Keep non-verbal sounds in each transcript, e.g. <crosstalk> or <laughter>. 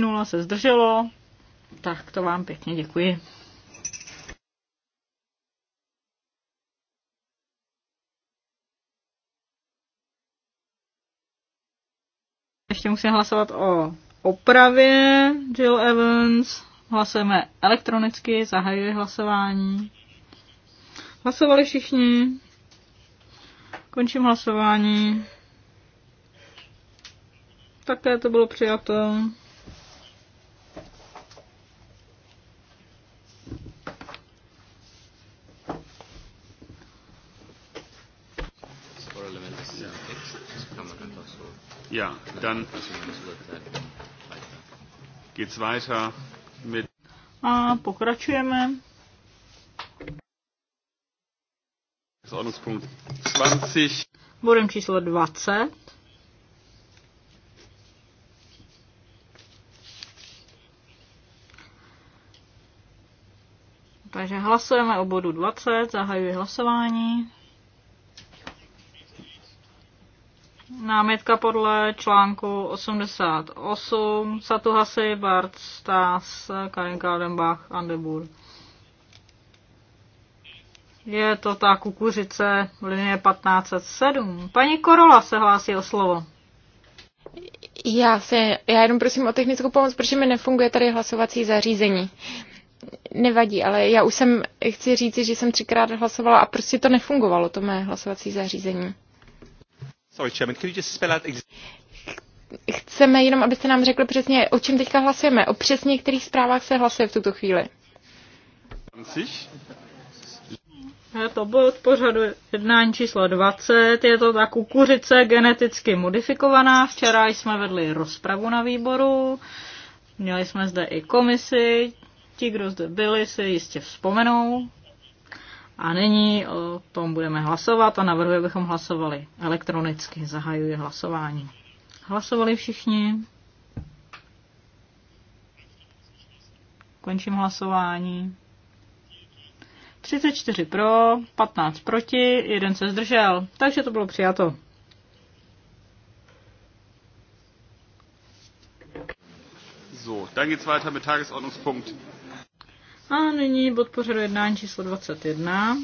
nula se zdrželo. Tak to vám pěkně děkuji. Ještě musím hlasovat o opravě Jill Evans. Hlasujeme elektronicky, zahajuji hlasování. Hlasovali všichni. Končím hlasování. Také to bylo přijato. Ja, dann geht's weiter mit. A pokračujeme. Ordnungspunkt 20. Bodem číslo 20. Takže hlasujeme o bodu 20, zahajuji hlasování. Námitka podle článku 88 Satuhasi, Bart Stas, Karin Kaldenbach, Andebur. Je to ta kukuřice linie 1507. Paní Korola se hlásí o slovo. Já se, já jenom prosím o technickou pomoc, protože mi nefunguje tady hlasovací zařízení. Nevadí, ale já už jsem, chci říct, že jsem třikrát hlasovala a prostě to nefungovalo, to mé hlasovací zařízení. Sorry, Chairman, can you just spell out Chceme jenom, abyste nám řekl přesně, o čem teďka hlasujeme, o přesně kterých zprávách se hlasuje v tuto chvíli. To byl od pořadu jednání číslo 20. Je to ta kukuřice geneticky modifikovaná. Včera jsme vedli rozpravu na výboru. Měli jsme zde i komisi. Ti, kdo zde byli, si jistě vzpomenou a nyní o tom budeme hlasovat a navrhuji, abychom hlasovali elektronicky. Zahajuji hlasování. Hlasovali všichni? Končím hlasování. 34 pro, 15 proti, jeden se zdržel, takže to bylo přijato. So, dann geht's weiter mit Tagesordnungspunkt a nyní bod pořadu jednání číslo 21.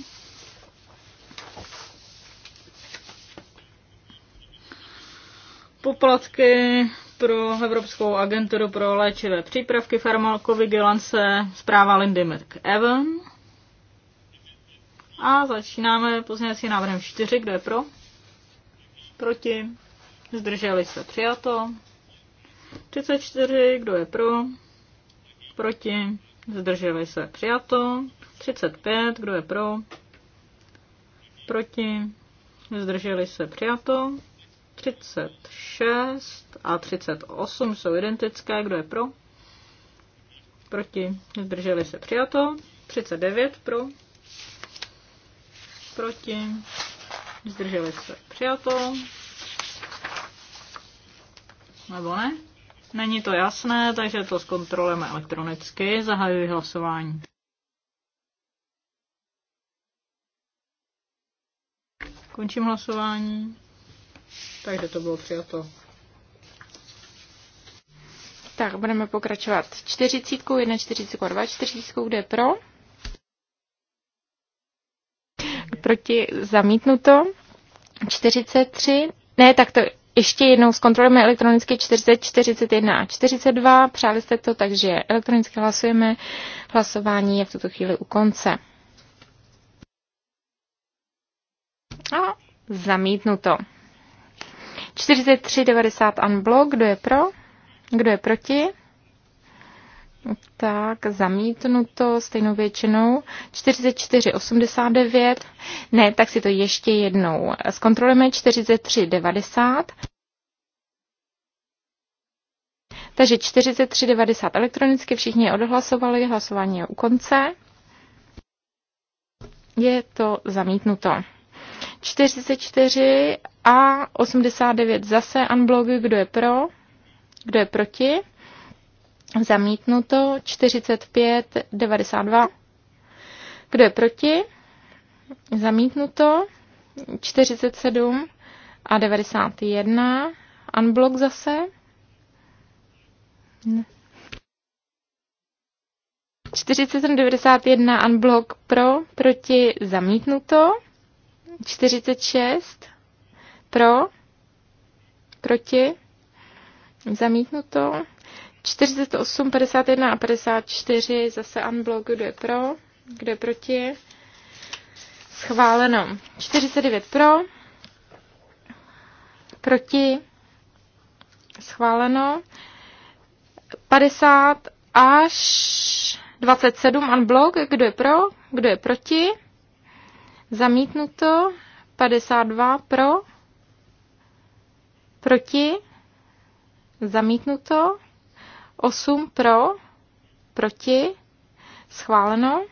Poplatky pro Evropskou agenturu pro léčivé přípravky farmakovigilance zpráva Lindy McEwan. A začínáme pozměňovací návrhem 4, kdo je pro? Proti? Zdrželi se přijato. 34, kdo je pro? Proti? Zdrželi se. Přijato. 35. Kdo je pro? Proti. Zdrželi se. Přijato. 36 a 38 jsou identické. Kdo je pro? Proti. Zdrželi se. Přijato. 39 pro. Proti. Zdrželi se. Přijato. Nebo ne? Není to jasné, takže to zkontrolujeme elektronicky. Zahajuji hlasování. Končím hlasování. Takže to bylo přijato. Tak, budeme pokračovat čtyřicítkou, jedna čtyřicítkou, dva čtyřicítkou, kde pro? Proti zamítnuto. 43, ne, tak to ještě jednou zkontrolujeme elektronicky 40, 41 a 42. Přáli jste to, takže elektronicky hlasujeme. Hlasování je v tuto chvíli u konce. A zamítnuto. 43,90 unblock. Kdo je pro? Kdo je proti? Tak, zamítnuto stejnou většinou. 44,89. 89. Ne, tak si to ještě jednou zkontrolujeme. 43,90. 90. Takže 43,90 90 elektronicky všichni odhlasovali. Hlasování je u konce. Je to zamítnuto. 44 a 89 zase unblock, kdo je pro, kdo je proti. Zamítnuto 45, 92. Kdo je proti? Zamítnuto 47 a 91. Unblock zase. Ne. 4791 unblock pro, proti zamítnuto. 46 pro, proti zamítnuto. 48, 51 a 54 zase unblock, kdo je pro, kdo je proti. Schváleno. 49 pro, proti, schváleno. 50 až 27 unblock, kdo je pro, kdo je proti. Zamítnuto. 52 pro, proti, zamítnuto. 8 pro, proti, schváleno.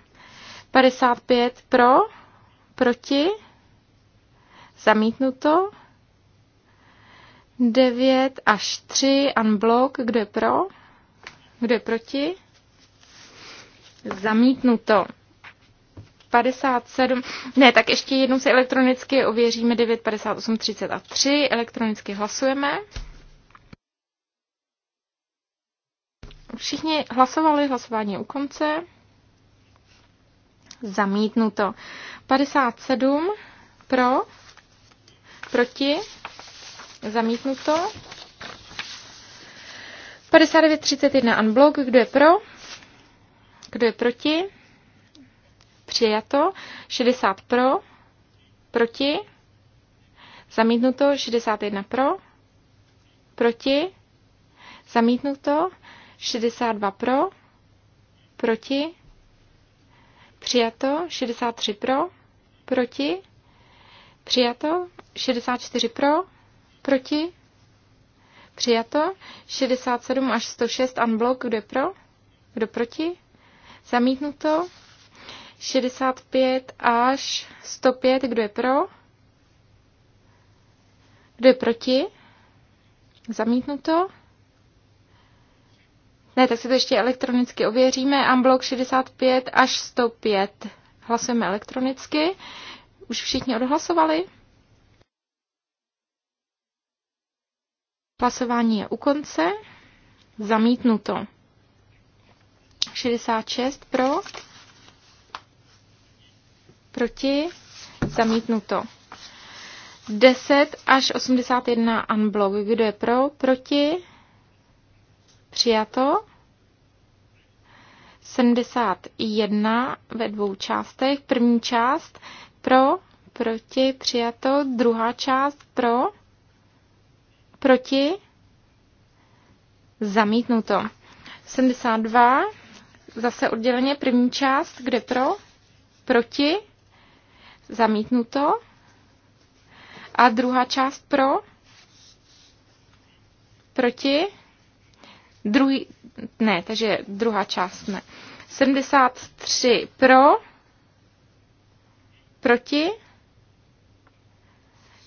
55 pro, proti, zamítnuto. 9 až 3 unblock, kdo je pro, kdo je proti, zamítnuto. 57, ne, tak ještě jednou se elektronicky ověříme 9, 58, 33, a 3, elektronicky hlasujeme. Všichni hlasovali, hlasování u konce. Zamítnuto. 57 pro, proti, zamítnuto. 59.31 unblock, kdo je pro, kdo je proti, přijato, 60 pro, proti, zamítnuto, 61 pro, proti, zamítnuto, 62 pro, proti, přijato, 63 pro, proti, přijato, 64 pro, proti, přijato, 67 až 106 unblock, kdo je pro, kdo proti, zamítnuto, 65 až 105, kdo je pro, kdo je proti? Zamítnuto. Ne, tak si to ještě elektronicky ověříme. Unblock 65 až 105. Hlasujeme elektronicky. Už všichni odhlasovali? Hlasování je u konce. Zamítnuto. 66 pro. Proti. Zamítnuto. 10 až 81 unblock. Kdo je pro? Proti? Přijato. 71 ve dvou částech. První část pro, proti, přijato. Druhá část pro, proti, zamítnuto. 72, zase odděleně první část, kde pro, proti, zamítnuto. A druhá část pro, proti, Druhý, ne, takže druhá část ne. 73 pro, proti,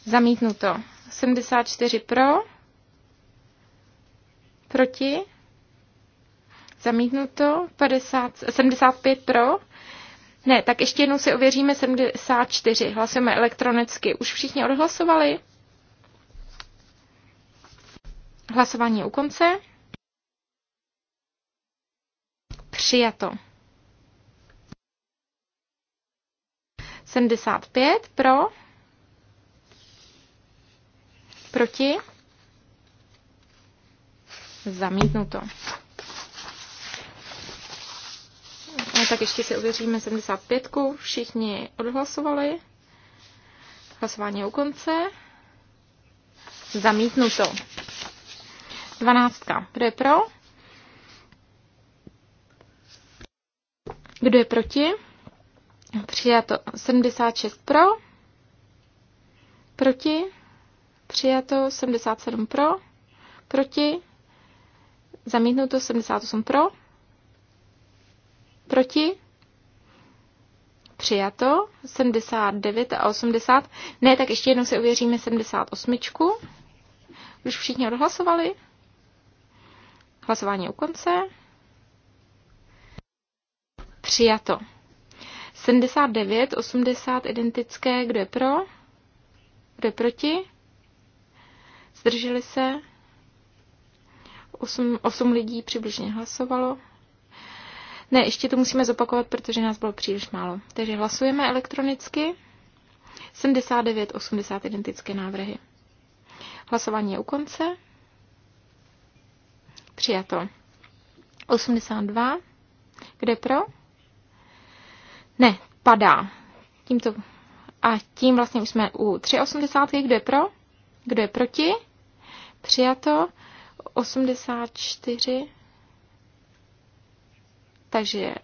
zamítnuto. 74 pro, proti, zamítnuto. 50, 75 pro, ne, tak ještě jednou si ověříme 74. Hlasujeme elektronicky. Už všichni odhlasovali? Hlasování je u konce. Přijato. 75 pro. Proti. Zamítnuto. No, tak ještě si ověříme 75. -ku. Všichni odhlasovali. Hlasování u konce. Zamítnuto. 12. Kdo je pro? Kdo je proti? Přijato 76 pro. Proti? Přijato 77 pro. Proti? Zamítnuto 78 pro. Proti? Přijato 79 a 80. Ne, tak ještě jednou si uvěříme 78. Už všichni odhlasovali. Hlasování u konce. Přijato. 79, 80 identické, kdo je pro? Kdo je proti? Zdrželi se? 8, 8 lidí přibližně hlasovalo. Ne, ještě to musíme zopakovat, protože nás bylo příliš málo. Takže hlasujeme elektronicky. 79, 80 identické návrhy. Hlasování je u konce. Přijato. 82. Kde pro? Ne, padá. Tím to A tím vlastně už jsme u 3,80, kdo je pro, kdo je proti. Přijato 84. Takže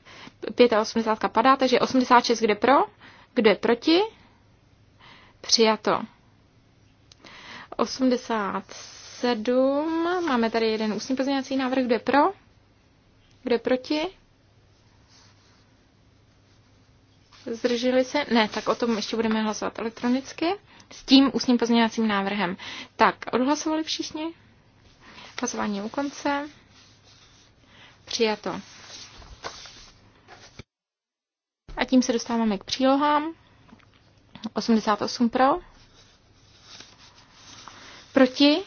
85 padá, takže 86 kde pro, kde proti. Přijato. 87. Máme tady jeden ústní pozměňovací návrh, kde pro, kde proti. Zdrželi se? Ne, tak o tom ještě budeme hlasovat elektronicky. S tím ústním pozměňovacím návrhem. Tak, odhlasovali všichni? Hlasování u konce. Přijato. A tím se dostáváme k přílohám. 88 pro. Proti.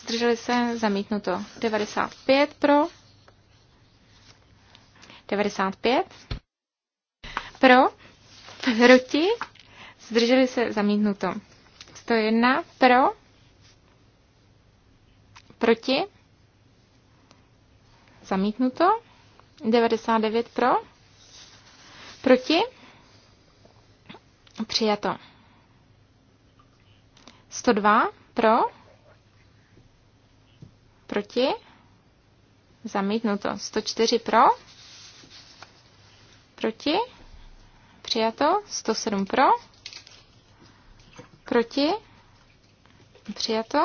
Zdrželi se, zamítnuto. 95 pro. 95 pro, proti, zdrželi se zamítnuto. 101 pro, proti, zamítnuto. 99 pro, proti, přijato. 102 pro, proti, zamítnuto. 104 pro, proti, Přijato. 107 pro. Proti. Přijato.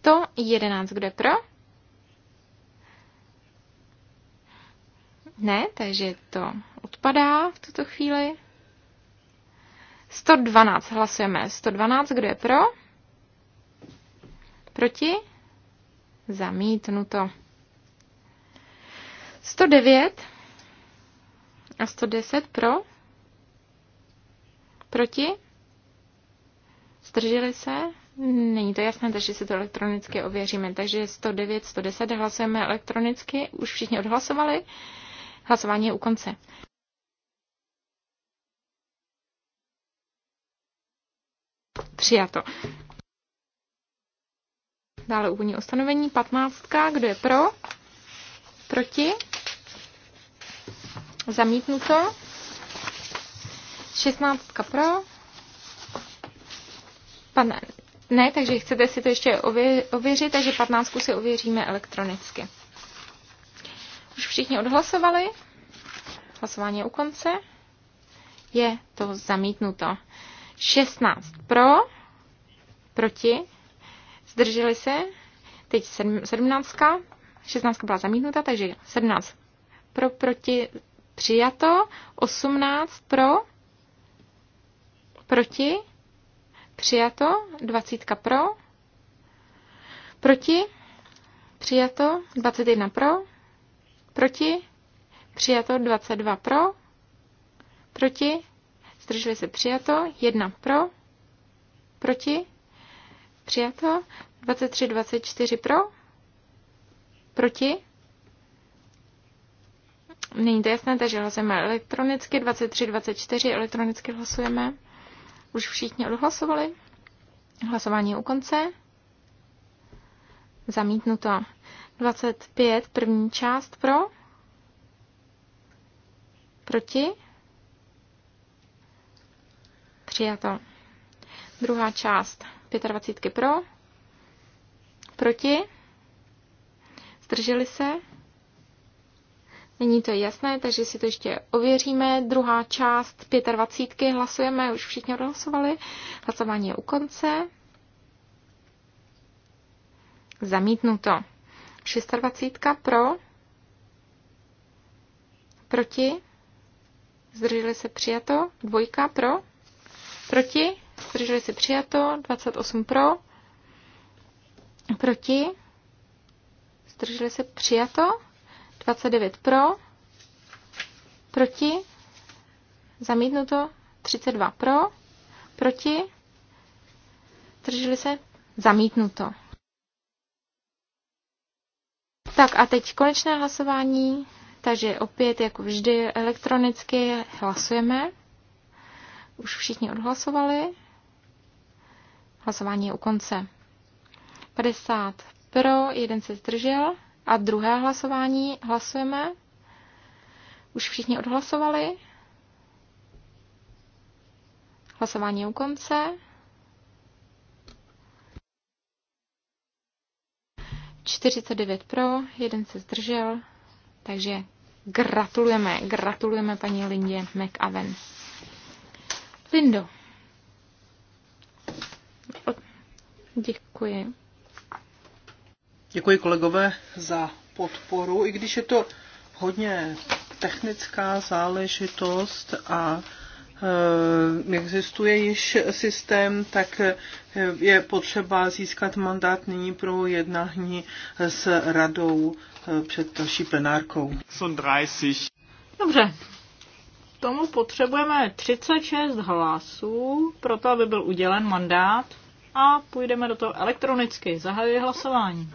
To jedenáct, kdo je pro? Ne, takže to odpadá v tuto chvíli. 112 hlasujeme. 112, kdo je pro? Proti? Zamítnuto. 109 a 110 pro, proti, zdrželi se, není to jasné, takže si to elektronicky ověříme. Takže 109, 110 hlasujeme elektronicky, už všichni odhlasovali, hlasování je u konce. Přijato. Dále úvodní ustanovení, 15. Kdo je pro? Proti? Zamítnuto. 16 pro. Pan, ne, takže chcete si to ještě ověřit, takže 15 si ověříme elektronicky. Už všichni odhlasovali. Hlasování je u konce. Je to zamítnuto. 16 pro, proti, zdrželi se, teď 17 16 byla zamítnuta, takže 17 pro, proti, přijato, 18 pro, proti, přijato, 20 pro, proti, přijato, 21 pro, proti, přijato, 22 pro, proti, zdrželi se přijato, 1 pro, proti, přijato, 23, 24 pro, Proti? Není to jasné, takže hlasujeme elektronicky. 23, 24 elektronicky hlasujeme. Už všichni odhlasovali. Hlasování je u konce. Zamítnuto. 25, první část pro. Proti. Přijato. Druhá část 25 pro. Proti. Zdrželi se? Není to jasné, takže si to ještě ověříme. Druhá část 25. hlasujeme, už všichni odhlasovali. Hlasování je u konce. Zamítnuto. 26. pro. Proti. Zdrželi se přijato. Dvojka pro. Proti. Zdrželi se přijato. 28 pro. Proti zdrželi se přijato, 29 pro, proti, zamítnuto, 32 pro, proti, zdrželi se zamítnuto. Tak a teď konečné hlasování, takže opět jako vždy elektronicky hlasujeme. Už všichni odhlasovali. Hlasování je u konce. 50 pro, jeden se zdržel. A druhé hlasování hlasujeme. Už všichni odhlasovali. Hlasování je u konce. 49 pro, jeden se zdržel, takže gratulujeme, gratulujeme paní Lindě McAven. Lindo, děkuji. Děkuji kolegové za podporu, i když je to hodně technická záležitost a eh, existuje již systém, tak eh, je potřeba získat mandát nyní pro jednání s radou eh, před další plenárkou. Dobře, tomu potřebujeme 36 hlasů pro to, aby byl udělen mandát a půjdeme do toho elektronicky. Zahajuji hlasování.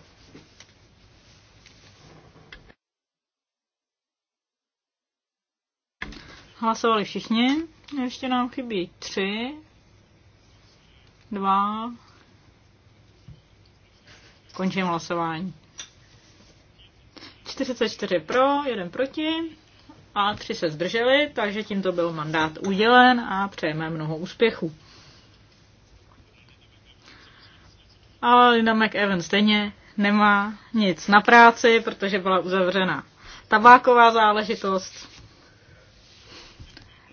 Hlasovali všichni. Ještě nám chybí tři, dva. Končím hlasování. 44 pro, jeden proti a tři se zdrželi, takže tímto byl mandát udělen a přejeme mnoho úspěchů. A Linda McEwen stejně nemá nic na práci, protože byla uzavřena tabáková záležitost.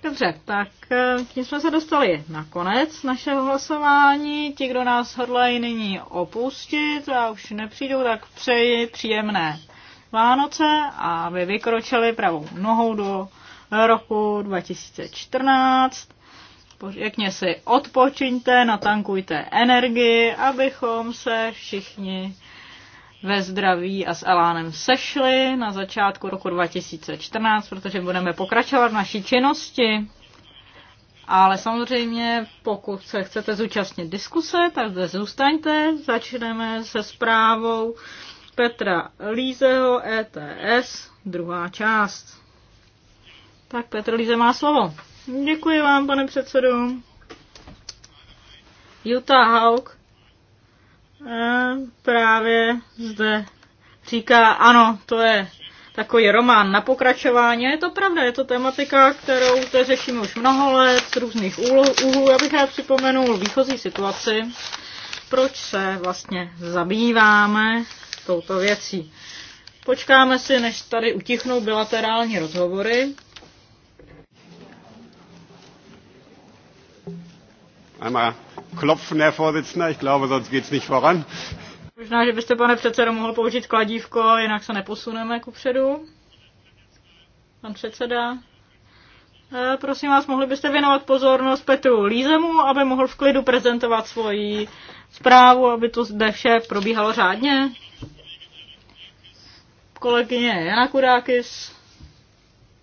Dobře, tak eh, tím jsme se dostali na konec našeho hlasování. Ti, kdo nás hodlají nyní opustit a už nepřijdou, tak přeji příjemné Vánoce a vy vykročili pravou nohou do roku 2014. Pěkně si odpočiňte, natankujte energii, abychom se všichni ve zdraví a s Elánem sešli na začátku roku 2014, protože budeme pokračovat v naší činnosti. Ale samozřejmě, pokud se chcete zúčastnit diskuse, tak zde zůstaňte. Začneme se zprávou Petra Lízeho ETS, druhá část. Tak Petr Líze má slovo. Děkuji vám, pane předsedu. Utah Haug právě zde říká, ano, to je takový román na pokračování. Je to pravda, je to tematika, kterou zde řešíme už mnoho let z různých úhlů. Já bych rád připomenul výchozí situaci, proč se vlastně zabýváme touto věcí. Počkáme si, než tady utichnou bilaterální rozhovory. I'm klopfen, Herr Vorsitzender. Ich glaube, sonst es nicht voran. Možná, že byste, pane předsedo, mohl použít kladívko, jinak se neposuneme předu. Pan předseda. E, prosím vás, mohli byste věnovat pozornost Petru Lízemu, aby mohl v klidu prezentovat svoji zprávu, aby to zde vše probíhalo řádně. Kolegyně Jana Kurákis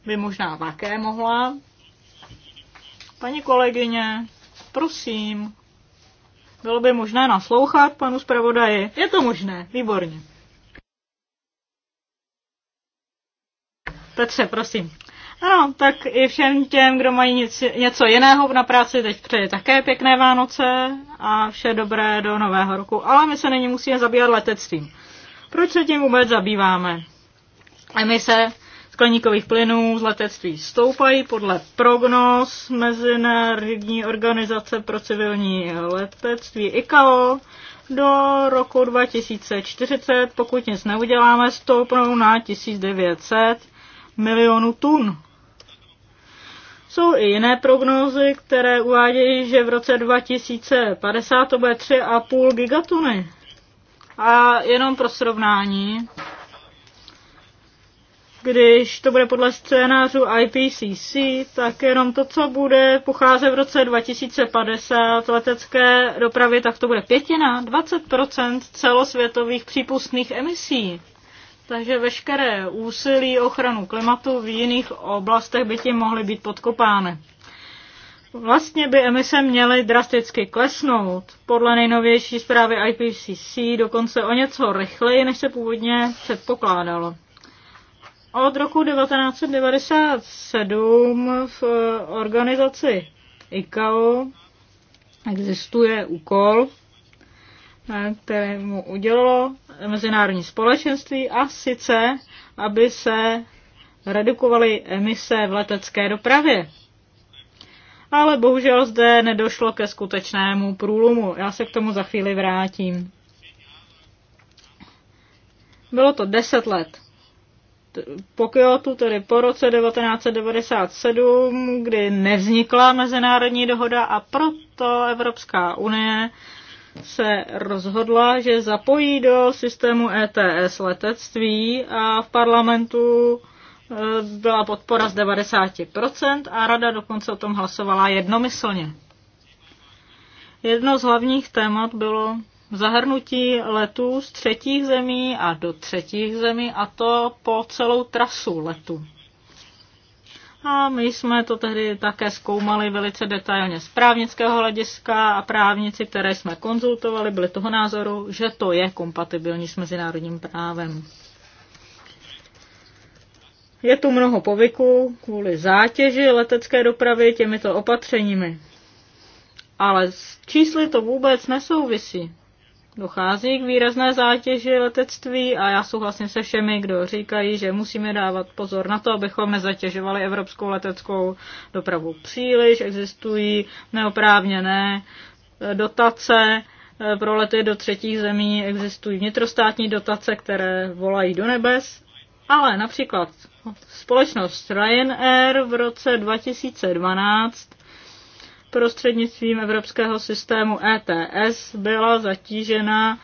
by možná také mohla. Paní kolegyně, prosím, bylo by možné naslouchat panu zpravodaji? Je to možné, výborně. Petře, prosím. Ano, tak i všem těm, kdo mají nic, něco jiného na práci, teď přeji také pěkné Vánoce a vše dobré do Nového roku. Ale my se nyní musíme zabývat letectvím. Proč se tím vůbec zabýváme? Emise skleníkových plynů z letectví stoupají podle prognóz Mezinárodní organizace pro civilní letectví ICAO. Do roku 2040, pokud nic neuděláme, stoupnou na 1900 milionů tun. Jsou i jiné prognózy, které uvádějí, že v roce 2050 to bude 3,5 gigatuny. A jenom pro srovnání, když to bude podle scénářů IPCC, tak jenom to, co bude pocházet v roce 2050 letecké dopravy, tak to bude pětina, 20% celosvětových přípustných emisí. Takže veškeré úsilí ochranu klimatu v jiných oblastech by tím mohly být podkopány. Vlastně by emise měly drasticky klesnout. Podle nejnovější zprávy IPCC dokonce o něco rychleji, než se původně předpokládalo od roku 1997 v eh, organizaci ICAO existuje úkol, eh, který mu udělalo mezinárodní společenství a sice, aby se redukovaly emise v letecké dopravě. Ale bohužel zde nedošlo ke skutečnému průlomu. Já se k tomu za chvíli vrátím. Bylo to 10 let po Kyoto, tedy po roce 1997, kdy nevznikla mezinárodní dohoda a proto Evropská unie se rozhodla, že zapojí do systému ETS letectví a v parlamentu e, byla podpora z 90% a rada dokonce o tom hlasovala jednomyslně. Jedno z hlavních témat bylo zahrnutí letů z třetích zemí a do třetích zemí a to po celou trasu letu. A my jsme to tehdy také zkoumali velice detailně z právnického hlediska a právníci, které jsme konzultovali, byli toho názoru, že to je kompatibilní s mezinárodním právem. Je tu mnoho povyků kvůli zátěži letecké dopravy těmito opatřeními. Ale s čísly to vůbec nesouvisí. Dochází k výrazné zátěži letectví a já souhlasím se všemi, kdo říkají, že musíme dávat pozor na to, abychom nezatěžovali evropskou leteckou dopravu příliš. Existují neoprávněné eh, dotace eh, pro lety do třetích zemí, existují vnitrostátní dotace, které volají do nebes. Ale například společnost Ryanair v roce 2012 prostřednictvím evropského systému ETS byla zatížena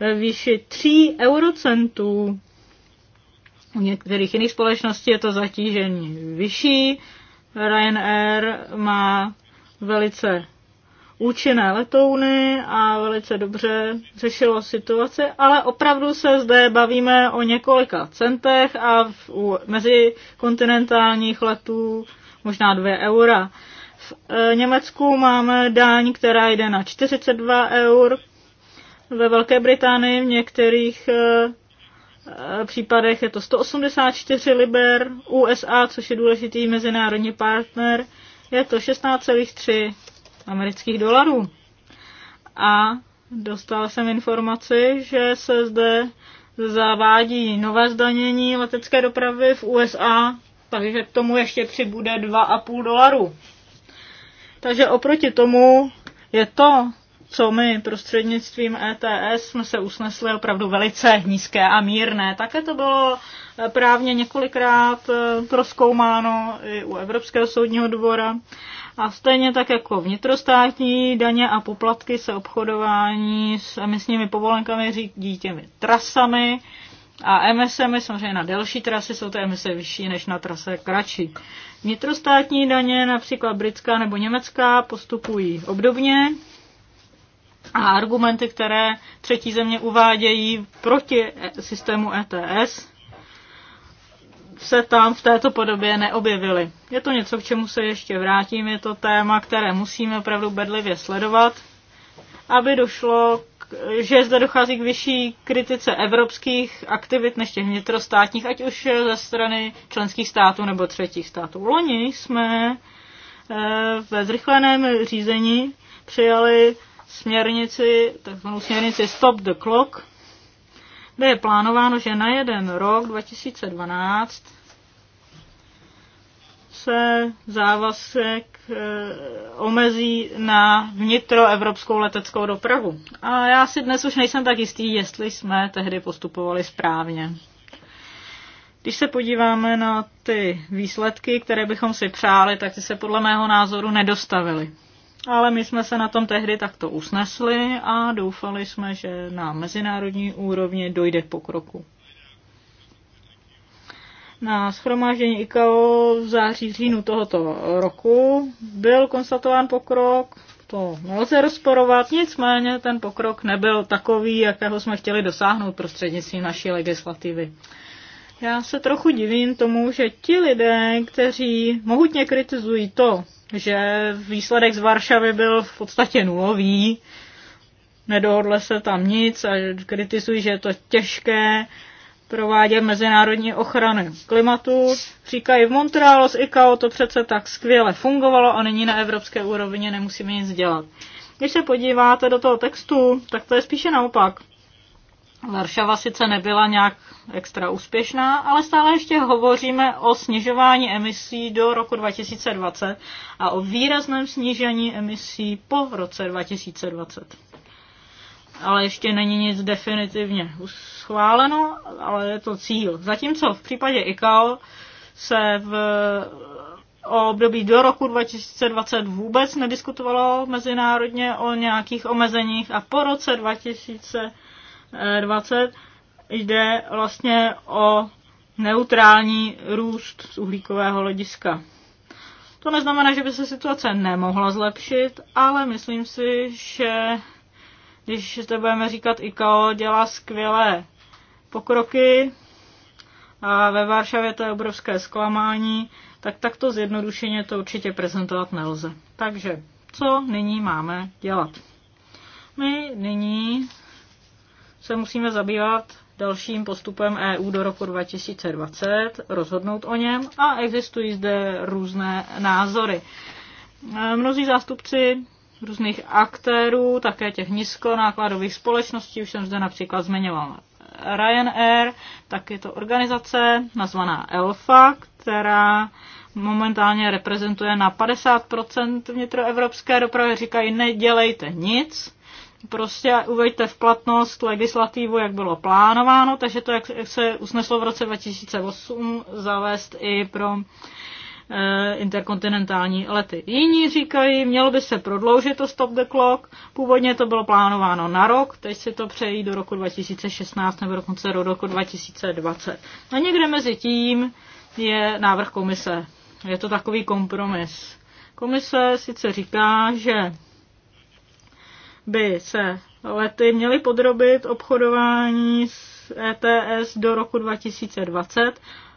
ve výši 3 eurocentů. U některých jiných společností je to zatížení vyšší. Ryanair má velice účinné letouny a velice dobře řešilo situaci, ale opravdu se zde bavíme o několika centech a v, u kontinentálních letů možná 2 eura. V e, Německu máme daň, která jde na 42 eur. Ve Velké Británii v některých e, e, případech je to 184 liber. USA, což je důležitý mezinárodní partner, je to 16,3 amerických dolarů. A dostala jsem informaci, že se zde zavádí nové zdanění letecké dopravy v USA, takže k tomu ještě přibude 2,5 dolarů. Takže oproti tomu je to, co my prostřednictvím ETS jsme se usnesli opravdu velice nízké a mírné. Také to bylo právně několikrát eh, proskoumáno i u Evropského soudního dvora. A stejně tak jako vnitrostátní daně a poplatky se obchodování s emisními povolenkami řídí těmi trasami a emisemi, samozřejmě na delší trasy jsou ty emise vyšší než na trase kratší. Vnitrostátní daně, například britská nebo německá, postupují obdobně a argumenty, které třetí země uvádějí proti systému ETS, se tam v této podobě neobjevily. Je to něco, k čemu se ještě vrátím, je to téma, které musíme opravdu bedlivě sledovat, aby došlo že zde dochází k vyšší kritice evropských aktivit než těch vnitrostátních, ať už ze strany členských států nebo třetích států. Loni jsme eh, ve zrychleném řízení přijali směrnici, takzvanou směrnici Stop the Clock, kde je plánováno, že na jeden rok 2012 se závazek eh, omezí na vnitroevropskou leteckou dopravu. A já si dnes už nejsem tak jistý, jestli jsme tehdy postupovali správně. Když se podíváme na ty výsledky, které bychom si přáli, tak ty se podle mého názoru nedostavily. Ale my jsme se na tom tehdy takto usnesli a doufali jsme, že na mezinárodní úrovni dojde k pokroku na schromáždění ICAO v září říjnu tohoto roku byl konstatován pokrok, to nelze rozporovat, nicméně ten pokrok nebyl takový, jakého jsme chtěli dosáhnout prostřednictvím naší legislativy. Já se trochu divím tomu, že ti lidé, kteří mohutně kritizují to, že výsledek z Varšavy byl v podstatě nulový, nedohodle se tam nic a kritizují, že je to těžké provádět mezinárodní ochrany klimatu. Říkají v Montrealu z ICAO to přece tak skvěle fungovalo a nyní na evropské úrovni nemusíme nic dělat. Když se podíváte do toho textu, tak to je spíše naopak. Varšava sice nebyla nějak extra úspěšná, ale stále ještě hovoříme o snižování emisí do roku 2020 a o výrazném snížení emisí po roce 2020 ale ještě není nic definitivně schváleno, ale je to cíl. Zatímco v případě ICAO se v o období do roku 2020 vůbec nediskutovalo mezinárodně o nějakých omezeních a po roce 2020 jde vlastně o neutrální růst z uhlíkového hlediska. To neznamená, že by se situace nemohla zlepšit, ale myslím si, že když zde budeme říkat IKO, dělá skvělé pokroky a ve Varšavě to je obrovské zklamání, tak takto zjednodušeně to určitě prezentovat nelze. Takže co nyní máme dělat? My nyní se musíme zabývat dalším postupem EU do roku 2020, rozhodnout o něm a existují zde různé názory. Mnozí zástupci různých aktérů, také těch nízkonákladových společností, už jsem zde například zmiňoval Ryanair, tak je to organizace nazvaná Elfa, která momentálně reprezentuje na 50% vnitroevropské dopravy, říkají nedělejte nic, prostě uveďte v platnost legislativu, jak bylo plánováno, takže to, jak se usneslo v roce 2008, zavést i pro Eh, interkontinentální lety. Jiní říkají, mělo by se prodloužit to stop the clock, původně to bylo plánováno na rok, teď si to přejí do roku 2016 nebo dokonce do roku 2020. A někde mezi tím je návrh komise. Je to takový kompromis. Komise sice říká, že by se lety měly podrobit obchodování s ETS do roku 2020,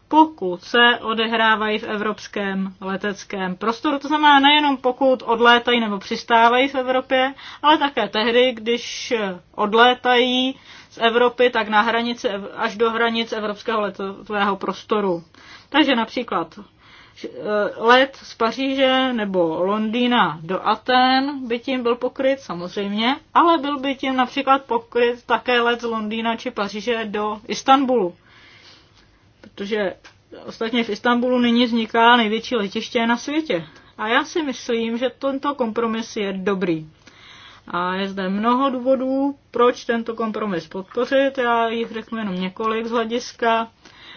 pokud se odehrávají v evropském leteckém prostoru. To znamená nejenom pokud odlétají nebo přistávají v Evropě, ale také tehdy, když odlétají z Evropy, tak na hranici, až do hranic evropského letového prostoru. Takže například e, let z Paříže nebo Londýna do Aten by tím byl pokryt samozřejmě, ale byl by tím například pokryt také let z Londýna či Paříže do Istanbulu. Protože ostatně v Istanbulu nyní vzniká největší letiště na světě. A já si myslím, že tento kompromis je dobrý. A je zde mnoho důvodů, proč tento kompromis podpořit. Já jich řeknu jenom několik z hlediska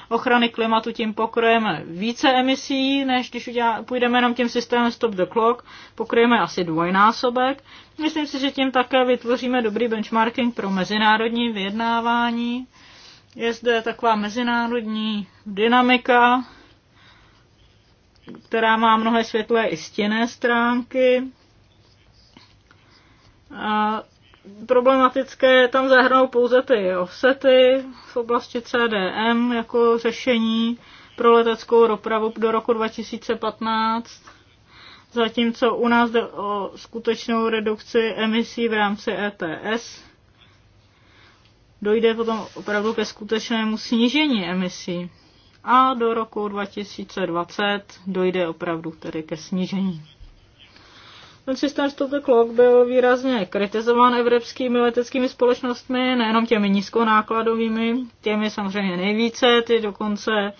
ochrany klimatu tím pokrojeme více emisí, než když udělá, půjdeme jenom tím systémem Stop the Clock, Pokrojeme asi dvojnásobek. Myslím si, že tím také vytvoříme dobrý benchmarking pro mezinárodní vyjednávání je zde taková mezinárodní dynamika, která má mnohé světlé i stěné stránky. A problematické je tam zahrnout pouze ty offsety v oblasti CDM jako řešení pro leteckou dopravu do roku 2015, zatímco u nás jde o skutečnou redukci emisí v rámci ETS dojde potom opravdu ke skutečnému snížení emisí. A do roku 2020 dojde opravdu tedy ke snížení. Ten systém Stop the Clock byl výrazně kritizován evropskými leteckými společnostmi, nejenom těmi nízkonákladovými, těmi samozřejmě nejvíce, ty dokonce e,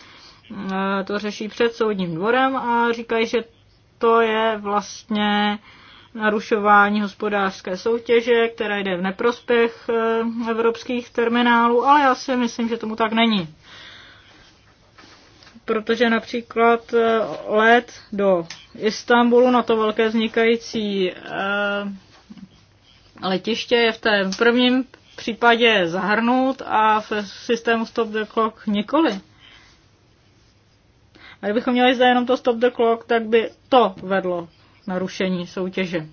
to řeší před soudním dvorem a říkají, že to je vlastně narušování hospodářské soutěže, která jde v neprospěch eh, evropských terminálů, ale já si myslím, že tomu tak není. Protože například eh, let do Istanbulu na to velké vznikající eh, letiště je v té prvním případě zahrnout a v systému Stop the Clock nikoli. A kdybychom měli zde jenom to Stop the Clock, tak by to vedlo narušení soutěže.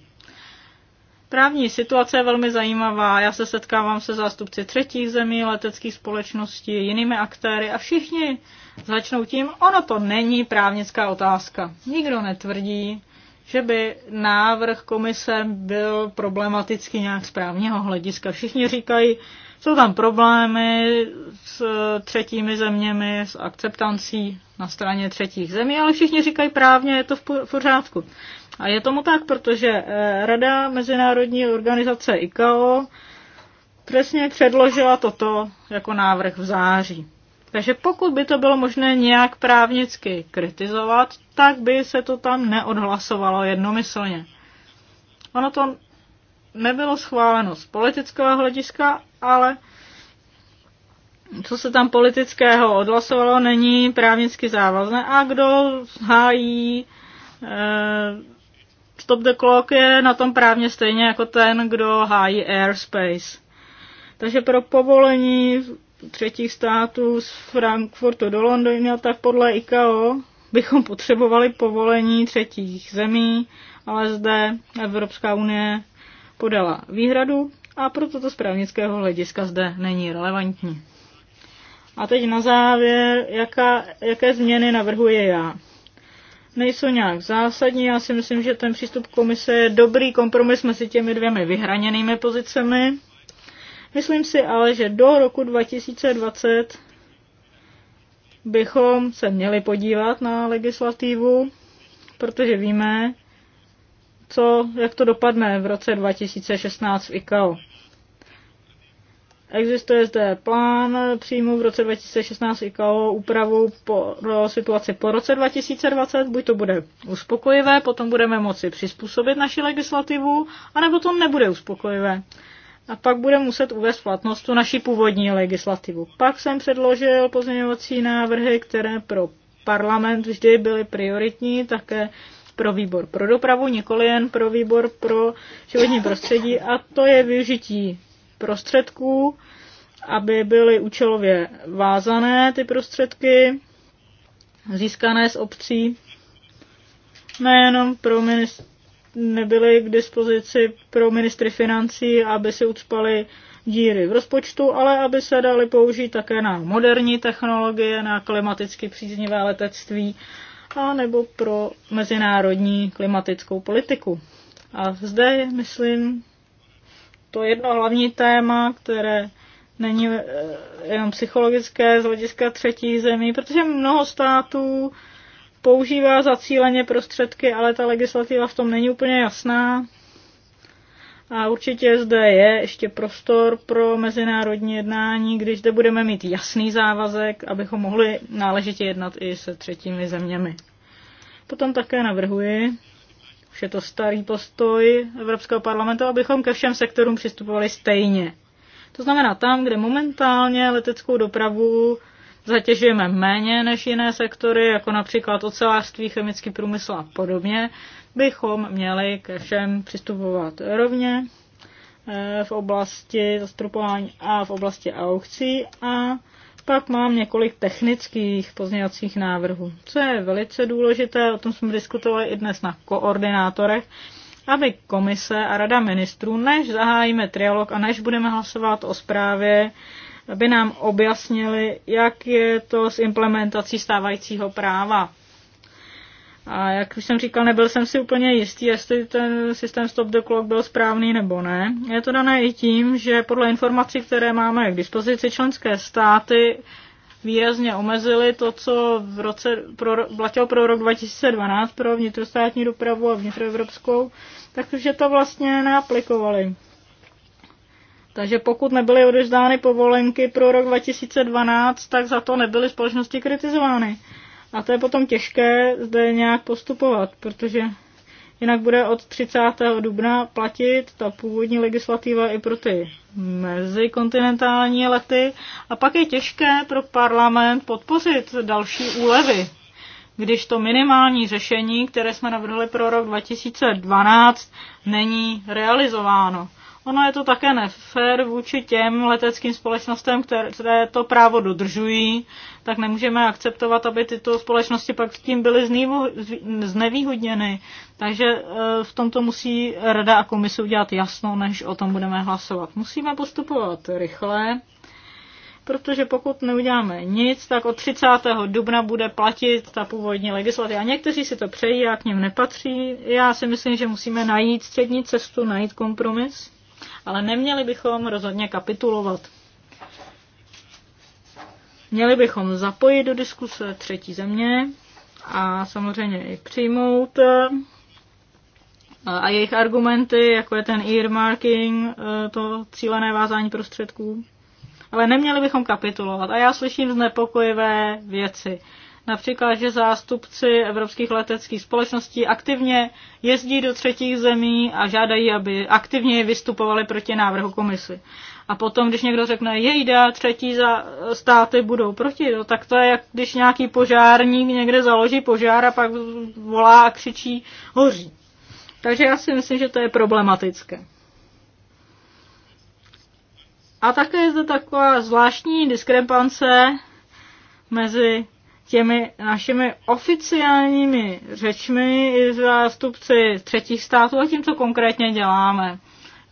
Právní situace je velmi zajímavá. Já se setkávám se zástupci třetích zemí, leteckých společností, jinými aktéry a všichni začnou tím, ono to není právnická otázka. Nikdo netvrdí, že by návrh komise byl problematický nějak z právního hlediska. Všichni říkají, jsou tam problémy s třetími zeměmi, s akceptancí na straně třetích zemí, ale všichni říkají právně, je to v pořádku. A je tomu tak, protože eh, Rada Mezinárodní organizace ICAO přesně předložila toto jako návrh v září. Takže pokud by to bylo možné nějak právnicky kritizovat, tak by se to tam neodhlasovalo jednomyslně. Ono to nebylo schváleno z politického hlediska, ale co se tam politického odhlasovalo, není právnicky závazné. A kdo hájí e, Stop the Clock je na tom právně stejně jako ten, kdo hájí airspace. Takže pro povolení třetích států z Frankfurtu do Londýna, tak podle ICAO bychom potřebovali povolení třetích zemí, ale zde Evropská unie podala výhradu a proto to z právnického hlediska zde není relevantní. A teď na závěr, jaká, jaké změny navrhuji já nejsou nějak zásadní. Já si myslím, že ten přístup komise je dobrý kompromis mezi těmi dvěmi vyhraněnými pozicemi. Myslím si ale, že do roku 2020 bychom se měli podívat na legislativu, protože víme, co, jak to dopadne v roce 2016 v ICAO. Existuje zde plán příjmu v roce 2016 IKO úpravu pro situaci po roce 2020. Buď to bude uspokojivé, potom budeme moci přizpůsobit naši legislativu, anebo to nebude uspokojivé. A pak bude muset uvést platnost tu naši původní legislativu. Pak jsem předložil pozměňovací návrhy, které pro parlament vždy byly prioritní, také pro výbor pro dopravu, nikoli jen pro výbor pro životní prostředí a to je využití prostředků, aby byly účelově vázané ty prostředky získané z obcí, nejenom pro ministr nebyly k dispozici pro ministry financí, aby si ucpali díry v rozpočtu, ale aby se daly použít také na moderní technologie, na klimaticky příznivé letectví a nebo pro mezinárodní klimatickou politiku. A zde, myslím, to jedno hlavní téma, které není eh, jenom psychologické z hlediska třetích zemí, protože mnoho států používá zacíleně prostředky, ale ta legislativa v tom není úplně jasná. A určitě zde je ještě prostor pro mezinárodní jednání, když zde budeme mít jasný závazek, abychom mohli náležitě jednat i se třetími zeměmi. Potom také navrhuji, už je to starý postoj Evropského parlamentu, abychom ke všem sektorům přistupovali stejně. To znamená tam, kde momentálně leteckou dopravu zatěžujeme méně než jiné sektory, jako například ocelářství, chemický průmysl a podobně, bychom měli ke všem přistupovat rovně eh, v oblasti zastrupování a v oblasti aukcí a pak mám několik technických pozměňovacích návrhů. Co je velice důležité, o tom jsme diskutovali i dnes na koordinátorech, aby komise a rada ministrů, než zahájíme trialog a než budeme hlasovat o zprávě, aby nám objasnili, jak je to s implementací stávajícího práva. A jak už jsem říkal, nebyl jsem si úplně jistý, jestli ten systém Stop the Clock byl správný nebo ne. Je to dané i tím, že podle informací, které máme k dispozici, členské státy výrazně omezily to, co v roce pro, platilo pro rok 2012 pro vnitrostátní dopravu a vnitroevropskou, takže to vlastně neaplikovali. Takže pokud nebyly odezdány povolenky pro rok 2012, tak za to nebyly společnosti kritizovány. A to je potom těžké zde nějak postupovat, protože jinak bude od 30. dubna platit ta původní legislativa i pro ty mezikontinentální lety a pak je těžké pro parlament podpořit další úlevy. Když to minimální řešení, které jsme navrhli pro rok 2012, není realizováno. Ono je to také nefér vůči těm leteckým společnostem, které to právo dodržují, tak nemůžeme akceptovat, aby tyto společnosti pak s tím byly znevýhodněny. Takže e, v tomto musí Rada a komise udělat jasno, než o tom budeme hlasovat. Musíme postupovat rychle, protože pokud neuděláme nic, tak od 30. dubna bude platit ta původní legislativa. A někteří si to přejí, a k něm nepatří. Já si myslím, že musíme najít střední cestu, najít kompromis ale neměli bychom rozhodně kapitulovat. Měli bychom zapojit do diskuse třetí země a samozřejmě i přijmout eh, a jejich argumenty, jako je ten earmarking, eh, to cílené vázání prostředků. Ale neměli bychom kapitulovat. A já slyším znepokojivé věci. Například, že zástupci evropských leteckých společností aktivně jezdí do třetích zemí a žádají, aby aktivně vystupovali proti návrhu komisy. A potom, když někdo řekne, jejda, třetí za státy budou proti, no, tak to je, jak když nějaký požárník někde založí požár a pak volá a křičí, hoří. Takže já si myslím, že to je problematické. A také je zde taková zvláštní diskrepance mezi těmi našimi oficiálními řečmi i zástupci třetích států a tím, co konkrétně děláme.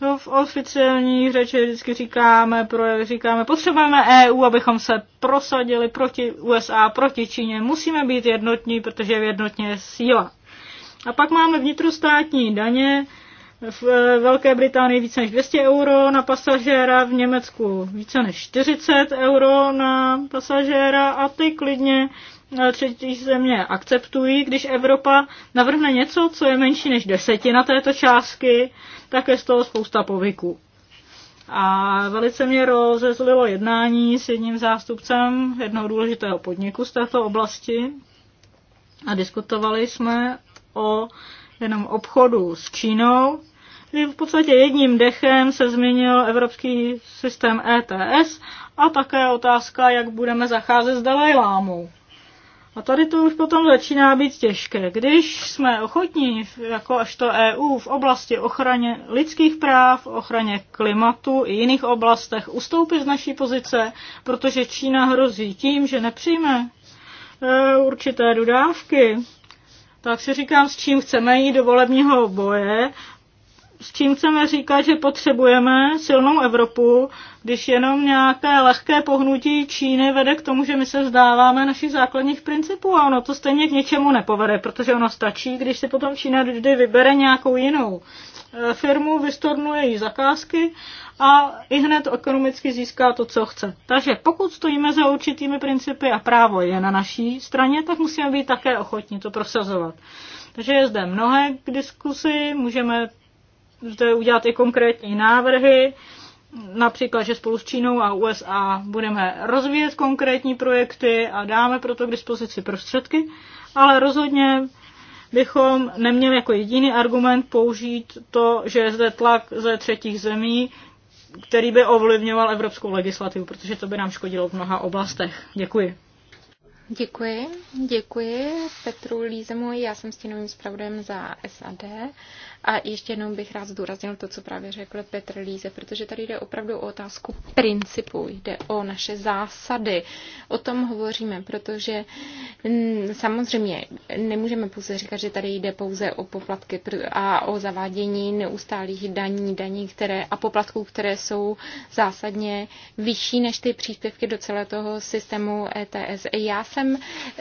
No, v oficiální řeči vždycky říkáme, projevy říkáme, potřebujeme EU, abychom se prosadili proti USA, proti Číně, musíme být jednotní, protože jednotně je síla. A pak máme vnitrostátní daně, v eh, Velké Británii více než 200 euro na pasažéra, v Německu více než 40 euro na pasažéra a ty klidně eh, třetí země akceptují, když Evropa navrhne něco, co je menší než desetina této částky, tak je z toho spousta povyků. A velice mě rozezlilo jednání s jedním zástupcem jednoho důležitého podniku z této oblasti a diskutovali jsme o jenom obchodu s Čínou, kdy v podstatě jedním dechem se změnil evropský systém ETS a také otázka, jak budeme zacházet s Dalajlámou. A tady to už potom začíná být těžké. Když jsme ochotní, jako až to EU, v oblasti ochraně lidských práv, ochraně klimatu i jiných oblastech ustoupit z naší pozice, protože Čína hrozí tím, že nepřijme e, určité dodávky tak si říkám, s čím chceme jít do volebního boje s čím chceme říkat, že potřebujeme silnou Evropu, když jenom nějaké lehké pohnutí Číny vede k tomu, že my se vzdáváme našich základních principů a ono to stejně k něčemu nepovede, protože ono stačí, když si potom Čína vždy vybere nějakou jinou eh, firmu, vystornuje její zakázky a i hned ekonomicky získá to, co chce. Takže pokud stojíme za určitými principy a právo je na naší straně, tak musíme být také ochotní to prosazovat. Takže je zde mnohé k diskusi, můžeme zde udělat i konkrétní návrhy, například, že spolu s Čínou a USA budeme rozvíjet konkrétní projekty a dáme proto k dispozici prostředky, ale rozhodně bychom neměli jako jediný argument použít to, že je zde tlak ze třetích zemí, který by ovlivňoval evropskou legislativu, protože to by nám škodilo v mnoha oblastech. Děkuji. Děkuji, děkuji Petru Lízemu, já jsem stínovým zpravodajem za SAD a ještě jenom bych rád zdůraznil to, co právě řekl Petr Líze, protože tady jde opravdu o otázku principu, jde o naše zásady. O tom hovoříme, protože mm, samozřejmě nemůžeme pouze říkat, že tady jde pouze o poplatky a o zavádění neustálých daní, daní které, a poplatků, které jsou zásadně vyšší než ty příspěvky do celého toho systému ETS. Já jsem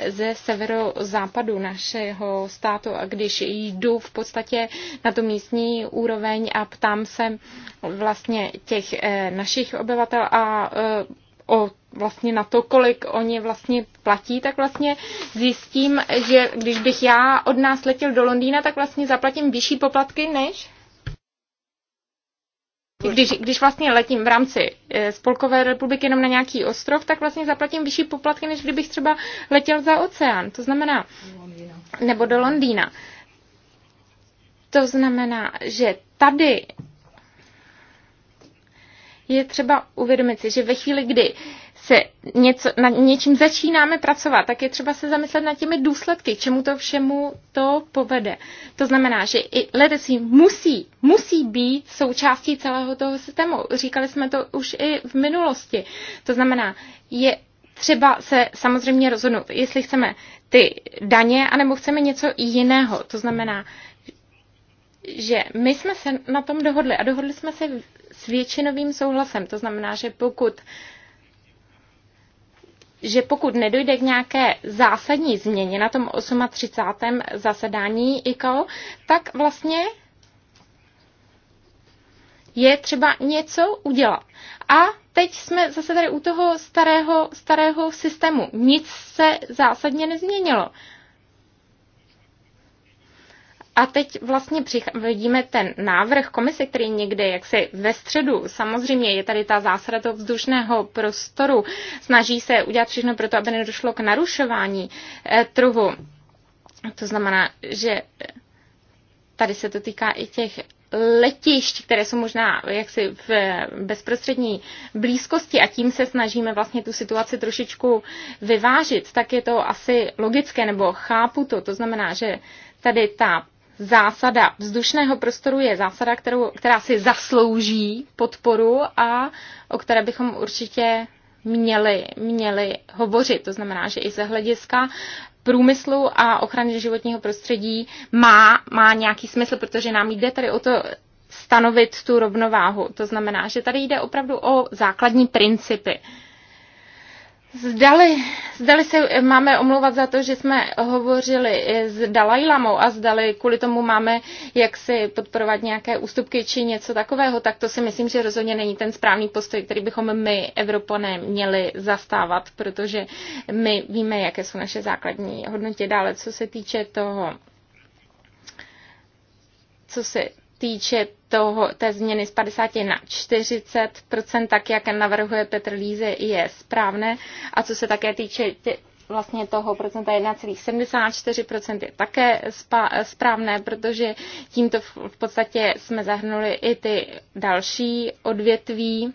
ze severozápadu našeho státu a když jdu v podstatě na tu místní úroveň a ptám se vlastně těch eh, našich obyvatel a eh, o vlastně na to, kolik oni vlastně platí, tak vlastně zjistím, že když bych já od nás letěl do Londýna, tak vlastně zaplatím vyšší poplatky než když, když vlastně letím v rámci eh, Spolkové republiky jenom na nějaký ostrov, tak vlastně zaplatím vyšší poplatky, než kdybych třeba letěl za oceán. To znamená, nebo do Londýna. To znamená, že tady je třeba uvědomit si, že ve chvíli, kdy se něco, na něčím začínáme pracovat, tak je třeba se zamyslet nad těmi důsledky, k čemu to všemu to povede. To znamená, že i letecí musí, musí být součástí celého toho systému. Říkali jsme to už i v minulosti. To znamená, je třeba se samozřejmě rozhodnout, jestli chceme ty daně, anebo chceme něco jiného. To znamená, že my jsme se na tom dohodli a dohodli jsme se s většinovým souhlasem. To znamená, že pokud že pokud nedojde k nějaké zásadní změně na tom 38. zasedání ICAO, tak vlastně je třeba něco udělat. A teď jsme zase tady u toho starého, starého systému. Nic se zásadně nezměnilo. A teď vlastně vidíme ten návrh komise, který někde jaksi ve středu, samozřejmě je tady ta zásada toho vzdušného prostoru, snaží se udělat všechno pro to, aby nedošlo k narušování eh, trhu. To znamená, že eh, tady se to týká i těch letišť, které jsou možná jaksi v eh, bezprostřední blízkosti a tím se snažíme vlastně tu situaci trošičku vyvážit, tak je to asi logické, nebo chápu to. To znamená, že tady ta zásada vzdušného prostoru je zásada, kterou, která si zaslouží podporu a o které bychom určitě měli, měli hovořit. To znamená, že i ze hlediska průmyslu a ochrany životního prostředí má, má nějaký smysl, protože nám jde tady o to stanovit tu rovnováhu. To znamená, že tady jde opravdu o základní principy. Zdali, zdali se eh, máme omlouvat za to, že jsme hovořili eh, s Dalajlamou a zdali kvůli tomu máme jaksi podporovat nějaké ústupky či něco takového, tak to si myslím, že rozhodně není ten správný postoj, který bychom my, Evropané, měli zastávat, protože my víme, jaké jsou naše základní hodnoty dále, co se týče toho co se týče toho, té změny z 50 na 40 tak jak navrhuje Petr Líze, je správné. A co se také týče tě, vlastně toho procenta 1,74% je také spa, správné, protože tímto v, v podstatě jsme zahrnuli i ty další odvětví.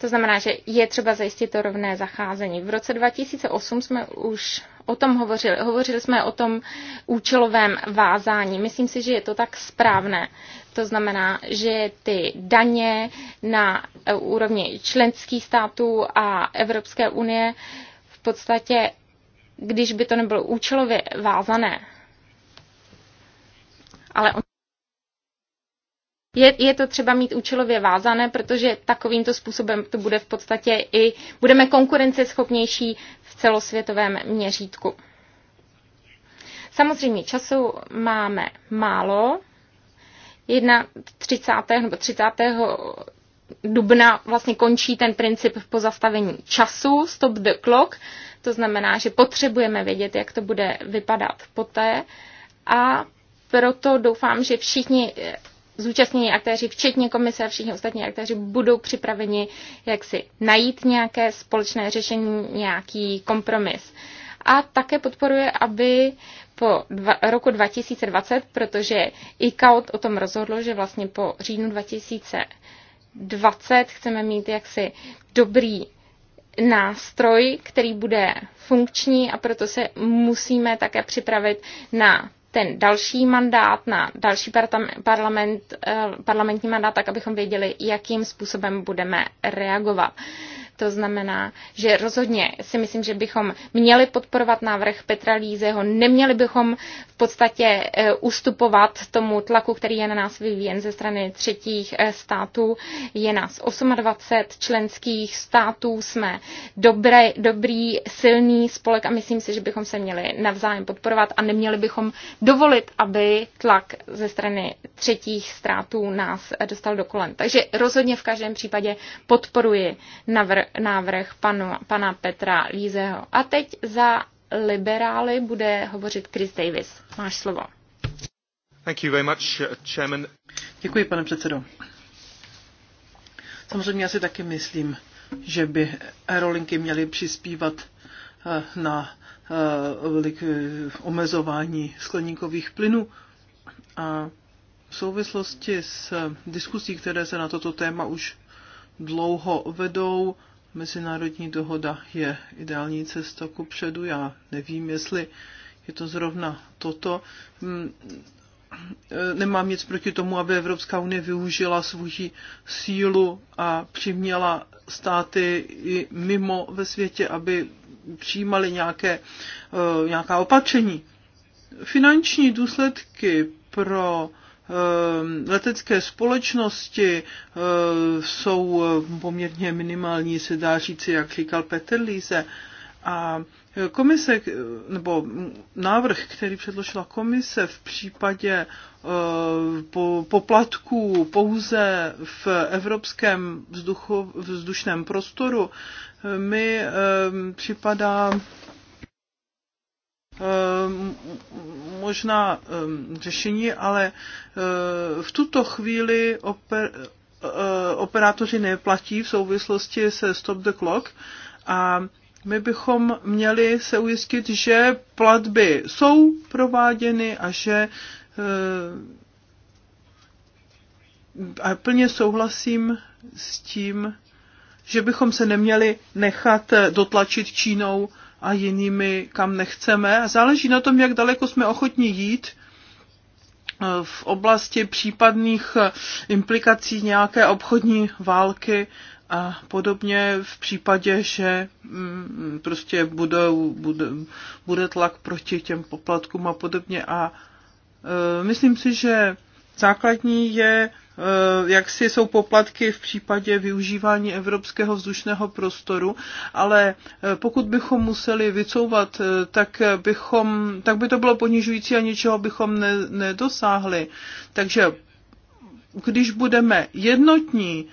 To znamená, že je třeba zajistit to rovné zacházení. V roce 2008 jsme už o tom hovořili. Hovořili jsme o tom účelovém vázání. Myslím si, že je to tak správné. To znamená, že ty daně na eh, úrovni členských států a Evropské unie v podstatě, když by to nebylo účelově vázané, ale on je, je to třeba mít účelově vázané, protože takovýmto způsobem to bude v podstatě i, budeme konkurenceschopnější v celosvětovém měřítku. Samozřejmě času máme málo. 31. nebo 30 dubna vlastně končí ten princip pozastavení času, stop the clock, to znamená, že potřebujeme vědět, jak to bude vypadat poté a proto doufám, že všichni zúčastnění aktéři, včetně komise a všichni ostatní aktéři, budou připraveni jak si najít nějaké společné řešení, nějaký kompromis. A také podporuje, aby po dva, roku 2020, protože ICAO o tom rozhodlo, že vlastně po říjnu 2020 chceme mít jaksi dobrý nástroj, který bude funkční a proto se musíme také připravit na ten další mandát, na další parlament, eh, parlamentní mandát, tak abychom věděli, jakým způsobem budeme reagovat. To znamená, že rozhodně si myslím, že bychom měli podporovat návrh Petra Lízeho, neměli bychom v podstatě e, ustupovat tomu tlaku, který je na nás vyvíjen ze strany třetích e, států. Je nás 28 členských států, jsme dobré, dobrý, silný spolek a myslím si, že bychom se měli navzájem podporovat a neměli bychom dovolit, aby tlak ze strany třetích států nás e, dostal do kolem. Takže rozhodně v každém případě podporuji navr- návrh panu, pana Petra Lízeho. A teď za liberály bude hovořit Chris Davis. Máš slovo. Thank you very much, uh, chairman. Děkuji, pane předsedo. Samozřejmě já si taky myslím, že by aerolinky měly přispívat uh, na uh, omezování skleníkových plynů. A v souvislosti s diskusí, které se na toto téma už dlouho vedou, mezinárodní dohoda je ideální cesta ku předu. Já nevím, jestli je to zrovna toto. Hmm, nemám nic proti tomu, aby Evropská unie využila svůj sílu a přiměla státy i mimo ve světě, aby přijímali nějaké, eh, nějaká opatření. Finanční důsledky pro Ehm, letecké společnosti ehm, jsou poměrně minimální, se dá říci, jak říkal Petr Líze. A komise, nebo návrh, který předložila komise v případě ehm, poplatků pouze v evropském vzduchu, vzdušném prostoru, mi připadá Ehm, možná ehm, řešení, ale eh, v tuto chvíli oper, eh, operátoři neplatí v souvislosti se Stop the Clock a my bychom měli se ujistit, že platby jsou prováděny a že eh, a plně souhlasím s tím, že bychom se neměli nechat dotlačit Čínou a jinými, kam nechceme. A záleží na tom, jak daleko jsme ochotni jít eh, v oblasti případných eh, implikací nějaké obchodní války a podobně v případě, že mm, prostě bude, bude, bude tlak proti těm poplatkům a podobně. A eh, myslím si, že základní je Eh, jak si jsou poplatky v případě využívání evropského vzdušného prostoru, ale eh, pokud bychom museli vycouvat, eh, tak, bychom, tak by to bylo ponižující a ničeho bychom ne, nedosáhli. Takže když budeme jednotní,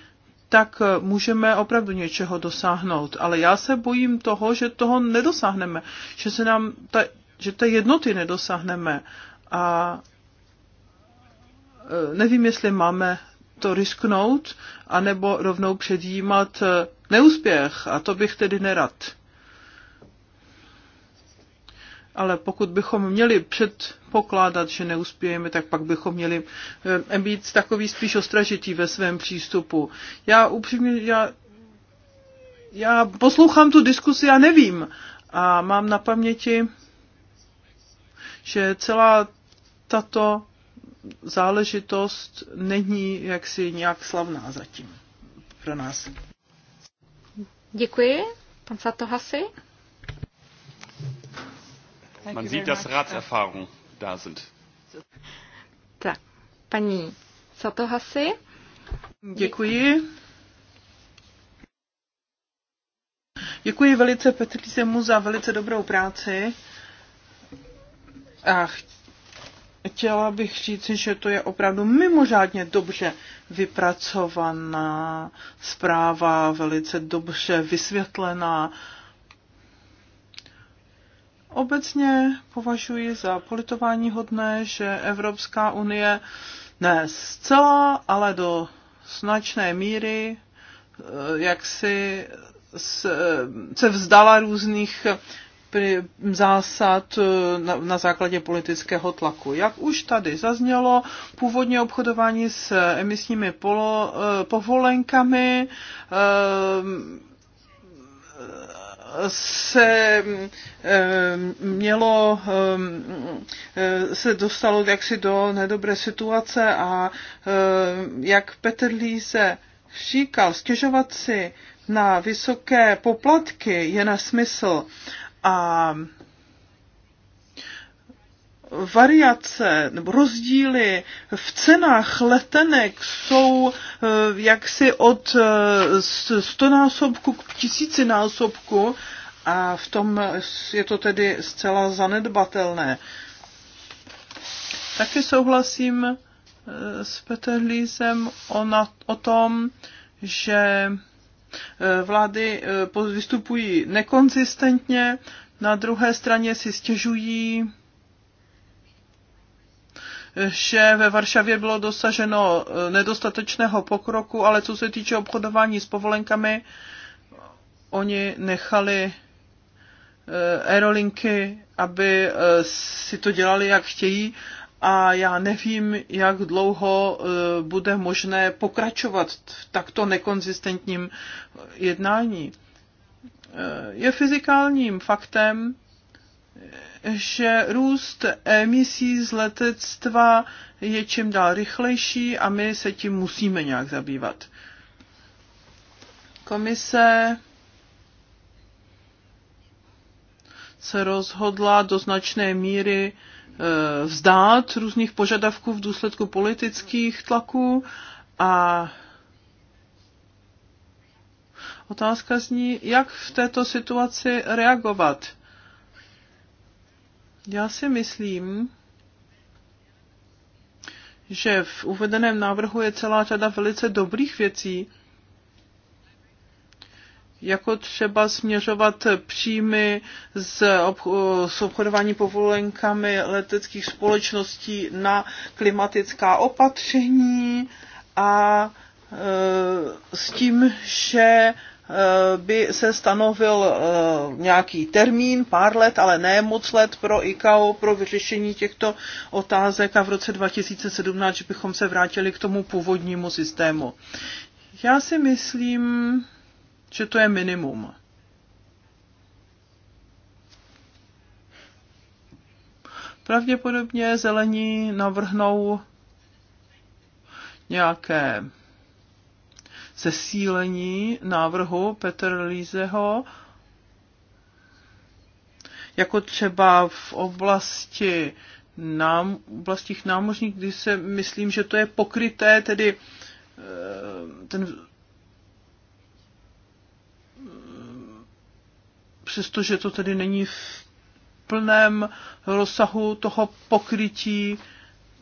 tak můžeme opravdu něčeho dosáhnout. Ale já se bojím toho, že toho nedosáhneme, že se nám ta, že té jednoty nedosáhneme. A Eh, nevím, jestli máme to risknout, anebo rovnou předjímat eh, neúspěch. A to bych tedy nerad. Ale pokud bychom měli předpokládat, že neuspějeme, tak pak bychom měli eh, být takový spíš ostražitý ve svém přístupu. Já upřímně, já, já poslouchám tu diskusi, já nevím. A mám na paměti, že celá tato záležitost není jaksi nějak slavná zatím pro nás. Děkuji. Pan Satohasi? Man sieht, dass Ratserfahrungen da sind. Tak, paní Satohasi. Děkuji. Děkuji velice Petrizemu za velice dobrou práci. A chtěla bych říct, že to je opravdu mimořádně dobře vypracovaná zpráva, velice dobře vysvětlená. Obecně považuji za politování hodné, že Evropská unie ne zcela, ale do značné míry eh, jak si eh, se vzdala různých zásad e, na, na základě politického tlaku. Jak už tady zaznělo, původně obchodování s emisními polo, e, povolenkami e, se mělo, se dostalo jaksi do nedobré situace a jak Petr Líze říkal, stěžovat si na vysoké poplatky je nesmysl. A variace nebo rozdíly v cenách letenek jsou eh, jaksi od eh, stonásobku k tisícinásobku a v tom je to tedy zcela zanedbatelné. Taky souhlasím eh, s Petr Lízem o, na, o tom, že Eh, vlády eh, vystupují nekonzistentně, na druhé straně si stěžují, eh, že ve Varšavě bylo dosaženo nedostatečného pokroku, ale co se týče obchodování s povolenkami, oni nechali aerolinky, aby si to dělali, jak chtějí a já nevím, jak dlouho e, bude možné pokračovat v takto nekonzistentním jednání. E, je fyzikálním faktem, že růst emisí z letectva je čím dál rychlejší a my se tím musíme nějak zabývat. Komise se rozhodla do značné míry Eh, vzdát různých požadavků v důsledku politických tlaků a otázka zní, jak v této situaci reagovat. Já si myslím, že v uvedeném návrhu je celá řada velice dobrých věcí, jako třeba směřovat příjmy z, obch- z obchodování povolenkami leteckých společností na klimatická opatření a e, s tím, že e, by se stanovil e, nějaký termín, pár let, ale ne moc let pro ICAO, pro vyřešení těchto otázek a v roce 2017, že bychom se vrátili k tomu původnímu systému. Já si myslím, že to je minimum. Pravděpodobně zelení navrhnou nějaké zesílení návrhu Petr Lízeho, jako třeba v oblasti nám, oblastích námořních, kdy se myslím, že to je pokryté, tedy eh, ten přestože to tedy není v plném rozsahu toho pokrytí,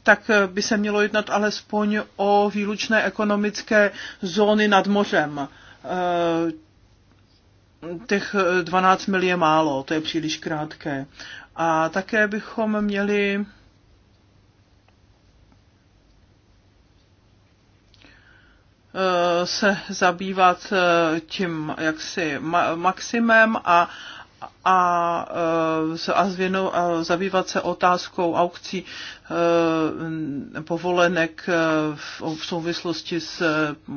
tak by se mělo jednat alespoň o výlučné ekonomické zóny nad mořem. Eh, těch 12 mil je málo, to je příliš krátké. A také bychom měli Eh, se zabývat eh, tím jaksi maximem a a, eh, a, zvěno, a zabývat se otázkou aukcí povolenek v, souvislosti s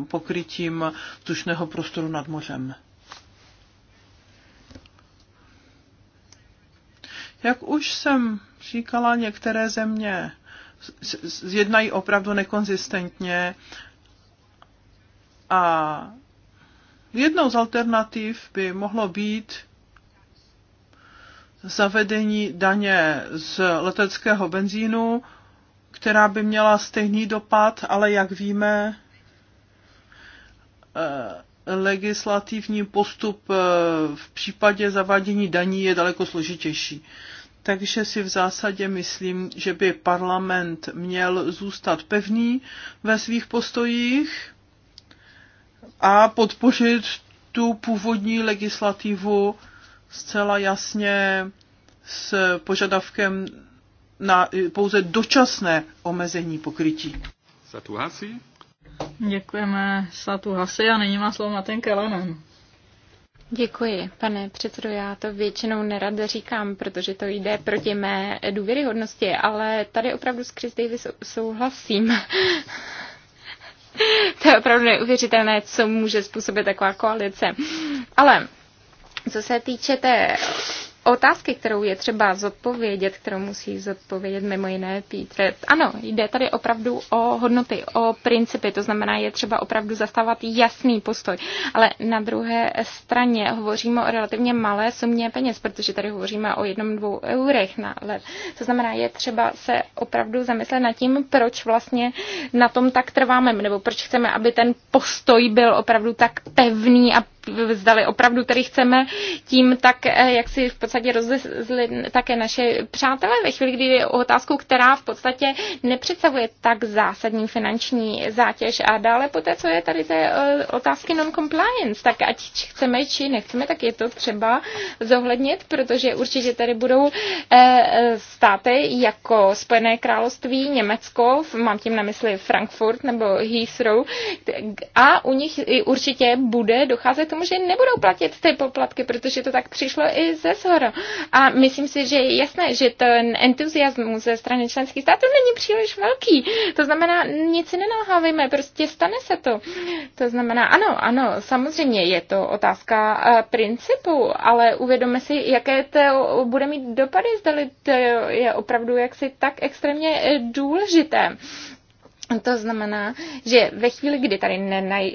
pokrytím tušného prostoru nad mořem. Jak už jsem říkala, některé země zjednají opravdu nekonzistentně a jednou z alternativ by mohlo být zavedení daně z leteckého benzínu, která by měla stejný dopad, ale jak víme, eh, legislativní postup eh, v případě zavádění daní je daleko složitější. Takže si v zásadě myslím, že by parlament měl zůstat pevný ve svých postojích a podpořit tu původní legislativu zcela jasně s požadavkem na pouze dočasné omezení pokrytí. Satuhasi? Děkujeme Satuhasi a nyní má slovo Martin Kelanen. Děkuji, pane předsedo. Já to většinou nerada říkám, protože to jde proti mé důvěryhodnosti, ale tady opravdu s Chris Davis souhlasím. <laughs> to je opravdu neuvěřitelné, co může způsobit taková koalice. Ale co se týče té otázky, kterou je třeba zodpovědět, kterou musí zodpovědět mimo jiné Pítr. Ano, jde tady opravdu o hodnoty, o principy, to znamená, je třeba opravdu zastávat jasný postoj. Ale na druhé straně hovoříme o relativně malé sumě peněz, protože tady hovoříme o jednom, dvou eurech na let. To znamená, je třeba se opravdu zamyslet nad tím, proč vlastně na tom tak trváme, nebo proč chceme, aby ten postoj byl opravdu tak pevný a zdali opravdu tedy chceme tím tak, eh, jak si v podstatě rozlezli také naše přátelé ve chvíli, kdy je o otázku, která v podstatě nepředstavuje tak zásadní finanční zátěž. A dále poté, co je tady té eh, otázky non-compliance, tak ať chceme či nechceme, tak je to třeba zohlednit, protože určitě tady budou eh, státy jako Spojené království, Německo, mám tím na mysli Frankfurt nebo Heathrow, a u nich určitě bude docházet k tomu, že nebudou platit ty poplatky, protože to tak přišlo i ze shora. A myslím si, že je jasné, že ten entuziasmus ze strany členských států není příliš velký. To znamená, nic si prostě stane se to. To znamená, ano, ano, samozřejmě je to otázka eh, principu, ale uvědomme si, jaké to bude mít dopady, zda to je opravdu jaksi tak extrémně eh, důležité. To znamená, že ve chvíli, kdy tady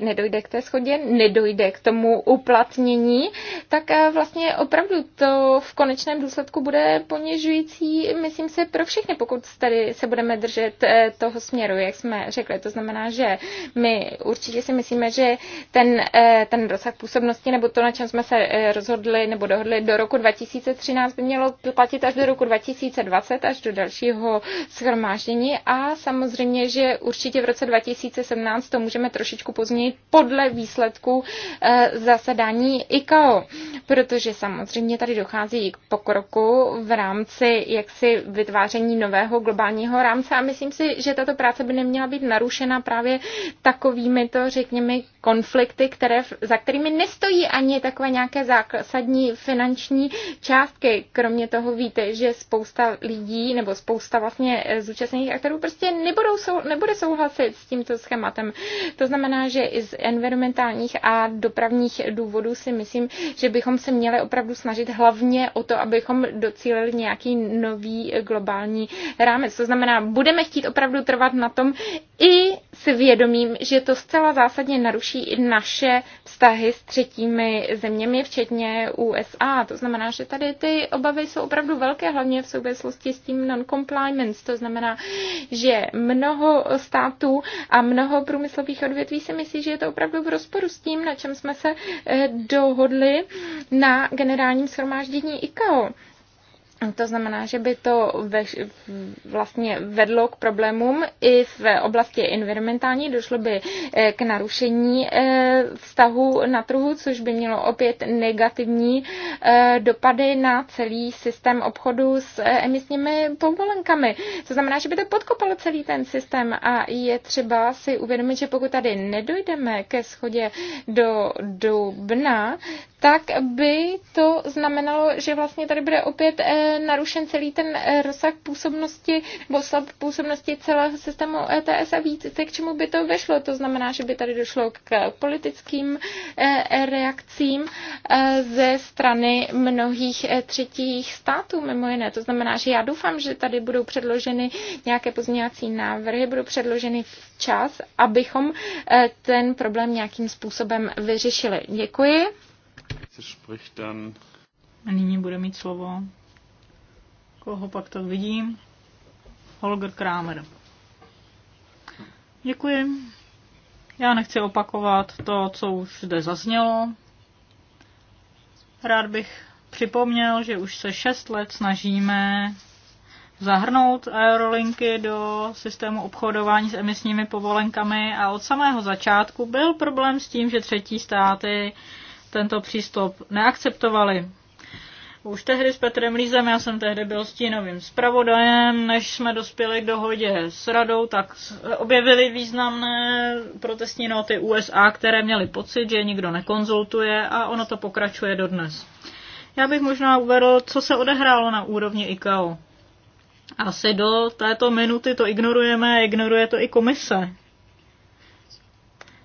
nedojde k té schodě, nedojde k tomu uplatnění, tak eh, vlastně opravdu to v konečném důsledku bude poněžující, myslím se, pro všechny, pokud tady se budeme držet eh, toho směru, jak jsme řekli. To znamená, že my určitě si myslíme, že ten, eh, ten rozsah působnosti nebo to, na čem jsme se rozhodli nebo dohodli do roku 2013, by mělo platit až do roku 2020, až do dalšího schromáždění a samozřejmě, že určitě v roce 2017 to můžeme trošičku pozměnit podle výsledků eh, zasedání ICAO, protože samozřejmě tady dochází k pokroku v rámci jaksi vytváření nového globálního rámce a myslím si, že tato práce by neměla být narušena právě takovými to, řekněme, konflikty, které, za kterými nestojí ani takové nějaké zásadní finanční částky. Kromě toho víte, že spousta lidí nebo spousta vlastně eh, zúčastněných aktorů prostě nebudou, sou, nebude nebude souhlasit s tímto schématem. To znamená, že i z environmentálních a dopravních důvodů si myslím, že bychom se měli opravdu snažit hlavně o to, abychom docílili nějaký nový globální rámec. To znamená, budeme chtít opravdu trvat na tom i s vědomím, že to zcela zásadně naruší i naše vztahy s třetími zeměmi, včetně USA. To znamená, že tady ty obavy jsou opravdu velké, hlavně v souvislosti s tím non-compliance. To znamená, že mnoho států a mnoho průmyslových odvětví si myslí, že je to opravdu v rozporu s tím, na čem jsme se eh, dohodli na generálním shromáždění ICAO. To znamená, že by to ve, vlastně vedlo k problémům i v oblasti environmentální, došlo by eh, k narušení eh, vztahu na trhu, což by mělo opět negativní eh, dopady na celý systém obchodu s emisními povolenkami. To znamená, že by to podkopalo celý ten systém a je třeba si uvědomit, že pokud tady nedojdeme ke schodě do dubna, tak by to znamenalo, že vlastně tady bude opět eh, narušen celý ten eh, rozsah působnosti, nebo slab působnosti celého systému ETS a víc, k čemu by to vešlo. To znamená, že by tady došlo k politickým eh, reakcím ze strany mnohých třetích států, mimo jiné. To znamená, že já doufám, že tady budou předloženy nějaké pozměňovací návrhy, budou předloženy včas, abychom ten problém nějakým způsobem vyřešili. Děkuji spricht dann... A nyní bude mít slovo. Koho pak to vidím? Holger Kramer. Děkuji. Já nechci opakovat to, co už zde zaznělo. Rád bych připomněl, že už se šest let snažíme zahrnout aerolinky do systému obchodování s emisními povolenkami a od samého začátku byl problém s tím, že třetí státy tento přístup neakceptovali. Už tehdy s Petrem Lízem, já jsem tehdy byl stínovým zpravodajem, než jsme dospěli k dohodě s radou, tak objevily významné protestní noty USA, které měly pocit, že nikdo nekonzultuje a ono to pokračuje dodnes. Já bych možná uvedl, co se odehrálo na úrovni ICAO. Asi do této minuty to ignorujeme, ignoruje to i komise.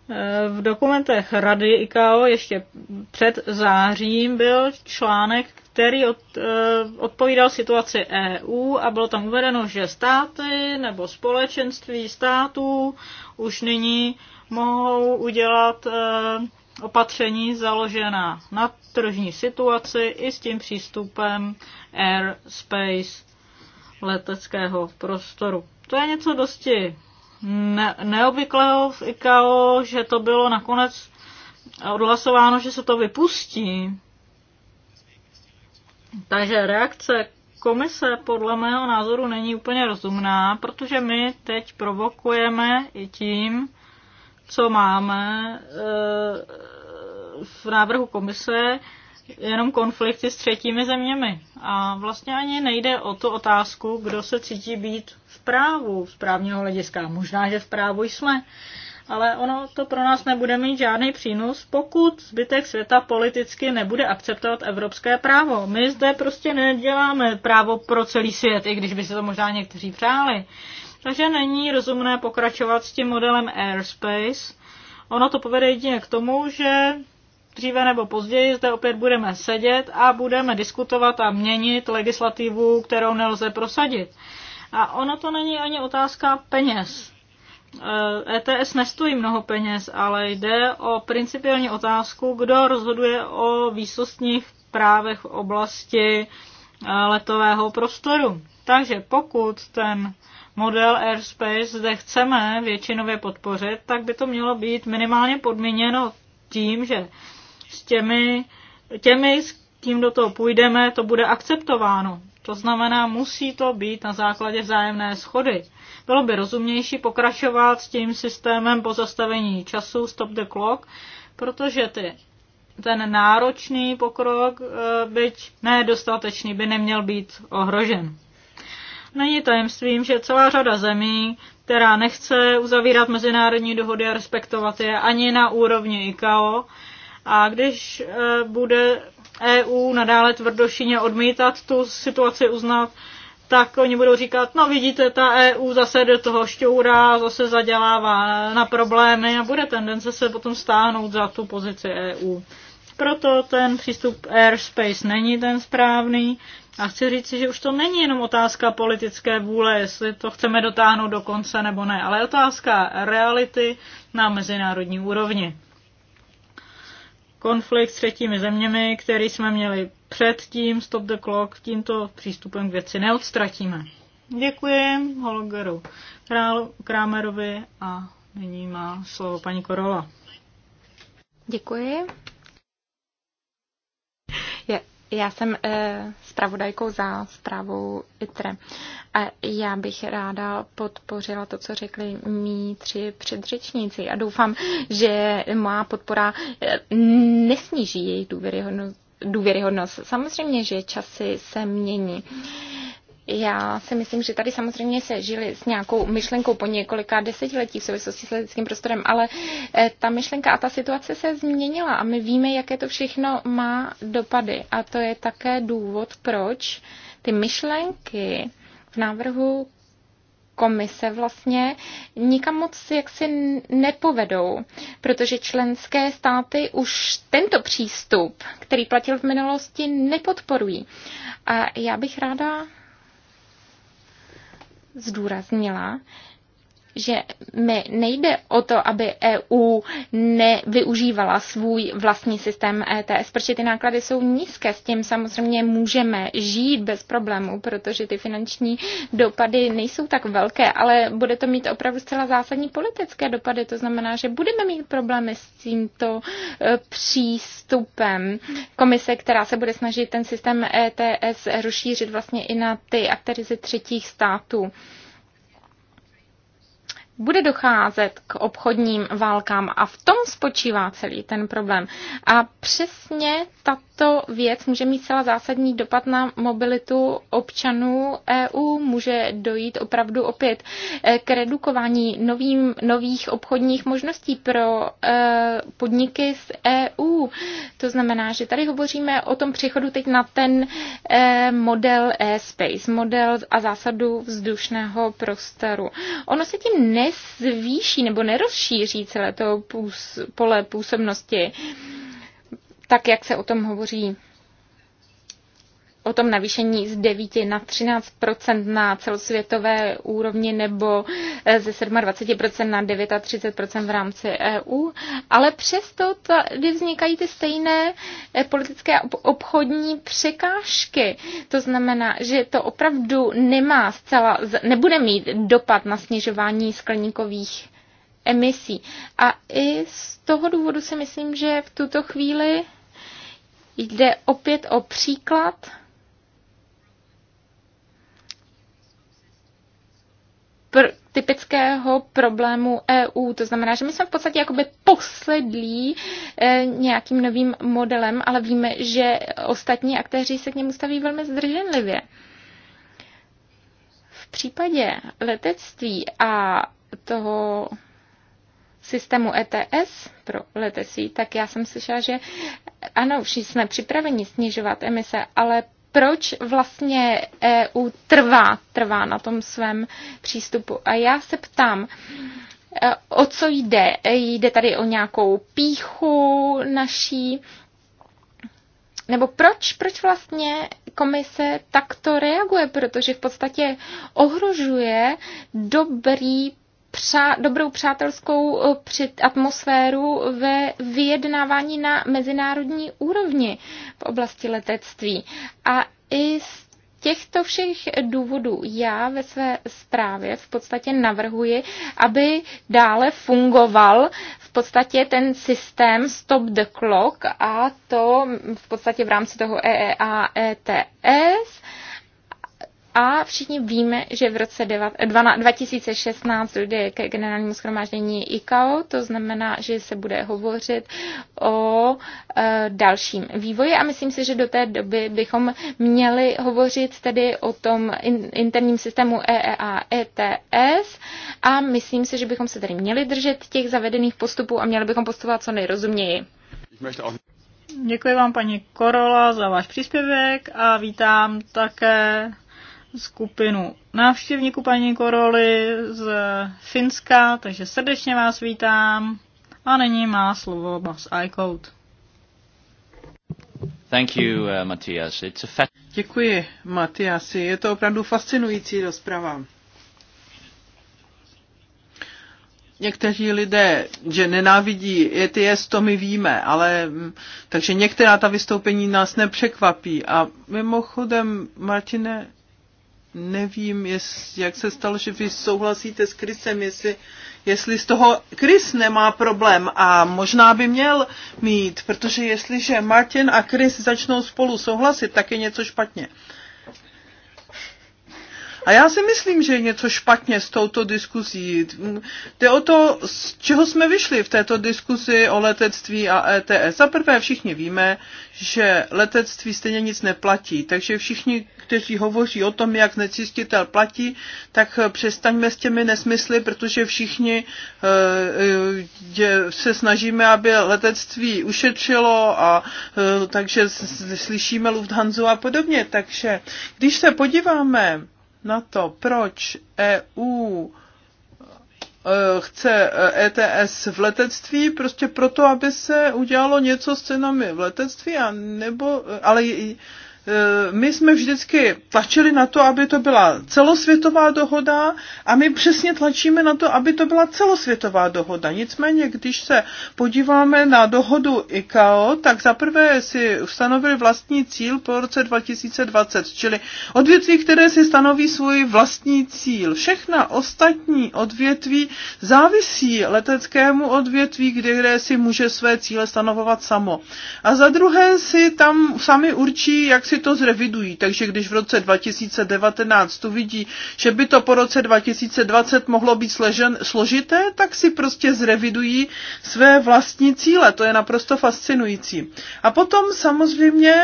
Eh, v dokumentech Rady IKO ještě před zářím byl článek, který od, eh, odpovídal situaci EU a bylo tam uvedeno, že státy nebo společenství států už nyní mohou udělat eh, opatření založená na tržní situaci i s tím přístupem airspace leteckého prostoru. To je něco dosti ne- neobvyklého v ICAO, že to bylo nakonec odhlasováno, že se to vypustí. Takže reakce komise podle mého názoru není úplně rozumná, protože my teď provokujeme i tím, co máme eh, v návrhu komise, jenom konflikty s třetími zeměmi. A vlastně ani nejde o tu otázku, kdo se cítí být v právu, z právního hlediska. Možná, že v právu jsme, ale ono to pro nás nebude mít žádný přínos, pokud zbytek světa politicky nebude akceptovat evropské právo. My zde prostě neděláme právo pro celý svět, i když by se to možná někteří přáli. Takže není rozumné pokračovat s tím modelem airspace. Ono to povede jedině k tomu, že dříve nebo později zde opět budeme sedět a budeme diskutovat a měnit legislativu, kterou nelze prosadit. A ono to není ani otázka peněz. ETS e nestojí mnoho peněz, ale jde o principiální otázku, kdo rozhoduje o výsostních právech v oblasti e, letového prostoru. Takže pokud ten model airspace zde chceme většinově podpořit, tak by to mělo být minimálně podmíněno tím, že s těmi, těmi, s kým do toho půjdeme, to bude akceptováno. To znamená, musí to být na základě vzájemné schody. Bylo by rozumnější pokračovat s tím systémem pozastavení času, stop the clock, protože ty, ten náročný pokrok, eh, byť nedostatečný, by neměl být ohrožen. Není tajemstvím, že celá řada zemí, která nechce uzavírat mezinárodní dohody a respektovat je ani na úrovni ICAO, a když eh, bude EU nadále tvrdošině odmítat tu situaci uznat, tak oni budou říkat, no vidíte, ta EU zase do toho šťourá, zase zadělává na problémy a bude tendence se potom stáhnout za tu pozici EU. Proto ten přístup airspace není ten správný a chci říct, že už to není jenom otázka politické vůle, jestli to chceme dotáhnout do konce nebo ne, ale otázka reality na mezinárodní úrovni konflikt s třetími zeměmi, který jsme měli předtím, stop the clock, tímto přístupem k věci neodstratíme. Děkuji Holgeru Král, Krámerovi a nyní má slovo paní Korola. Děkuji. Je já jsem eh, spravodajkou za zprávu ITRE. A já bych ráda podpořila to, co řekli mý tři předřečníci. A doufám, že má podpora eh, nesníží jejich důvěryhodnost. důvěryhodnost. Samozřejmě, že časy se mění. Eh, já si myslím, že tady samozřejmě se žili s nějakou myšlenkou po několika desetiletí v souvislosti s lidským prostorem, ale eh, ta myšlenka a ta situace se změnila a my víme, jaké to všechno má dopady. A to je také důvod, proč ty myšlenky v návrhu komise vlastně nikam moc jaksi nepovedou, protože členské státy už tento přístup, který platil v minulosti, nepodporují. A já bych ráda zdůraznila, že mi nejde o to, aby EU nevyužívala svůj vlastní systém ETS, protože ty náklady jsou nízké. S tím samozřejmě můžeme žít bez problémů, protože ty finanční dopady nejsou tak velké, ale bude to mít opravdu zcela zásadní politické dopady. To znamená, že budeme mít problémy s tímto e, přístupem komise, která se bude snažit ten systém ETS rozšířit vlastně i na ty aktéry ze třetích států bude docházet k obchodním válkám a v tom spočívá celý ten problém. A přesně tato věc může mít celá zásadní dopad na mobilitu občanů EU. Může dojít opravdu opět eh, k redukování novým, nových obchodních možností pro eh, podniky z EU. To znamená, že tady hovoříme o tom přechodu teď na ten eh, model e-space, model a zásadu vzdušného prostoru. Ono se tím ne nezvýší nebo nerozšíří celé to půs, pole působnosti, tak jak se o tom hovoří o tom navýšení z 9 na 13 na celosvětové úrovni nebo eh, ze 27 na 39 v rámci EU, ale přesto tady vznikají ty stejné eh, politické a obchodní překážky. To znamená, že to opravdu nemá zcela, nebude mít dopad na snižování skleníkových emisí. A i z toho důvodu si myslím, že v tuto chvíli jde opět o příklad pr- typického problému EU. To znamená, že my jsme v podstatě jakoby posledlí e, eh, nějakým novým modelem, ale víme, že ostatní aktéři se k němu staví velmi zdrženlivě. V případě letectví a toho systému ETS pro letectví, tak já jsem slyšela, že ano, všichni jsme připraveni snižovat emise, ale proč vlastně EU trvá, trvá na tom svém přístupu. A já se ptám, e, o co jde? E, jde tady o nějakou píchu naší? Nebo proč, proč vlastně komise takto reaguje? Protože v podstatě ohrožuje dobrý přa, dobrou přátelskou eh, atmosféru ve vyjednávání na mezinárodní úrovni v oblasti letectví. A i z těchto všech důvodů já ve své zprávě v podstatě navrhuji, aby dále fungoval v podstatě ten systém Stop the Clock a to v podstatě v rámci toho EEA ETS a všichni víme, že v roce 2016 dojde ke generálnímu schromáždění ICAO, to znamená, že se bude hovořit o e, dalším vývoji a myslím si, že do té doby bychom měli hovořit tedy o tom interním systému EEA ETS a myslím si, že bychom se tedy měli držet těch zavedených postupů a měli bychom postupovat co nejrozuměji. Děkuji vám, paní Korola, za váš příspěvek a vítám také skupinu návštěvníků paní Koroly z Finska, takže srdečně vás vítám. A nyní má slovo Bas iCode. Thank you, uh, Matthias. It's a fa- Děkuji, Matiasi. Je to opravdu fascinující rozprava. Někteří lidé, že nenávidí ETS, to my víme, ale mm, takže některá ta vystoupení nás nepřekvapí. A mimochodem, Martine, nevím, jest, jak se stalo, že vy souhlasíte s Krisem, jestli, jestli z toho Kris nemá problém a možná by měl mít, protože jestliže Martin a Kris začnou spolu souhlasit, tak je něco špatně. Uh, a já si myslím, že je něco špatně s touto diskuzí. Jde o to, z čeho jsme vyšli v této diskuzi o letectví a ETS. Za prvé všichni víme, že letectví stejně nic neplatí, takže všichni, kteří hovoří o tom, jak necistitel platí, tak přestaňme s těmi nesmysly, protože všichni eh, eh, se snažíme, aby letectví ušetřilo a eh, takže slyšíme Lufthansa a podobně. Takže když se podíváme na to, proč EU eh, chce ETS eh, e v letectví, prostě proto, aby se udělalo něco s cenami v letectví, a nebo, eh, ale Eh, my jsme vždycky tlačili na to, aby to byla celosvětová dohoda a my přesně tlačíme na to, aby to byla celosvětová dohoda. Nicméně, když se podíváme na dohodu ICAO, tak zaprvé si stanovili vlastní cíl po roce 2020, čili odvětví, které si stanoví svůj vlastní cíl. Všechna ostatní odvětví závisí leteckému odvětví, které si může své cíle stanovovat samo. A za druhé si tam sami určí, jak si si to zrevidují. Takže když v roce 2019 uvidí, že by to po roce 2020 mohlo být sležen, složité, tak si prostě zrevidují své vlastní cíle. To je naprosto fascinující. A potom samozřejmě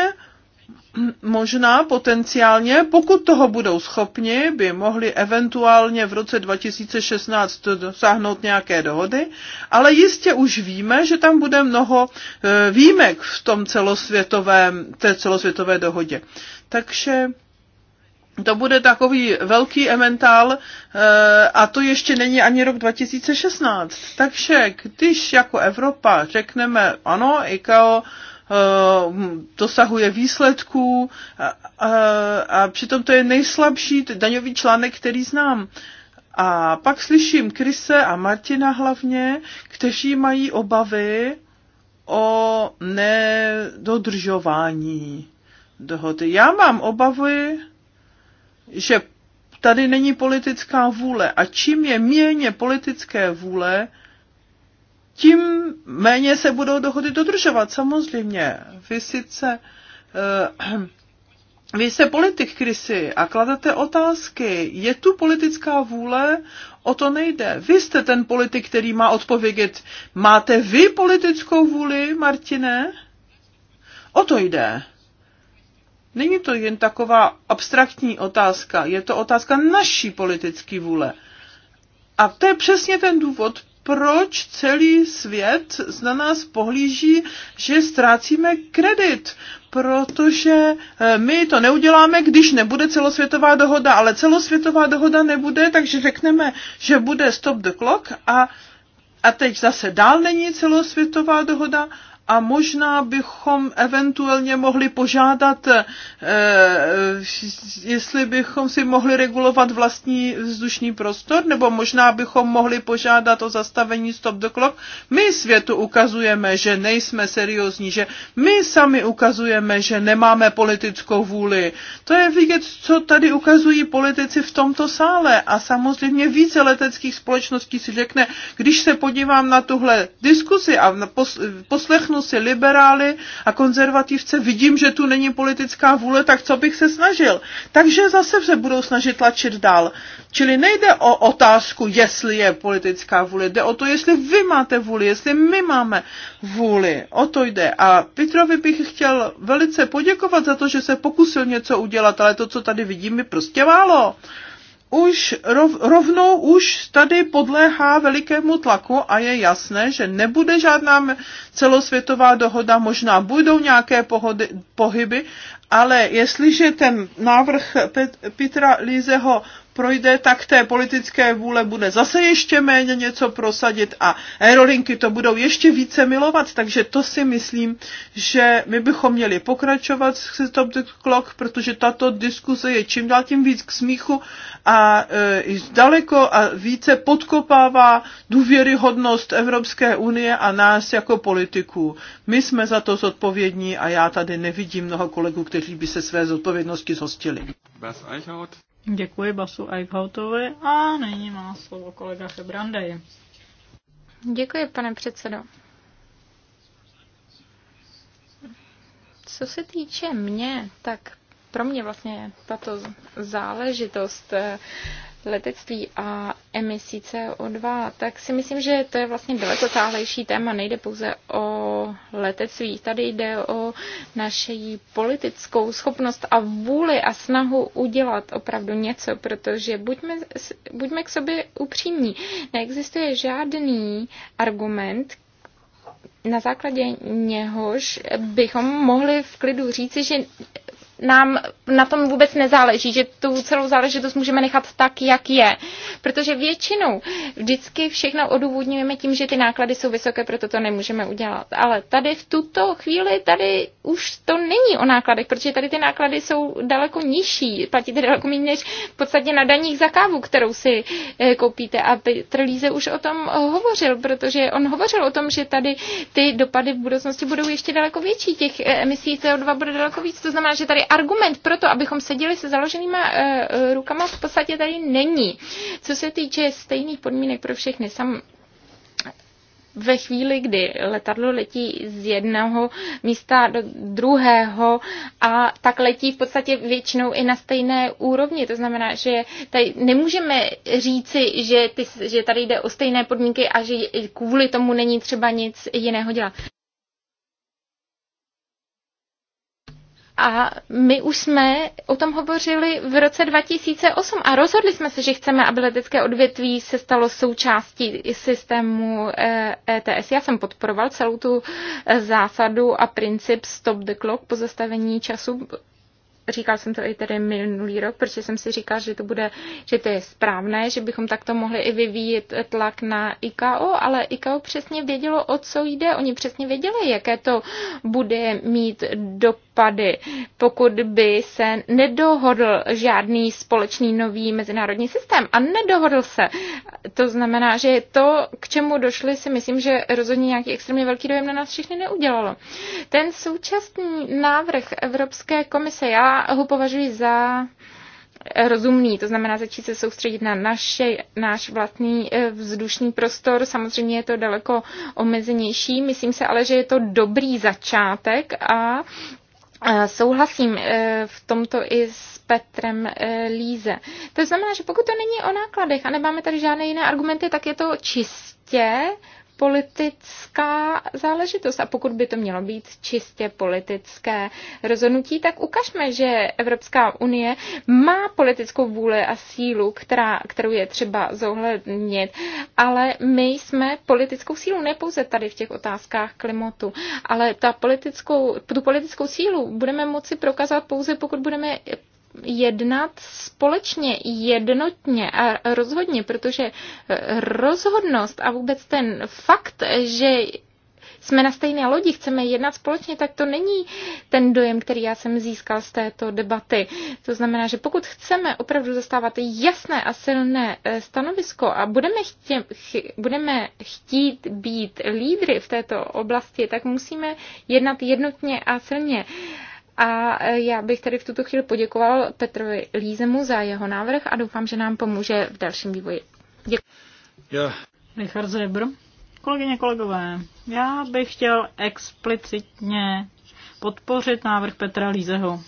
možná potenciálně, pokud toho budou schopni, by mohli eventuálně v roce 2016 dosáhnout nějaké dohody, ale jistě už víme, že tam bude mnoho e, výjimek v tom celosvětovém, té celosvětové dohodě. Takže to bude takový velký ementál e, a to ještě není ani rok 2016. Takže když jako Evropa řekneme, ano, ICAO Eh, dosahuje výsledků a, a, a přitom to je nejslabší daňový článek, který znám. A pak slyším Krise a Martina hlavně, kteří mají obavy o nedodržování dohody. Já mám obavy, že tady není politická vůle. A čím je méně politické vůle, tím méně se budou dohody dodržovat, samozřejmě. Vy sice uh, <clears throat> vy jste politik, krysy, a kladete otázky. Je tu politická vůle? O to nejde. Vy jste ten politik, který má odpovědět. Máte vy politickou vůli, Martine? O to jde. Není to jen taková abstraktní otázka, je to otázka naší politické vůle. A to je přesně ten důvod, proč celý svět na nás pohlíží, že ztrácíme kredit, protože eh, my to neuděláme, když nebude celosvětová dohoda, ale celosvětová dohoda nebude, takže řekneme, že bude stop the clock a a teď zase dál není celosvětová dohoda a možná bychom eventuálně mohli požádat, eh, jestli bychom si mohli regulovat vlastní vzdušný prostor, nebo možná bychom mohli požádat o zastavení stop the clock. My světu ukazujeme, že nejsme seriózní, že my sami ukazujeme, že nemáme politickou vůli. To je vidět, co tady ukazují politici v tomto sále a samozřejmě více leteckých společností si řekne, když se podívám na tuhle diskusi a poslechnu si liberály a konzervativce, vidím, že tu není politická vůle, tak co bych se snažil? Takže zase se budou snažit tlačit dál. Čili nejde o otázku, jestli je politická vůle, jde o to, jestli vy máte vůli, jestli my máme vůli. O to jde. A Petrovi bych chtěl velice poděkovat za to, že se pokusil něco udělat, ale to, co tady vidím, je prostě málo už rov, rovnou už tady podléhá velikému tlaku a je jasné, že nebude žádná celosvětová dohoda, možná budou nějaké pohody, pohyby, ale jestliže ten návrh Petra Lízeho projde, tak té politické vůle bude zase ještě méně něco prosadit a aerolinky to budou ještě více milovat, takže to si myslím, že my bychom měli pokračovat s Stop the Clock, protože tato diskuse je čím dál tím víc k smíchu a e, daleko a více podkopává důvěryhodnost Evropské unie a nás jako politiků. My jsme za to zodpovědní a já tady nevidím mnoho kolegů, kteří by se své zodpovědnosti zhostili. Děkuji Basu Eichhoutovi a nyní má slovo kolega Hebrandej. Děkuji, pane předsedo. Co se týče mě, tak pro mě vlastně tato záležitost eh, letectví a emisí CO2, tak si myslím, že to je vlastně daleko táhlejší téma. Nejde pouze o letectví. Tady jde o naši politickou schopnost a vůli a snahu udělat opravdu něco, protože buďme, buďme k sobě upřímní. Neexistuje žádný argument, na základě něhož bychom mohli v klidu říci, že nám na tom vůbec nezáleží, že tu celou záležitost můžeme nechat tak, jak je. Protože většinou vždycky všechno odůvodňujeme tím, že ty náklady jsou vysoké, proto to nemůžeme udělat. Ale tady v tuto chvíli tady už to není o nákladech, protože tady ty náklady jsou daleko nižší. Platíte daleko méně než v podstatě na daních za kávu, kterou si eh, koupíte. A Petr Líze už o tom eh, hovořil, protože on hovořil o tom, že tady ty dopady v budoucnosti budou ještě daleko větší. Těch eh, emisí CO2 bude daleko víc. To znamená, že tady argument pro to, abychom seděli se založenýma eh, eh, rukama, v podstatě tady není. Co se týče stejných podmínek pro všechny, sam, ve chvíli, kdy letadlo letí z jednoho místa do druhého a tak letí v podstatě většinou i na stejné úrovni. To znamená, že tady nemůžeme říci, že, ty, že tady jde o stejné podmínky a že kvůli tomu není třeba nic jiného dělat. A my už jsme o tom hovořili v roce 2008 a rozhodli jsme se, že chceme, aby letecké odvětví se stalo součástí systému ETS. Eh, e Já jsem podporoval celou tu eh, zásadu a princip stop the clock, pozastavení času říkal jsem to i tady minulý rok, protože jsem si říkal, že to bude, že to je správné, že bychom takto mohli i vyvíjet tlak na IKO, ale IKO přesně vědělo, o co jde. Oni přesně věděli, jaké to bude mít do dopady, pokud by se nedohodl žádný společný nový mezinárodní systém a nedohodl se. To znamená, že to, k čemu došli, si myslím, že rozhodně nějaký extrémně velký dojem na nás všechny neudělalo. Ten současný návrh Evropské komise, já ho považuji za rozumný, to znamená začít se soustředit na naše, náš vlastní eh, vzdušný prostor. Samozřejmě je to daleko omezenější, myslím se ale, že je to dobrý začátek a Souhlasím eh, v tomto i s Petrem eh, Líze. To znamená, že pokud to není o nákladech a nemáme tady žádné jiné argumenty, tak je to čistě politická záležitost. A pokud by to mělo být čistě politické rozhodnutí, tak ukažme, že Evropská unie má politickou vůli a sílu, která, kterou je třeba zohlednit. Ale my jsme politickou sílu nepouze tady v těch otázkách klimatu, ale ta politickou, tu politickou sílu budeme moci prokázat pouze, pokud budeme jednat společně, jednotně a rozhodně, protože rozhodnost a vůbec ten fakt, že jsme na stejné lodi, chceme jednat společně, tak to není ten dojem, který já jsem získal z této debaty. To znamená, že pokud chceme opravdu zastávat jasné a silné eh, stanovisko a budeme, chtě, ch, budeme chtít být lídry v této oblasti, tak musíme jednat jednotně a silně. A e, já bych tady v tuto chvíli poděkoval Petrovi Lízemu za jeho návrh a doufám, že nám pomůže v dalším vývoji. Děkuji. Richard Zebr. Kolegyně, kolegové, já bych chtěl explicitně podpořit návrh Petra Lízeho.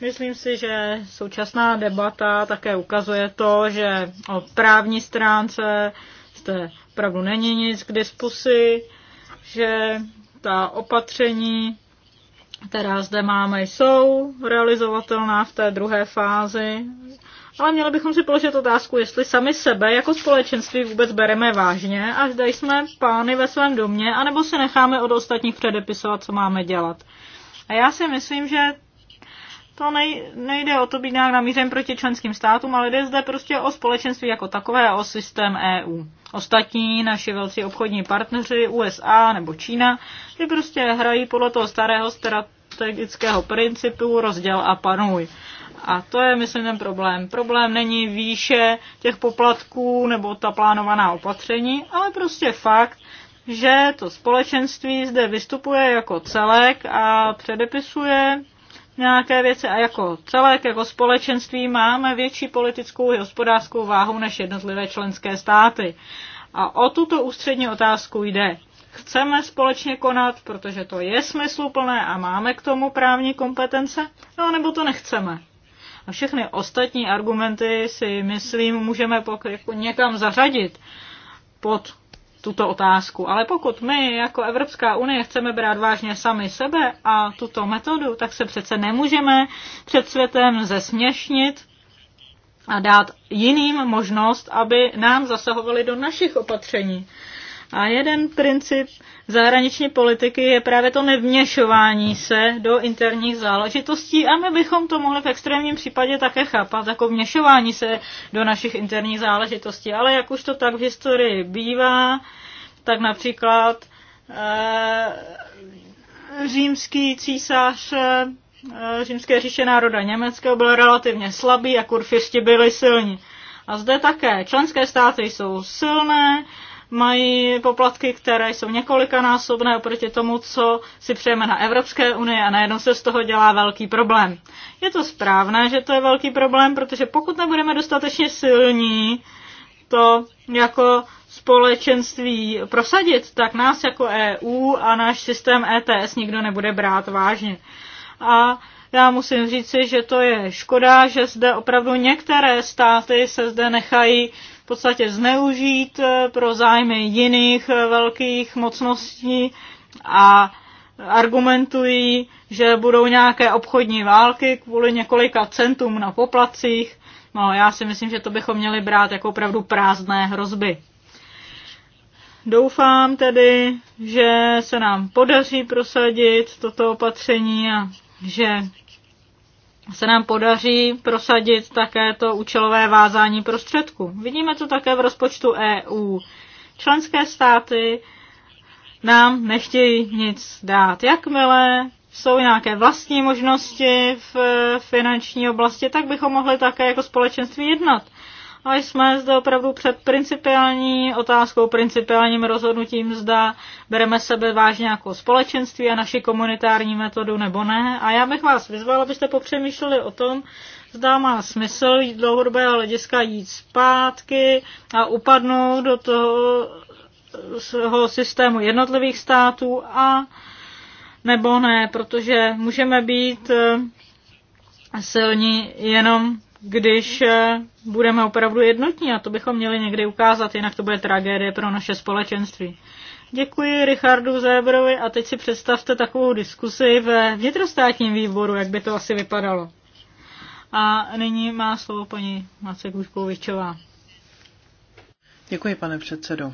Myslím si, že současná debata také ukazuje to, že o právní stránce jste pravdu není nic k diskusi, že ta opatření která zde máme, jsou realizovatelná v té druhé fázi, ale měli bychom si položit otázku, jestli sami sebe jako společenství vůbec bereme vážně a zde jsme pány ve svém domě, anebo se necháme od ostatních předepisovat, co máme dělat. A já si myslím, že to nej, nejde o to být nějak namířen proti členským státům, ale jde zde prostě o společenství jako takové, o systém EU. Ostatní naši velcí obchodní partneři, USA nebo Čína, že prostě hrají podle toho starého strategického principu rozděl a panuj. A to je, myslím, ten problém. Problém není výše těch poplatků nebo ta plánovaná opatření, ale prostě fakt, že to společenství zde vystupuje jako celek a předepisuje nějaké věci a jako celek, jako společenství máme větší politickou i hospodářskou váhu než jednotlivé členské státy. A o tuto ústřední otázku jde. Chceme společně konat, protože to je smysluplné a máme k tomu právní kompetence, no nebo to nechceme. A všechny ostatní argumenty si, myslím, můžeme jako někam zařadit pod tuto otázku. Ale pokud my jako Evropská unie chceme brát vážně sami sebe a tuto metodu, tak se přece nemůžeme před světem zesměšnit a dát jiným možnost, aby nám zasahovali do našich opatření. A jeden princip zahraniční politiky je právě to nevměšování se do interních záležitostí a my bychom to mohli v extrémním případě také chápat jako vměšování se do našich interních záležitostí. Ale jak už to tak v historii bývá, tak například e, římský císař e, římské říše národa Německého byl relativně slabý a kurfiřti byli silní. A zde také členské státy jsou silné, mají poplatky, které jsou několikanásobné oproti tomu, co si přejeme na Evropské unii a najednou se z toho dělá velký problém. Je to správné, že to je velký problém, protože pokud nebudeme dostatečně silní, to jako společenství prosadit, tak nás jako EU a náš systém ETS nikdo nebude brát vážně. A já musím říci, že to je škoda, že zde opravdu některé státy se zde nechají v podstatě zneužít eh, pro zájmy jiných eh, velkých mocností a argumentují, že budou nějaké obchodní války kvůli několika centům na poplacích. No, já si myslím, že to bychom měli brát jako opravdu prázdné hrozby. Doufám tedy, že se nám podaří prosadit toto opatření a že se nám podaří prosadit také to účelové vázání prostředků. Vidíme to také v rozpočtu EU. Členské státy nám nechtějí nic dát. Jakmile jsou nějaké vlastní možnosti v finanční oblasti, tak bychom mohli také jako společenství jednat a jsme zde opravdu před principiální otázkou, principiálním rozhodnutím, zda bereme sebe vážně jako společenství a naši komunitární metodu nebo ne. A já bych vás vyzval, abyste popřemýšleli o tom, zda má smysl jít dlouhodobého hlediska jít zpátky a upadnout do toho toho systému jednotlivých států a nebo ne, protože můžeme být eh, silní jenom když eh, budeme opravdu jednotní a to bychom měli někdy ukázat, jinak to bude tragédie pro naše společenství. Děkuji Richardu Zébrovi a teď si představte takovou diskusi ve vnitrostátním výboru, jak by to asi vypadalo. A nyní má slovo paní Mace Kuškovičová. Děkuji, pane předsedo.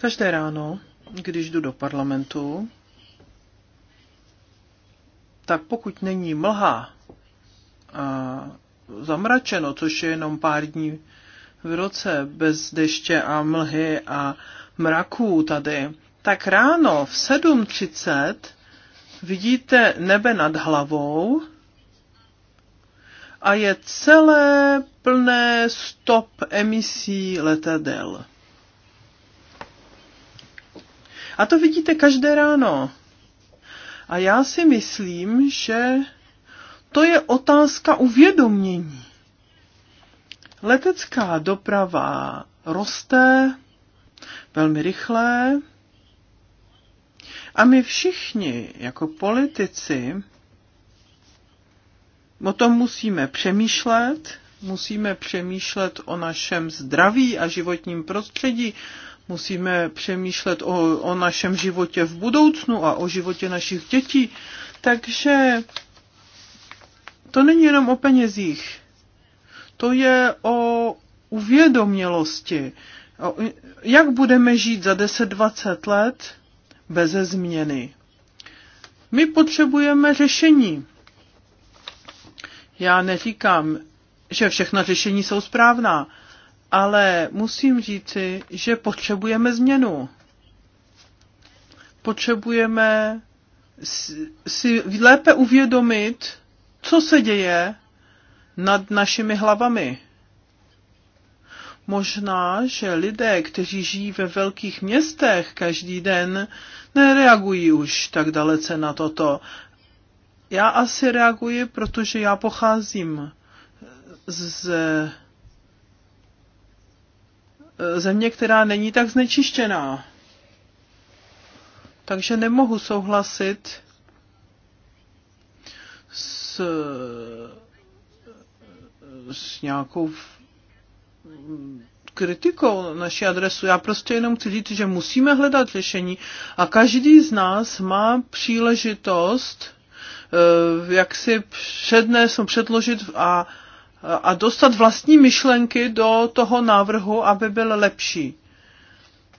Každé ráno, když jdu do parlamentu, tak pokud není mlha, a zamračeno, což je jenom pár dní v roce bez deště a mlhy a mraků tady, tak ráno v 7.30 vidíte nebe nad hlavou a je celé plné stop emisí letadel. A to vidíte každé ráno. A já si myslím, že to je otázka uvědomění. Letecká doprava roste velmi rychle a my všichni jako politici o tom musíme přemýšlet, musíme přemýšlet o našem zdraví a životním prostředí, musíme přemýšlet o, o našem životě v budoucnu a o životě našich dětí. Takže to není jenom o penězích. To je o uvědomělosti. Jak budeme žít za 10-20 let bez změny? My potřebujeme řešení. Já neříkám, že všechna řešení jsou správná, ale musím říci, že potřebujeme změnu. Potřebujeme si lépe uvědomit, co se děje nad našimi hlavami. Možná, že lidé, kteří žijí ve velkých městech každý den, nereagují už tak dalece na toto. Já asi reaguji, protože já pocházím z země, která není tak znečištěná. Takže nemohu souhlasit s, s nějakou kritikou naší adresu. Já prostě jenom chci říct, že musíme hledat řešení a každý z nás má příležitost eh, jak si přednes, předložit a, a dostat vlastní myšlenky do toho návrhu, aby byl lepší.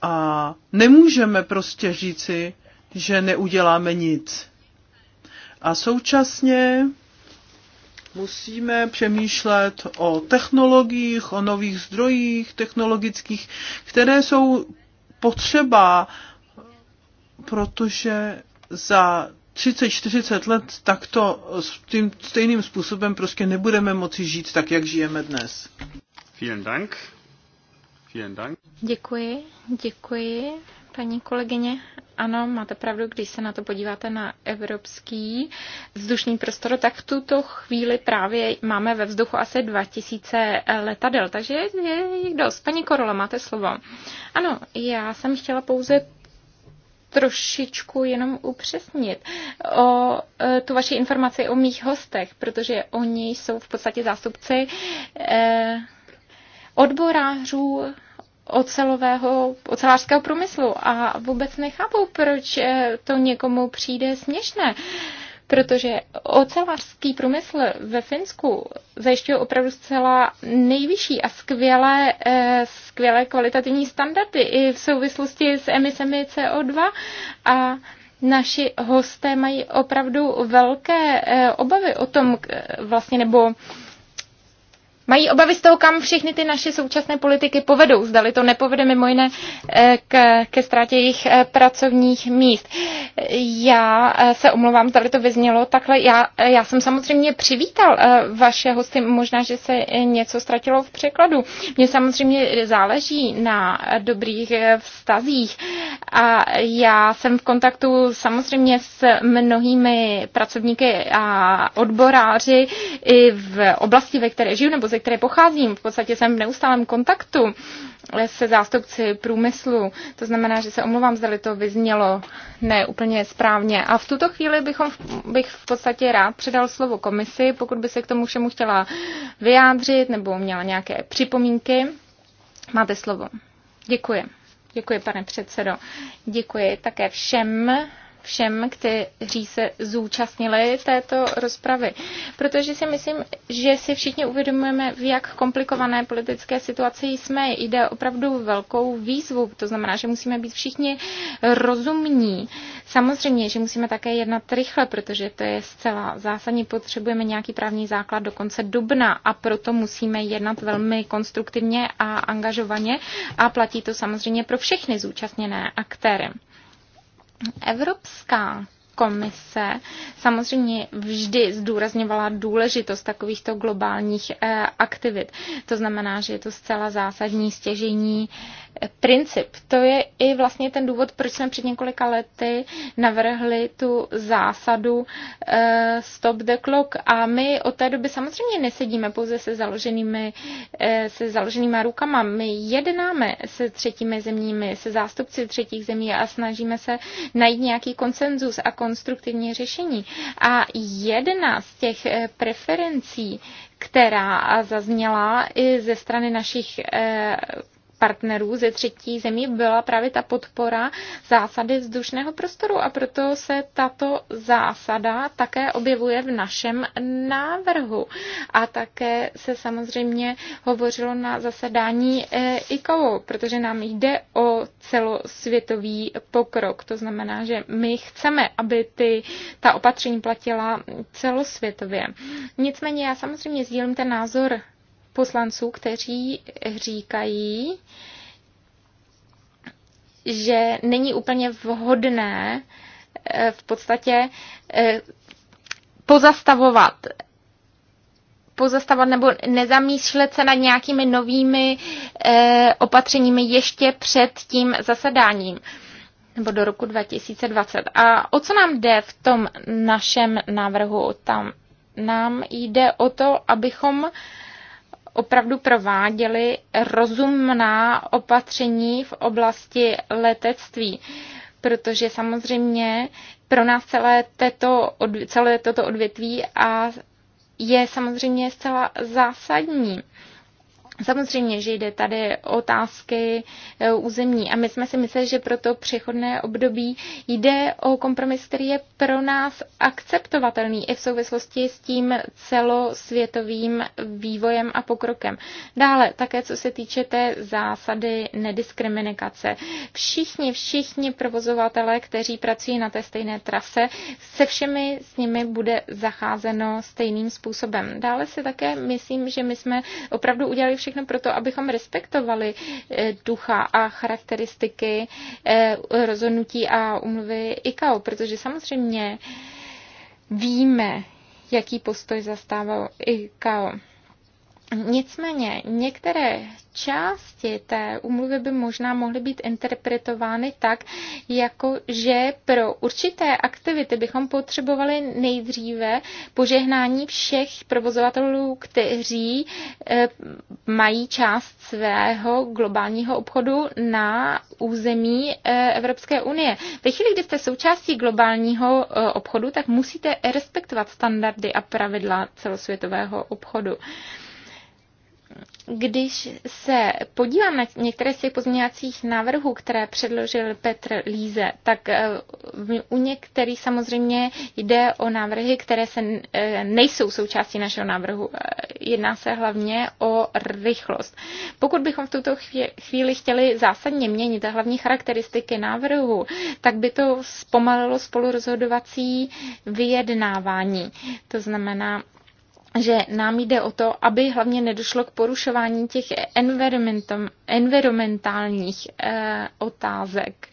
A nemůžeme prostě říci, že neuděláme nic. A současně musíme přemýšlet o technologiích, o nových zdrojích technologických, které jsou potřeba, protože za 30-40 let takto s tím stejným způsobem prostě nebudeme moci žít tak, jak žijeme dnes. Vielen Dank. Vielen Dank. Děkuji, děkuji paní kolegyně. Ano, máte pravdu, když se na to podíváte na evropský vzdušný prostor, tak v tuto chvíli právě máme ve vzduchu asi 2000 letadel, takže je jich dost. Paní Korola, máte slovo. Ano, já jsem chtěla pouze trošičku jenom upřesnit o e, tu vaši informaci o mých hostech, protože oni jsou v podstatě zástupci e, odborářů ocelového, ocelářského průmyslu a vůbec nechápou proč eh, to někomu přijde směšné protože ocelářský průmysl ve Finsku zajišťuje opravdu zcela nejvyšší a skvělé, eh, skvělé kvalitativní standardy i v souvislosti s emisemi CO2 a naši hosté mají opravdu velké eh, obavy o tom vlastně nebo mají obavy z toho, kam všechny ty naše současné politiky povedou. Zdali to nepovede mimo jiné eh, k, ke ztrátě jejich eh, pracovních míst. Já eh, se omlouvám, zdali to vyznělo takhle. Já, já jsem samozřejmě přivítal vaše hosty, možná, že se něco ztratilo v překladu. Mně samozřejmě záleží na dobrých vztazích a já jsem v kontaktu samozřejmě s mnohými pracovníky a odboráři i v oblasti, ve které žiju, nebo ze které pocházím, v podstatě jsem v neustálém kontaktu se zástupci průmyslu. To znamená, že se omlouvám, zda to vyznělo neúplně správně. A v tuto chvíli bychom, bych v podstatě rád předal slovo komisi, pokud by se k tomu všemu chtěla vyjádřit nebo měla nějaké připomínky. Máte slovo. Děkuji. Děkuji, pane předsedo. Děkuji také všem všem, kteří se zúčastnili této rozpravy. Protože si myslím, že si všichni uvědomujeme, v jak komplikované politické situaci jsme. Jde opravdu velkou výzvu, to znamená, že musíme být všichni rozumní. Samozřejmě, že musíme také jednat rychle, protože to je zcela zásadní. Potřebujeme nějaký právní základ do konce dubna a proto musíme jednat velmi konstruktivně a angažovaně a platí to samozřejmě pro všechny zúčastněné aktéry. Evropská komise samozřejmě vždy zdůrazňovala důležitost takovýchto globálních eh, aktivit. To znamená, že je to zcela zásadní stěžení eh, princip. To je i vlastně ten důvod, proč jsme před několika lety navrhli tu zásadu eh, stop the clock. A my od té doby samozřejmě nesedíme pouze se založenými, se založenýma rukama. My jednáme se třetími zeměmi, se zástupci třetích zemí a snažíme se najít nějaký konsenzus a konsenzus konstruktivní řešení. A jedna z těch eh, preferencí, která zazněla i ze strany našich eh, partnerů ze třetí zemí byla právě ta podpora zásady vzdušného prostoru a proto se tato zásada také objevuje v našem návrhu. A také se samozřejmě hovořilo na zasedání eh, ICAO, protože nám jde o celosvětový pokrok. To znamená, že my chceme, aby ty, ta opatření platila celosvětově. Nicméně já samozřejmě sdílím ten názor poslanců, kteří říkají, že není úplně vhodné eh, v podstatě eh, pozastavovat pozastavovat nebo nezamýšlet se nad nějakými novými eh, opatřeními ještě před tím zasedáním nebo do roku 2020. A o co nám jde v tom našem návrhu? Tam nám jde o to, abychom opravdu prováděli rozumná opatření v oblasti letectví, protože samozřejmě pro nás celé, této, celé toto odvětví a je samozřejmě zcela zásadní. Samozřejmě, že jde tady o otázky e, územní a my jsme si mysleli, že pro to přechodné období jde o kompromis, který je pro nás akceptovatelný i v souvislosti s tím celosvětovým vývojem a pokrokem. Dále, také co se týče té zásady nediskriminace. Všichni, všichni provozovatelé, kteří pracují na té stejné trase, se všemi s nimi bude zacházeno stejným způsobem. Dále se také myslím, že my jsme opravdu udělali všechno, všechno proto, abychom respektovali eh, ducha a charakteristiky eh, rozhodnutí a umluvy ICAO, protože samozřejmě víme, jaký postoj zastával ICAO. Nicméně některé části té umluvy by možná mohly být interpretovány tak, jako že pro určité aktivity bychom potřebovali nejdříve požehnání všech provozovatelů, kteří eh, mají část svého globálního obchodu na území eh, Evropské unie. Ve chvíli, kdy jste součástí globálního eh, obchodu, tak musíte respektovat standardy a pravidla celosvětového obchodu. Když se podívám na některé z těch pozměňovacích návrhů, které předložil Petr Líze, tak eh, u některých samozřejmě jde o návrhy, které se eh, nejsou součástí našeho návrhu. Eh, jedná se hlavně o rychlost. Pokud bychom v tuto chvíli chtěli zásadně měnit hlavní charakteristiky návrhu, tak by to zpomalilo spolurozhodovací vyjednávání. To znamená, že nám jde o to, aby hlavně nedošlo k porušování těch environmentálních eh, otázek.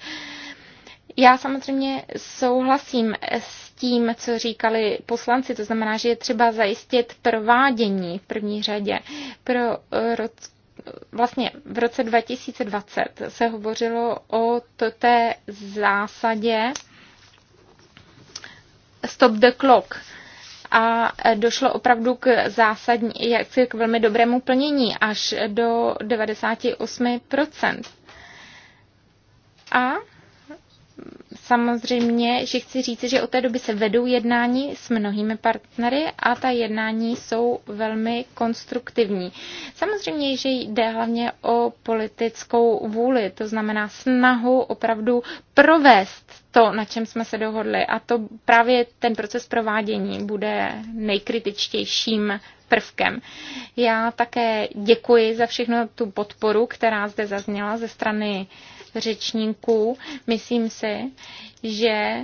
Já samozřejmě souhlasím s tím, co říkali poslanci, to znamená, že je třeba zajistit provádění v první řadě. Pro eh, roc, vlastně v roce 2020 se hovořilo o té zásadě stop the clock a došlo opravdu k zásadní, jaksi k velmi dobrému plnění až do 98%. A samozřejmě, že chci říct, že od té doby se vedou jednání s mnohými partnery a ta jednání jsou velmi konstruktivní. Samozřejmě, že jde hlavně o politickou vůli, to znamená snahu opravdu provést to, na čem jsme se dohodli. A to právě ten proces provádění bude nejkritičtějším prvkem. Já také děkuji za všechno tu podporu, která zde zazněla ze strany uh, řečníků. Myslím si, že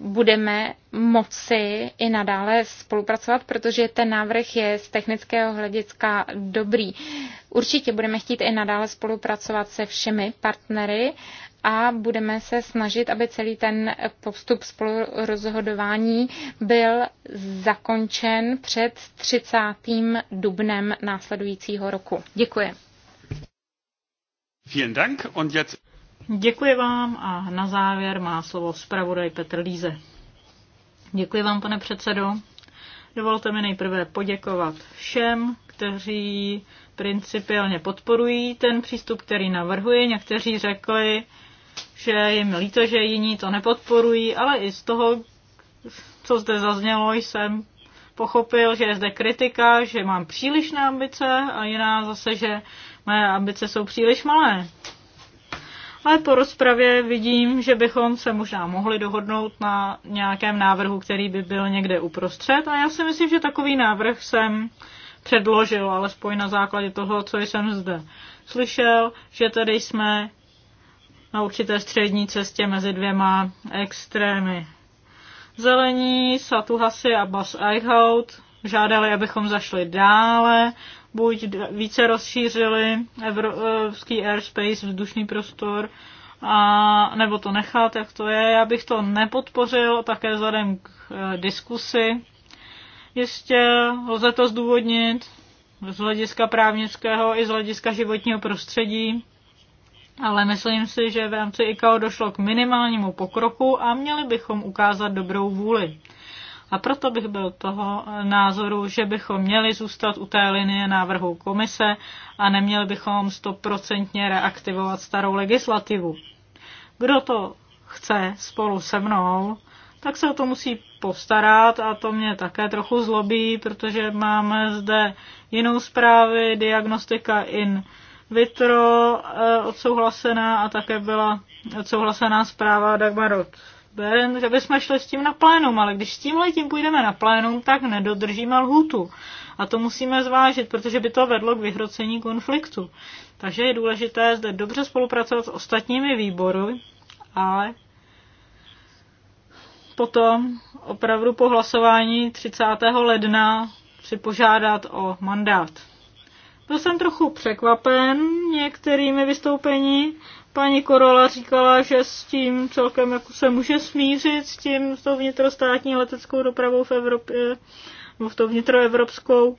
budeme moci i nadále spolupracovat, protože ten návrh je z technického hlediska dobrý. Určitě budeme chtít i nadále spolupracovat se všemi partnery a budeme se snažit, aby celý ten postup spolurozhodování byl zakončen před 30. dubnem následujícího roku. Děkuji. Vielen Dank und jetzt... Děkuji vám a na závěr má slovo zpravodaj Petr Líze. Děkuji vám, pane předsedo. Dovolte mi nejprve poděkovat všem, kteří principiálně podporují ten přístup, který navrhuji. Někteří řekli, že jim líto, že jiní to nepodporují, ale i z toho, co zde zaznělo, jsem pochopil, že je zde kritika, že mám přílišné ambice a jiná zase, že Moje ambice jsou příliš malé. Ale po rozpravě vidím, že bychom se možná mohli dohodnout na nějakém návrhu, který by byl někde uprostřed. A já si myslím, že takový návrh jsem předložil, alespoň na základě toho, co jsem zde slyšel, že tady jsme na určité střední cestě mezi dvěma extrémy. Zelení, Satuhasi a Bas Eichhout žádali, abychom zašli dále, buď více rozšířili evropský airspace, vzdušný prostor, a, nebo to nechat, jak to je. Já bych to nepodpořil, také vzhledem k e, diskusi. Jistě lze to zdůvodnit z hlediska právnického i z hlediska životního prostředí, ale myslím si, že v rámci ICAO došlo k minimálnímu pokroku a měli bychom ukázat dobrou vůli. A proto bych byl toho názoru, že bychom měli zůstat u té linie návrhu komise a neměli bychom stoprocentně reaktivovat starou legislativu. Kdo to chce spolu se mnou, tak se o to musí postarat a to mě také trochu zlobí, protože máme zde jinou zprávy, diagnostika in vitro eh, odsouhlasená a také byla odsouhlasená zpráva Dagmarot ben, aby jsme šli s tím na plénum, ale když s tím letím půjdeme na plénum, tak nedodržíme lhůtu. A to musíme zvážit, protože by to vedlo k vyhrocení konfliktu. Takže je důležité zde dobře spolupracovat s ostatními výbory, ale potom opravdu po hlasování 30. ledna si požádat o mandát. Byl jsem trochu překvapen některými vystoupení Paní Korola říkala, že s tím celkem jako se může smířit, s tím, s tou vnitrostátní leteckou dopravou v Evropě, nebo v tou vnitroevropskou.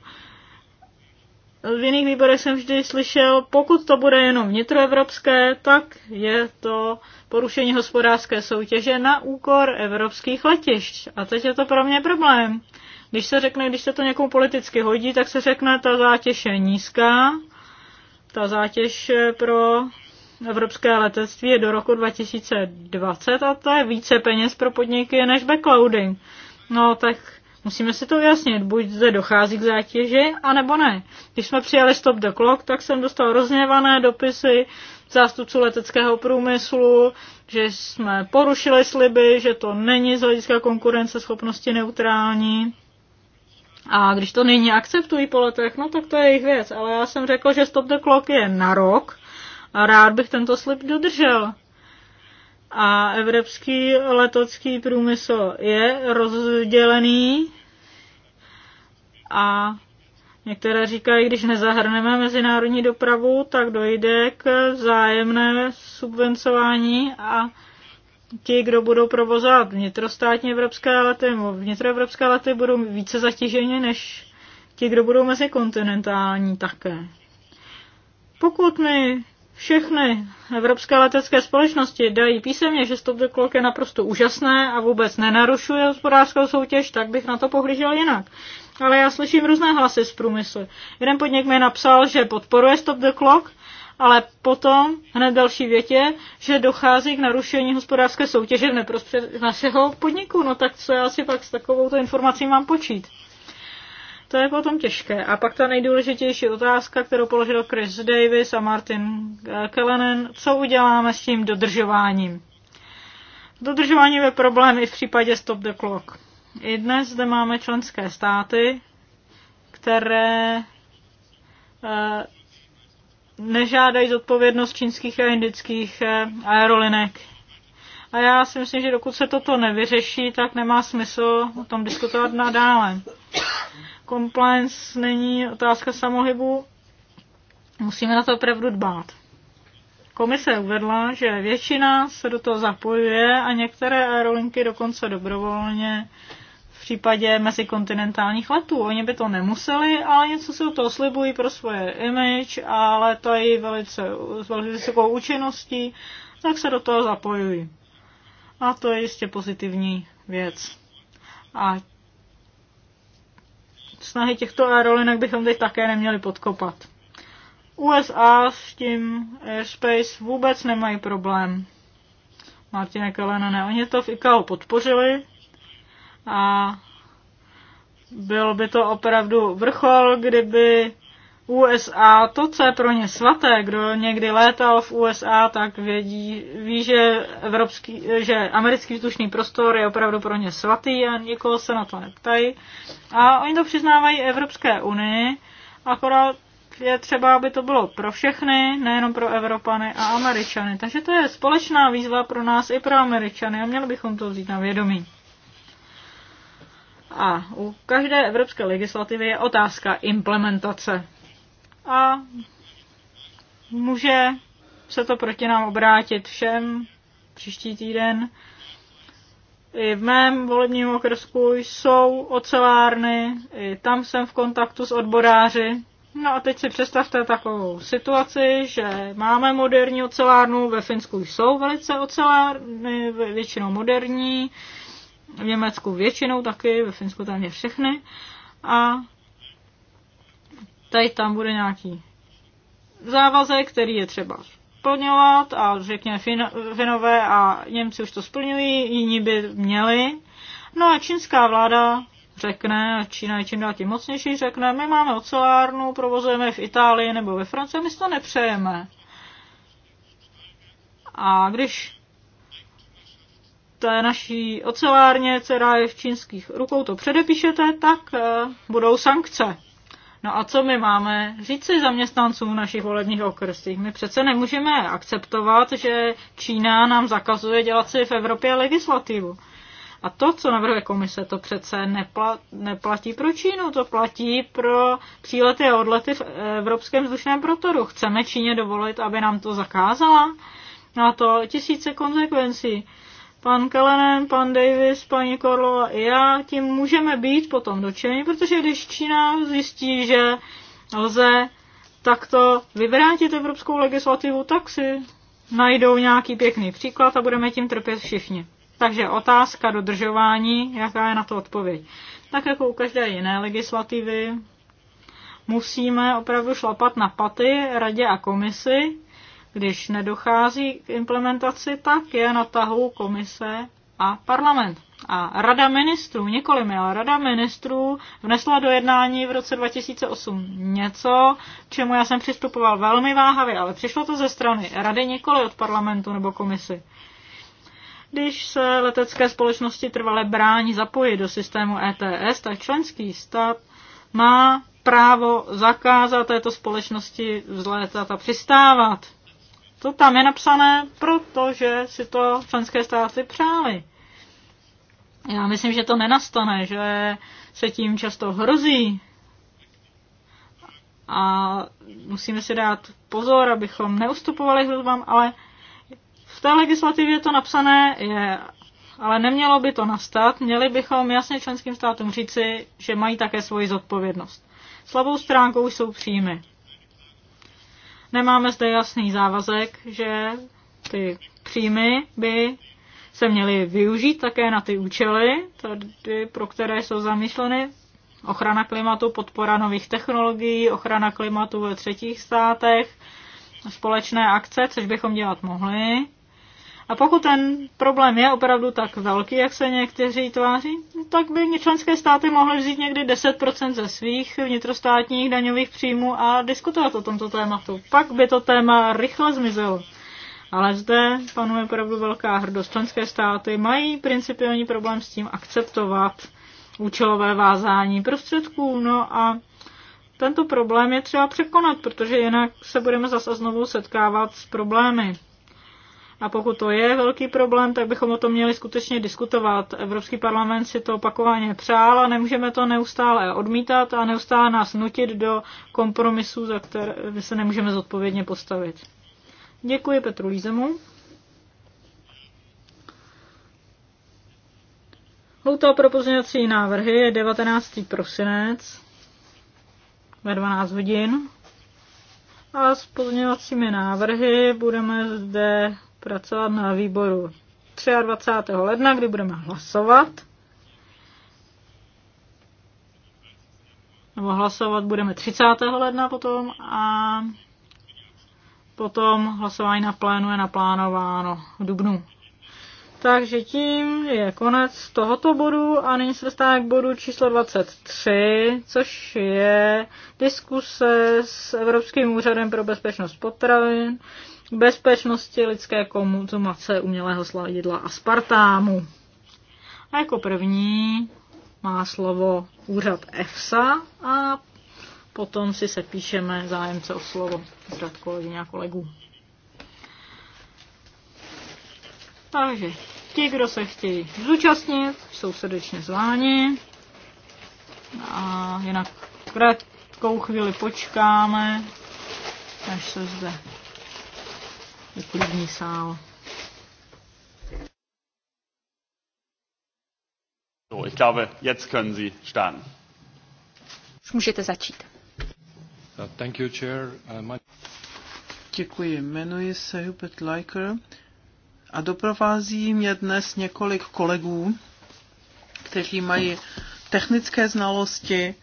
V jiných výborech jsem vždy slyšel, pokud to bude jenom vnitroevropské, tak je to porušení hospodářské soutěže na úkor evropských letišť. A teď je to pro mě problém. Když se řekne, když se to někomu politicky hodí, tak se řekne, ta zátěž je nízká, ta zátěž pro evropské letectví je do roku 2020 a to je více peněz pro podniky než backloading. No tak musíme si to ujasnit, buď zde dochází k zátěži, anebo ne. Když jsme přijali Stop the Clock, tak jsem dostal rozněvané dopisy zástupců leteckého průmyslu, že jsme porušili sliby, že to není z hlediska schopnosti neutrální. A když to nyní akceptují po letech, no tak to je jejich věc. Ale já jsem řekl, že Stop the Clock je na rok a rád bych tento slib dodržel. A evropský letocký průmysl je rozdělený a Některé říkají, když nezahrneme mezinárodní dopravu, tak dojde k zájemné subvencování a ti, kdo budou provozovat vnitrostátní evropské lety nebo vnitroevropské lety, budou více zatíženi než ti, kdo budou mezikontinentální také. Pokud my všechny evropské letecké společnosti dají písemně, že stop the clock je naprosto úžasné a vůbec nenarušuje hospodářskou soutěž, tak bych na to pohlížel jinak. Ale já slyším různé hlasy z průmyslu. Jeden podnik mi napsal, že podporuje stop the clock, ale potom hned další větě, že dochází k narušení hospodářské soutěže v neprostřed našeho podniku. No tak co já si pak s takovouto informací mám počít? To je potom těžké. A pak ta nejdůležitější otázka, kterou položil Chris Davis a Martin eh, Kellenen, co uděláme s tím dodržováním. Dodržování je problém i v případě Stop the Clock. I dnes zde máme členské státy, které eh, nežádají zodpovědnost čínských a indických eh, aerolinek. A já si myslím, že dokud se toto nevyřeší, tak nemá smysl o tom diskutovat nadále compliance není otázka samohybu, musíme na to opravdu dbát. Komise uvedla, že většina se do toho zapojuje a některé aerolinky dokonce dobrovolně v případě mezikontinentálních letů. Oni by to nemuseli, ale něco si o toho slibují pro svoje image, ale to je velice, s velice vysokou účinností, tak se do toho zapojují. A to je jistě pozitivní věc. A snahy těchto aerolinek bychom teď také neměli podkopat. USA s tím Airspace vůbec nemají problém. Martine ne, oni to v ICAO podpořili a byl by to opravdu vrchol, kdyby USA, to, co je pro ně svaté, kdo někdy létal v USA, tak vědí, ví, že, evropský, že americký vzdušný prostor je opravdu pro ně svatý a nikoho se na to neptají. A oni to přiznávají Evropské unii, akorát je třeba, aby to bylo pro všechny, nejenom pro Evropany a Američany. Takže to je společná výzva pro nás i pro Američany a měli bychom to vzít na vědomí. A u každé evropské legislativy je otázka implementace a může se to proti nám obrátit všem příští týden. I v mém volebním okresku jsou ocelárny, i tam jsem v kontaktu s odboráři. No a teď si představte takovou situaci, že máme moderní ocelárnu, ve Finsku jsou velice ocelárny, většinou moderní, v Německu většinou taky, ve Finsku je všechny. A Tady tam bude nějaký závazek, který je třeba splňovat a řekně fin, Finové a Němci už to splňují, jiní by měli. No a čínská vláda řekne, Čína je čím dál tím mocnější, řekne, my máme ocelárnu, provozujeme v Itálii nebo ve Francii, my si to nepřejeme. A když té naší ocelárně, která je v čínských rukou, to předepíšete, tak eh, budou sankce. No a co my máme říci zaměstnancům v našich volebních okresích? My přece nemůžeme akceptovat, že Čína nám zakazuje dělat si v Evropě legislativu. A to, co navrhuje komise, to přece nepla- neplatí pro Čínu, to platí pro přílety a odlety v evropském vzdušném protoru. Chceme Číně dovolit, aby nám to zakázala? No a to tisíce konsekvencí pan Kalenem, pan Davis, paní Korlova i já, tím můžeme být potom dočeni, protože když Čína zjistí, že lze takto vyvrátit evropskou legislativu, tak si najdou nějaký pěkný příklad a budeme tím trpět všichni. Takže otázka dodržování, jaká je na to odpověď. Tak jako u každé jiné legislativy, musíme opravdu šlapat na paty radě a komisi, když nedochází k implementaci, tak je na tahu komise a parlament. A Rada ministrů, nikoli mi, ale Rada ministrů vnesla do jednání v roce 2008 něco, čemu já jsem přistupoval velmi váhavě, ale přišlo to ze strany Rady, nikoli od parlamentu nebo komisy. Když se letecké společnosti trvale brání zapojit do systému ETS, tak členský stát má právo zakázat této společnosti vzlétat a přistávat. To tam je napsané, protože si to členské státy přáli. Já myslím, že to nenastane, že se tím často hrozí. A musíme si dát pozor, abychom neustupovali hrozbám, ale v té legislativě je to napsané je, ale nemělo by to nastat. Měli bychom jasně členským státům říci, že mají také svoji zodpovědnost. Slabou stránkou jsou příjmy. Nemáme zde jasný závazek, že ty příjmy by se měly využít také na ty účely, tady, pro které jsou zamýšleny. Ochrana klimatu, podpora nových technologií, ochrana klimatu ve třetích státech, společné akce, což bychom dělat mohli. A pokud ten problém je opravdu tak velký, jak se někteří tváří, tak by členské státy mohly vzít někdy 10% ze svých vnitrostátních daňových příjmů a diskutovat o tomto tématu. Pak by to téma rychle zmizelo. Ale zde panuje opravdu velká hrdost. Členské státy mají principiální problém s tím akceptovat účelové vázání prostředků. No a tento problém je třeba překonat, protože jinak se budeme zase znovu setkávat s problémy. A pokud to je velký problém, tak bychom o tom měli skutečně diskutovat. Evropský parlament si to opakovaně přál a nemůžeme to neustále odmítat a neustále nás nutit do kompromisů, za které se nemůžeme zodpovědně postavit. Děkuji Petru Lízemu. Lhuta pro pozměňovací návrhy je 19. prosinec ve 12 hodin. A s pozměňovacími návrhy budeme zde pracovat na výboru 23. ledna, kdy budeme hlasovat. Nebo hlasovat budeme 30. ledna potom a potom hlasování na plénu je naplánováno v Dubnu. Takže tím je konec tohoto bodu a nyní se dostáváme k bodu číslo 23, což je diskuse s Evropským úřadem pro bezpečnost potravin bezpečnosti lidské konzumace umělého sladidla a spartámu. A jako první má slovo úřad EFSA a potom si se píšeme zájemce o slovo z řad kolegyně a kolegů. Takže ti, kdo se chtějí zúčastnit, jsou srdečně zváni. A jinak krátkou chvíli počkáme, až se zde klidný sál. So, ich glaube, jetzt können Sie starten. Už můžete začít. Uh, thank you, Chair. Uh, my... Děkuji. Jmenuji se Hubert Leiker a doprovází mě dnes několik kolegů, kteří mají technické znalosti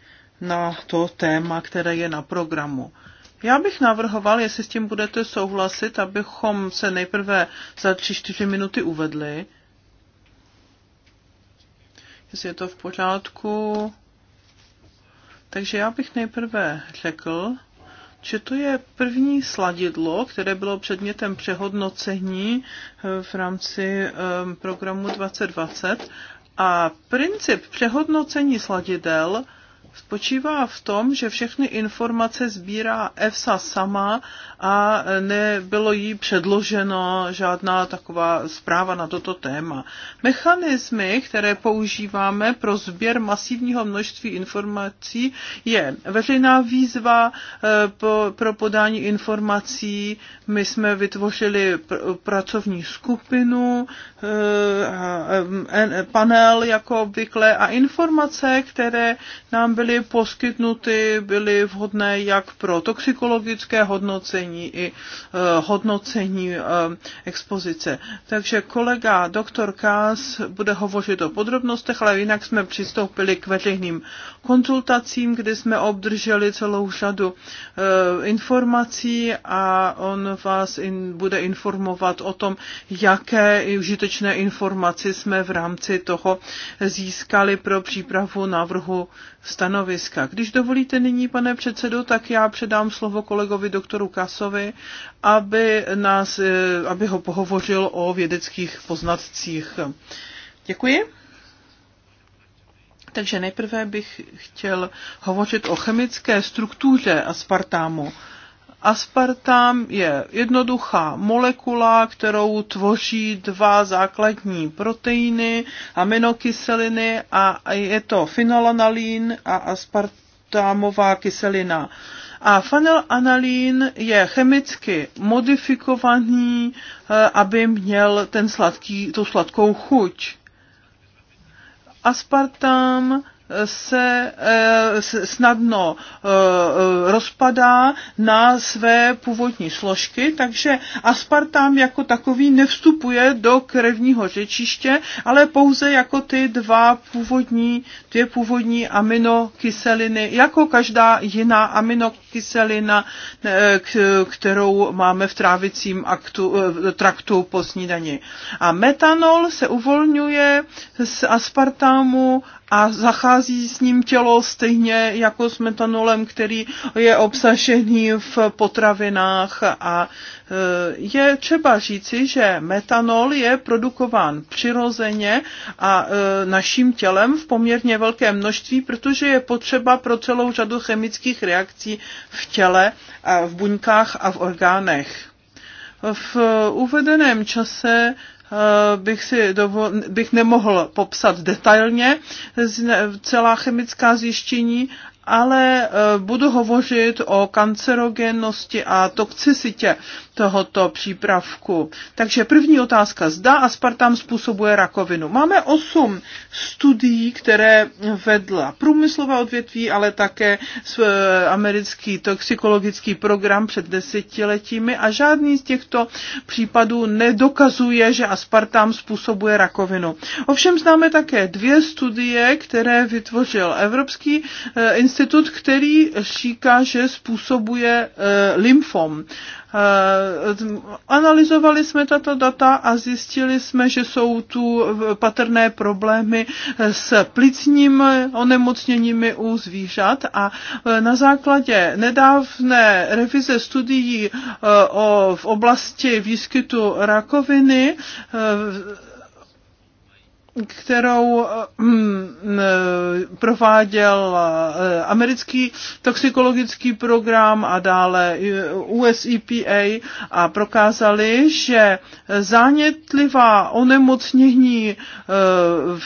na to téma, které je na programu. Já bych navrhoval, jestli s tím budete souhlasit, abychom se nejprve za tři, čtyři minuty uvedli. Jestli je to v pořádku. Takže já bych nejprve řekl, že to je první sladidlo, které bylo předmětem přehodnocení eh, v rámci eh, programu 2020. A princip přehodnocení sladidel spočívá v tom, že všechny informace sbírá EFSA sama a nebylo jí předloženo žádná taková zpráva na toto téma. Mechanismy, které používáme pro sběr masivního množství informací, je veřejná výzva eh, pro podání informací. My jsme vytvořili pracovní skupinu, eh, panel jako obvykle a informace, které nám byly byly poskytnuty, byly vhodné jak pro toxikologické hodnocení i eh, hodnocení eh, expozice. Takže kolega doktor Kás bude hovořit o podrobnostech, ale jinak jsme přistoupili k veřejným konzultacím, kdy jsme obdrželi celou řadu eh, informací a on vás in, bude informovat o tom, jaké užitečné informace jsme v rámci toho získali pro přípravu návrhu stanoviska. Když dovolíte nyní, pane předsedo, tak já předám slovo kolegovi doktoru Kasovi, aby, nás, eh, aby ho pohovořil o vědeckých poznatcích. Děkuji. Takže nejprve bych chtěl hovořit o chemické struktuře aspartámu. Aspartam je jednoduchá molekula, kterou tvoří dva základní proteiny, aminokyseliny a je to fenolanalín a aspartamová kyselina. A fenylanalín je chemicky modifikovaný, eh, aby měl ten sladký, tu sladkou chuť. Aspartam se eh, snadno eh, rozpadá na své původní složky, takže aspartám jako takový nevstupuje do krevního řečiště, ale pouze jako ty dva původní, dvě původní aminokyseliny, jako každá jiná aminokyselina, eh, kterou máme v trávicím aktu, traktu po snídani. A metanol se uvolňuje z aspartámu a zachází s ním tělo stejně jako s metanolem, který je obsažený v potravinách a e, je třeba říci, že metanol je produkován přirozeně a e, naším tělem v poměrně velké množství, protože je potřeba pro celou řadu chemických reakcí v těle, a v buňkách a v orgánech. V uvedeném čase Eh, bych, si dovol, bych nemohl popsat detailně celá chemická zjištění, ale eh, budu hovořit o kancerogennosti a toxicitě tohoto přípravku. Takže první otázka, zda aspartam způsobuje rakovinu. Máme osm studií, které vedla průmyslová odvětví, ale také eh, americký toxikologický program před desetiletími a žádný z těchto případů nedokazuje, že aspartam způsobuje rakovinu. Ovšem známe také dvě studie, které vytvořil Evropský eh, institut, který říká, že způsobuje eh, lymfom. Eh, analyzovali jsme tato data a zjistili jsme, že jsou tu patrné problémy s plicním onemocněními u zvířat a eh, na základě nedávné revize studií eh, o, v oblasti výskytu rakoviny kterou eh, hm, eh, prováděl eh, americký toxikologický program a dále US EPA a prokázali, že zánětlivá onemocnění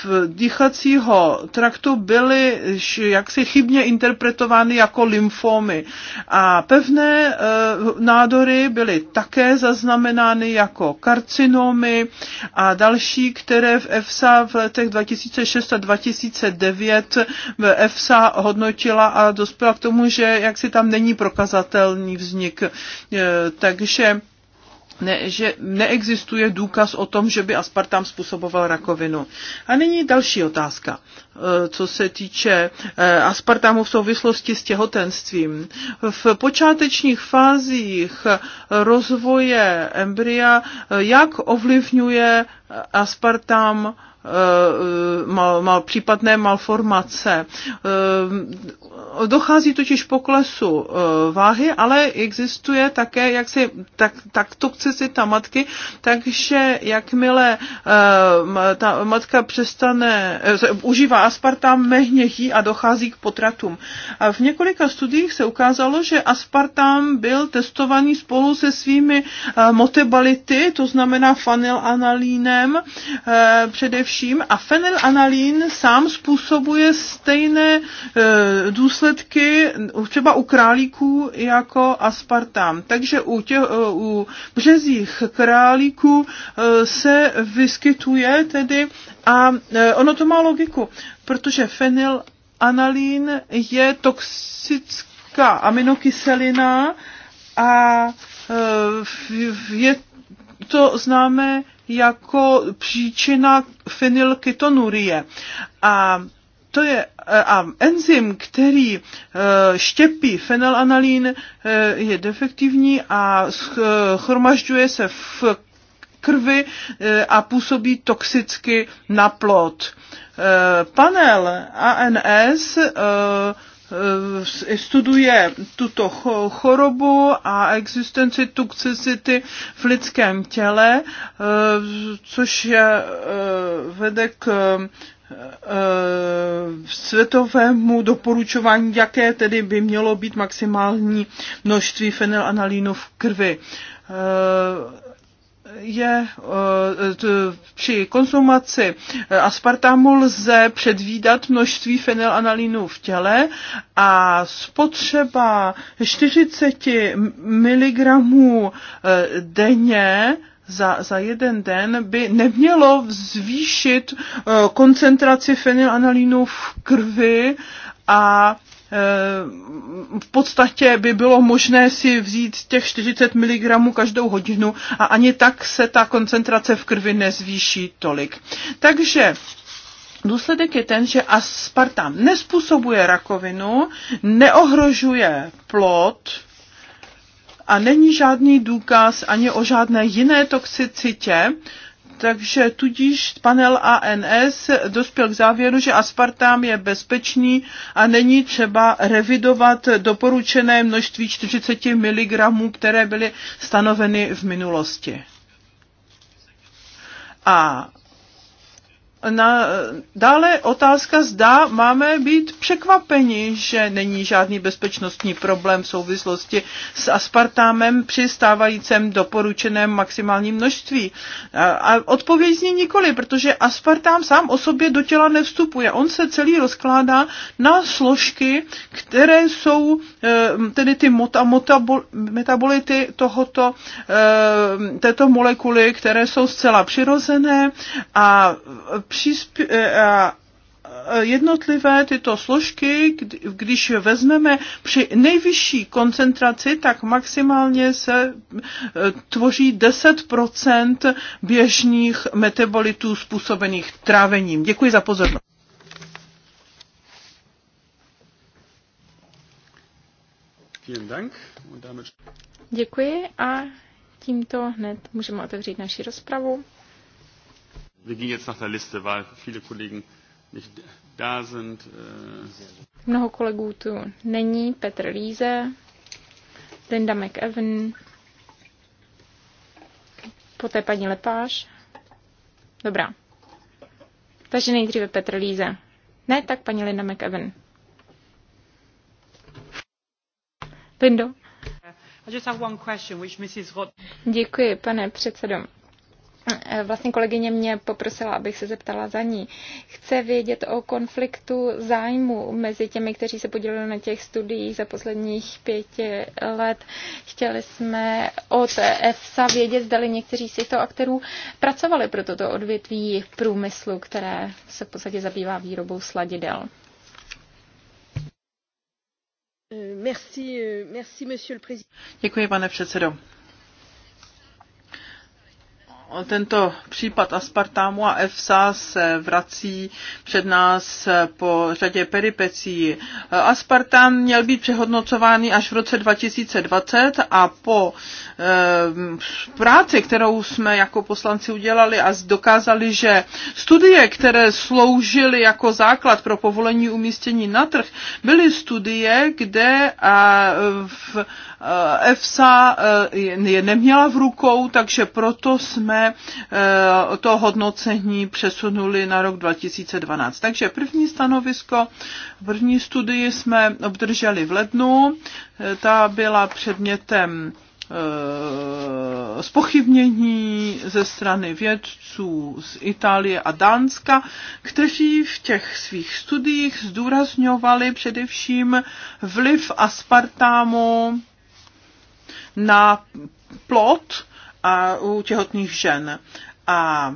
v dýchacího traktu byly jaksi chybně interpretovány jako lymfomy a pevné nádory byly také zaznamenány jako karcinomy a další, které v EFSA v letech 2006 a 2009 EFSA hodnotila a dospěla k tomu, že jak si tam není prokazatelný vznik. E, takže ne, že neexistuje důkaz o tom, že by aspartam způsoboval rakovinu. A nyní další otázka, e, co se týče e, aspartamu v souvislosti s těhotenstvím. V počátečních fázích rozvoje embrya, jak ovlivňuje aspartam Eh, mal, mal, případné malformace. Eh, dochází totiž poklesu eh, váhy, ale existuje také jak si tak, tak toxicita matky, takže jakmile ta matka přestane, užívá aspartám, mehnětí a dochází k potratům. A v několika studiích se ukázalo, že aspartám byl testovaný spolu se svými motebality, to znamená fanylanalínem, především vším a fenylalanin sám způsobuje stejné e, důsledky třeba u králíků jako aspartam. Takže u, tě, e, u březích králíků e, se vyskytuje tedy a e, ono to má logiku, protože fenylanalín je toxická aminokyselina a e, je to známé jako příčina fenylketonurie. A to je a enzym, který e, štěpí fenylanalín, e, je defektivní a e, chromažďuje se v krvi a působí toxicky na plod. Panel ANS Eh, studuje tuto chorobu a existenci toxicity v lidském těle, eh, což je, eh, vede k světovému doporučování, jaké tedy by mělo být maximální množství fenylanalínu v krvi je eh, při konzumaci eh, aspartamu lze předvídat množství fenylanalinu v těle a spotřeba 40 mg eh, denně za, za jeden den by nemělo zvýšit koncentraci fenylanalinu v krvi a Eh, v podstatě by bylo možné si vzít těch 40 mg každou hodinu a ani tak se ta koncentrace v krvi nezvýší tolik. Takže Důsledek je ten, že aspartam nespůsobuje rakovinu, neohrožuje plod a není žádný důkaz ani o žádné jiné toxicitě, takže tudíž panel ANS dospěl k závěru, že aspartám je bezpečný a není třeba revidovat doporučené množství 40 mg, které byly stanoveny v minulosti. A na, dále otázka, zda máme být překvapeni, že není žádný bezpečnostní problém v souvislosti s aspartámem při stávajícem doporučeném maximálním množství. A, a odpověď zní nikoli, protože aspartám sám o sobě do těla nevstupuje. On se celý rozkládá na složky, které jsou eh, tedy ty mota, mota, metabolity tohoto, eh, této molekuly, které jsou zcela přirozené a přispě- a eh, eh, jednotlivé tyto složky, když vezmeme při nejvyšší koncentraci, tak maximálně se eh, tvoří 10% běžných metabolitů způsobených trávením. Děkuji za pozornost. Děkuji a tímto hned můžeme otevřít naši rozpravu. Wir gehen jetzt nach der Liste, weil viele Kollegen nicht da sind. Äh. Mnoho kolegů tu není. Petr Líze, Linda McEwen, poté paní Lepáš. Dobrá. Takže nejdříve Petr Líze. Ne, tak paní Linda McEwen. Lindo. Děkuji, pane předsedo. Eh, vlastně kolegyně mě poprosila, abych se zeptala za ní. Chce vědět o konfliktu zájmu mezi těmi, kteří se podělili na těch studiích za posledních pěti let. Chtěli jsme od EFSA vědět, zdali někteří z těchto aktérů pracovali pro toto odvětví průmyslu, které se v podstatě zabývá výrobou sladidel. Eh, eh, Děkuji, pane předsedo tento případ aspartámu a EFSA se vrací před nás po řadě peripecí. Aspartán měl být přehodnocovaný až v roce 2020 a po e, práci, kterou jsme jako poslanci udělali a dokázali, že studie, které sloužily jako základ pro povolení umístění na trh, byly studie, kde a v Eh, EFSA eh, je neměla v rukou, takže proto jsme eh, to hodnocení přesunuli na rok 2012. Takže první stanovisko, první studii jsme obdrželi v lednu, ta byla předmětem spochybnění ze strany vědců z Itálie a Dánska, kteří v těch svých studiích zdůrazňovali především vliv aspartámu na plot a u těhotných žen. A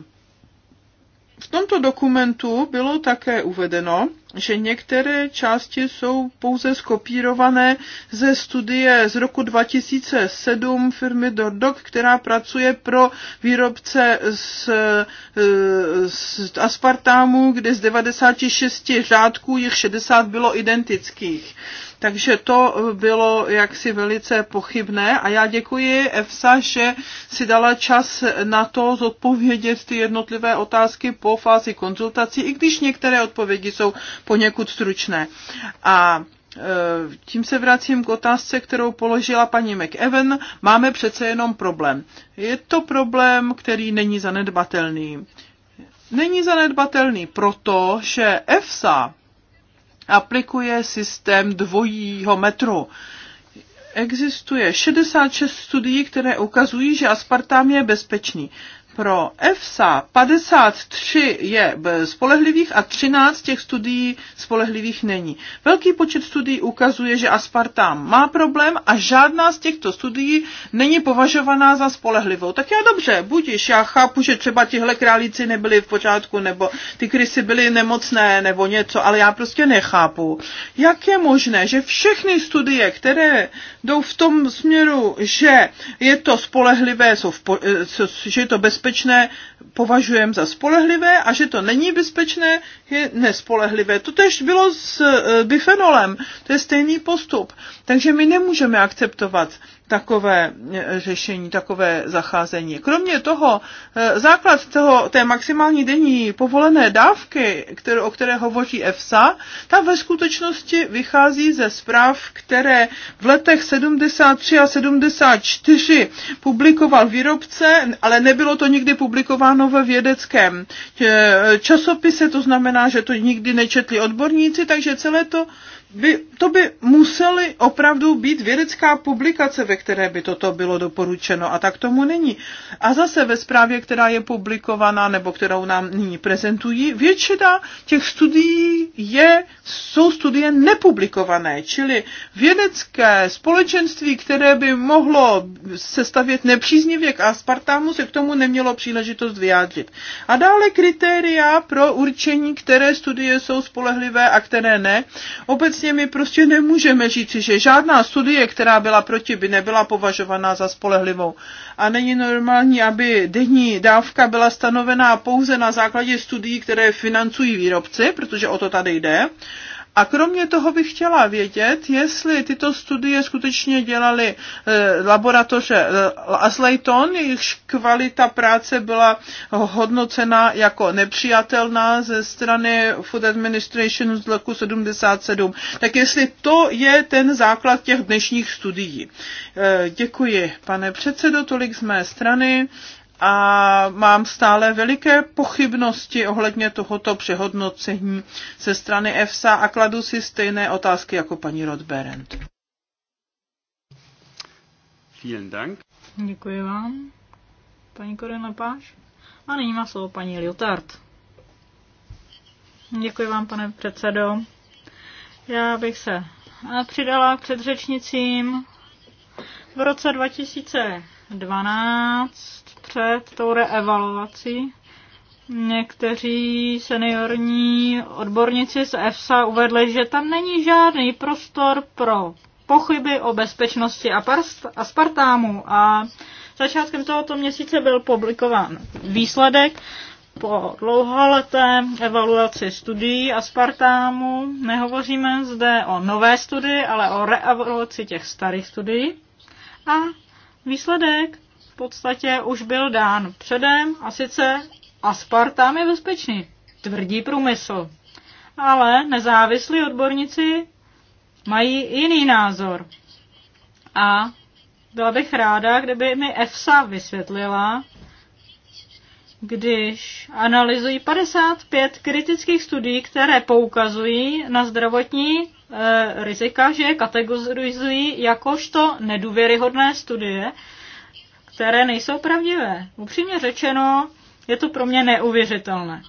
v tomto dokumentu bylo také uvedeno, že některé části jsou pouze skopírované ze studie z roku 2007 firmy Dordog, která pracuje pro výrobce z, z aspartámu, kde z 96 řádků jich 60 bylo identických. Takže to eh, bylo jaksi velice pochybné a já děkuji EFSA, že si dala čas na to zodpovědět ty jednotlivé otázky po fázi konzultací, i když některé odpovědi jsou poněkud stručné. A eh, tím se vracím k otázce, kterou položila paní McEwen. Máme přece jenom problém. Je to problém, který není zanedbatelný. Není zanedbatelný proto, že EFSA aplikuje systém dvojího metru. Existuje 66 studií, které ukazují, že aspartám je bezpečný pro EFSA 53 je eh, spolehlivých a 13 těch studií spolehlivých není. Velký počet studií ukazuje, že aspartám má problém a žádná z těchto studií není považovaná za spolehlivou. Tak já dobře, budíš, já chápu, že třeba tihle králíci nebyli v počátku, nebo ty krysy byly nemocné, nebo něco, ale já prostě nechápu, jak je možné, že všechny studie, které jdou v tom směru, že je to spolehlivé, jsou v po, eh, že je to bez bezpečné, považujeme za spolehlivé a že to není bezpečné, je nespolehlivé. To tež bylo s eh, bifenolem, to je stejný postup. Takže my nemůžeme akceptovat takové eh, řešení, takové zacházení. Kromě toho, eh, základ toho, té maximální denní povolené dávky, které, o které hovoří EFSA, ta ve skutečnosti vychází ze zpráv, které v letech 73 a 74 publikoval výrobce, ale nebylo to nikdy publikováno ve vědeckém časopise, to znamená že to nikdy nečetli odborníci, takže celé to by, to by museli opravdu být vědecká publikace, ve které by toto bylo doporučeno a tak tomu není. A zase ve zprávě, která je publikovaná nebo kterou nám nyní prezentují, většina těch studií je, jsou studie nepublikované, čili vědecké společenství, které by mohlo sestavit nepříznivě k aspartámu, se k tomu nemělo příležitost vyjádřit. A dále kritéria pro určení, které studie jsou spolehlivé a které ne. Obecně vlastně my prostě nemůžeme říci, že žádná studie, která byla proti, by nebyla považovaná za spolehlivou. A není normální, aby denní dávka byla stanovená pouze na základě studií, které financují výrobci, protože o to tady jde. A kromě toho bych chtěla vědět, jestli tyto studie skutečně e, laboratoře eh, Asleyton, jejichž kvalita práce byla hodnocena jako nepřijatelná ze strany Food Administration z roku 77. Tak jestli to je ten základ těch dnešních studií. Eh, děkuji, pane předsedo, tolik z mé strany a mám stále veliké pochybnosti ohledně tohoto přehodnocení ze strany EFSA a kladu si stejné otázky jako paní Rodberend. Vielen Dank. Děkuji vám, paní Korena Páš. A nyní má slovo paní Liotard. Děkuji vám, pane předsedo. Já bych se přidala k předřečnicím. V roce 2012 před tou reevaluací Někteří seniorní odborníci z EFSA uvedli, že tam není žádný prostor pro pochyby o bezpečnosti aspartámu a začátkem tohoto měsíce byl publikován výsledek po dlouholeté evaluaci studií aspartámu. Nehovoříme zde o nové studii, ale o reevaluaci těch starých studií. A výsledek podstatě už byl dán předem a sice aspartám je bezpečný, tvrdí průmysl. Ale nezávislí odborníci mají jiný názor. A byla bych ráda, kdyby mi EFSA vysvětlila, když analyzují 55 kritických studií, které poukazují na zdravotní e, rizika, že je kategorizují jakožto nedůvěryhodné studie, které nejsou pravdivé. Upřímně řečeno, je to pro mě neuvěřitelné.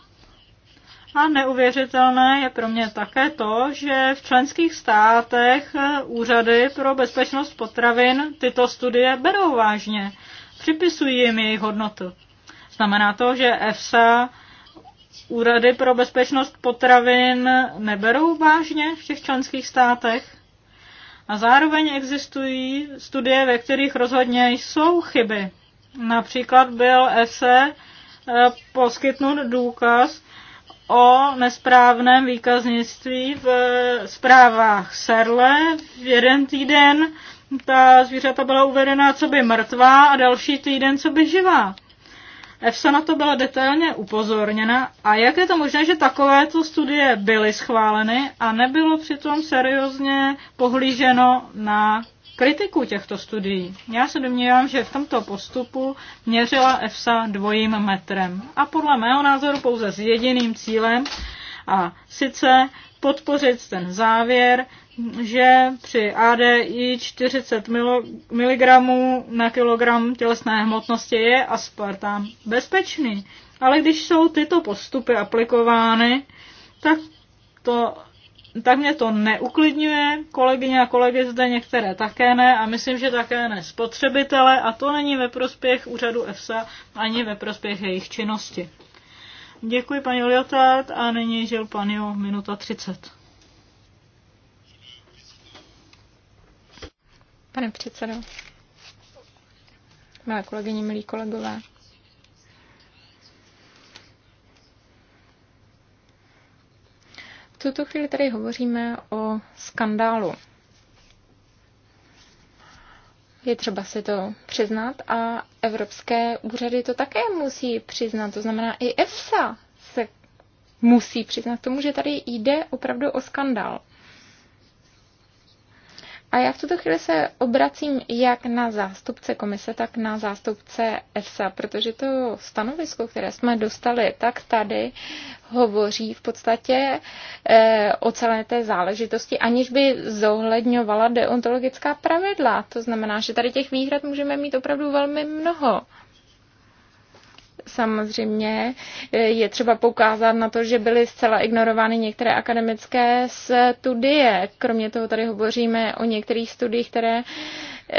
A neuvěřitelné je pro mě také to, že v členských státech úřady pro bezpečnost potravin tyto studie berou vážně. Připisují jim jejich hodnotu. Znamená to, že EFSA úřady pro bezpečnost potravin neberou vážně v těch členských státech? A zároveň existují studie, ve kterých rozhodně jsou chyby. Například byl ESE eh, poskytnut důkaz o nesprávném výkaznictví v eh, zprávách Serle. V jeden týden ta zvířata byla uvedena co by mrtvá a další týden co by živá. EFSA na to byla detailně upozorněna a jak je to možné, že takovéto studie byly schváleny a nebylo přitom seriózně pohlíženo na kritiku těchto studií. Já se domnívám, že v tomto postupu měřila EFSA dvojím metrem a podle mého názoru pouze s jediným cílem a sice podpořit ten závěr, že při ADI 40 mg na kilogram tělesné hmotnosti je aspartam bezpečný. Ale když jsou tyto postupy aplikovány, tak, to, tak mě to neuklidňuje. Kolegyně a kolegy zde některé také ne a myslím, že také ne spotřebitele a to není ve prospěch úřadu EFSA ani ve prospěch jejich činnosti. Děkuji paní Liotard a nyní žil pan Jo, minuta 30. Pane předsedo, milé kolegyně, milí kolegové, v tuto chvíli tady hovoříme o skandálu. Je třeba si to přiznat a evropské úřady to také musí přiznat. To znamená, i EFSA se musí přiznat tomu, že tady jde opravdu o skandál. A já v tuto chvíli se obracím jak na zástupce komise, tak na zástupce EFSA, protože to stanovisko, které jsme dostali, tak tady hovoří v podstatě e, o celé té záležitosti, aniž by zohledňovala deontologická pravidla. To znamená, že tady těch výhrad můžeme mít opravdu velmi mnoho. Samozřejmě eh, je třeba poukázat na to, že byly zcela ignorovány některé akademické studie. Kromě toho tady hovoříme o některých studiích, které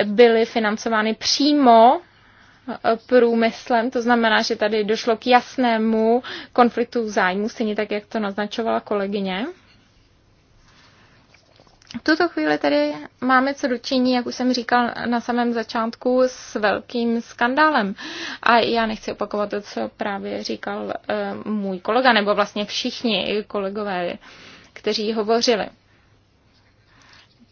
byly financovány přímo eh, průmyslem, to znamená, že tady došlo k jasnému konfliktu zájmu, stejně tak, jak to naznačovala kolegyně. V tuto chvíli tedy máme co dočiní, jak už jsem říkal na samém začátku, s velkým skandálem. A já nechci opakovat to, co právě říkal eh, můj kolega, nebo vlastně všichni kolegové, kteří hovořili.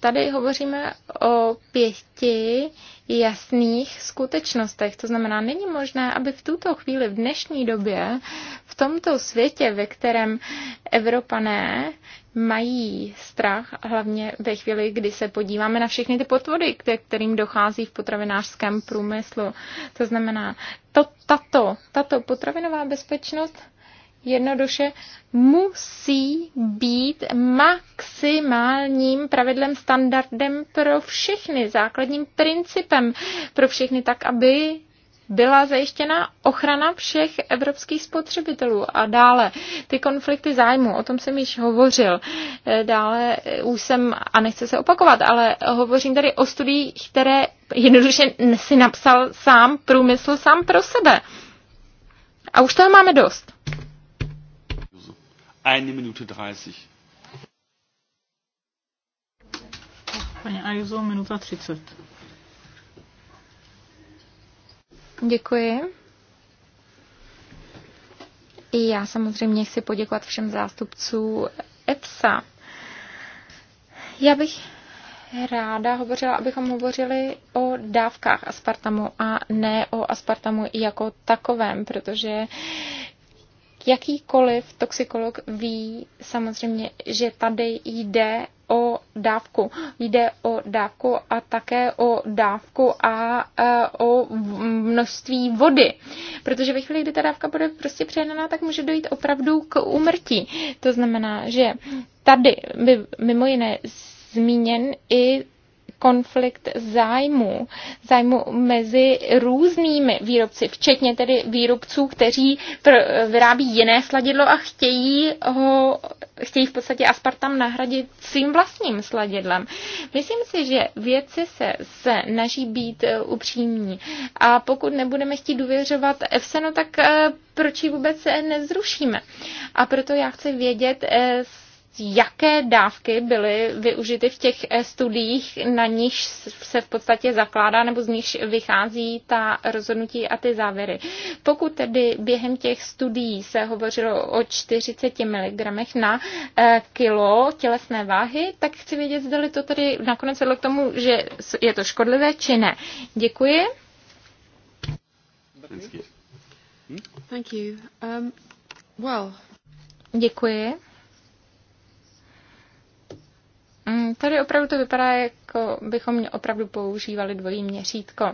Tady hovoříme o pěti jasných skutečnostech. To znamená, není možné, aby v tuto chvíli, v dnešní době, v tomto světě, ve kterém Evropané mají strach, hlavně ve chvíli, kdy se podíváme na všechny ty potvory, kterým dochází v potravinářském průmyslu. To znamená, to, tato, tato potravinová bezpečnost jednoduše musí být maximálním pravidlem, standardem pro všechny, základním principem pro všechny, tak aby byla zajištěna ochrana všech evropských spotřebitelů. A dále ty konflikty zájmu, o tom jsem již hovořil. E, dále e, už jsem, a nechci se opakovat, ale hovořím tady o studiích, které jednoduše si napsal sám průmysl sám pro sebe. A už toho máme dost eine Minute dreißig. Paní Ajuzo, minuta 30. Děkuji. I já samozřejmě chci poděkovat všem zástupcům EPSA. Já bych ráda hovořila, abychom hovořili o dávkách aspartamu a ne o aspartamu jako takovém, protože Jakýkoliv toxikolog ví samozřejmě, že tady jde o dávku. Jde o dávku a také o dávku a e, o množství vody. Protože ve chvíli, kdy ta dávka bude prostě přejená, tak může dojít opravdu k úmrtí. To znamená, že tady by mimo jiné zmíněn i konflikt zájmu, zájmu mezi různými výrobci, včetně tedy výrobců, kteří vyrábí jiné sladidlo a chtějí ho, chtějí v podstatě aspartam nahradit svým vlastním sladidlem. Myslím si, že věci se snaží být eh, upřímní a pokud nebudeme chtít důvěřovat EFSA, no tak eh, proč ji vůbec eh, nezrušíme? A proto já chci vědět, jaké dávky byly využity v těch eh, studiích, na níž se v podstatě zakládá nebo z níž vychází ta rozhodnutí a ty závěry. Pokud tedy během těch studií se hovořilo o 40 mg na eh, kilo tělesné váhy, tak chci vědět, zda to tedy nakonec vedlo k tomu, že je to škodlivé či ne. Děkuji. Thank you. Hm? Um, well. Děkuji. Mm, tady opravdu to vypadá, jako bychom opravdu používali dvojí měřítko.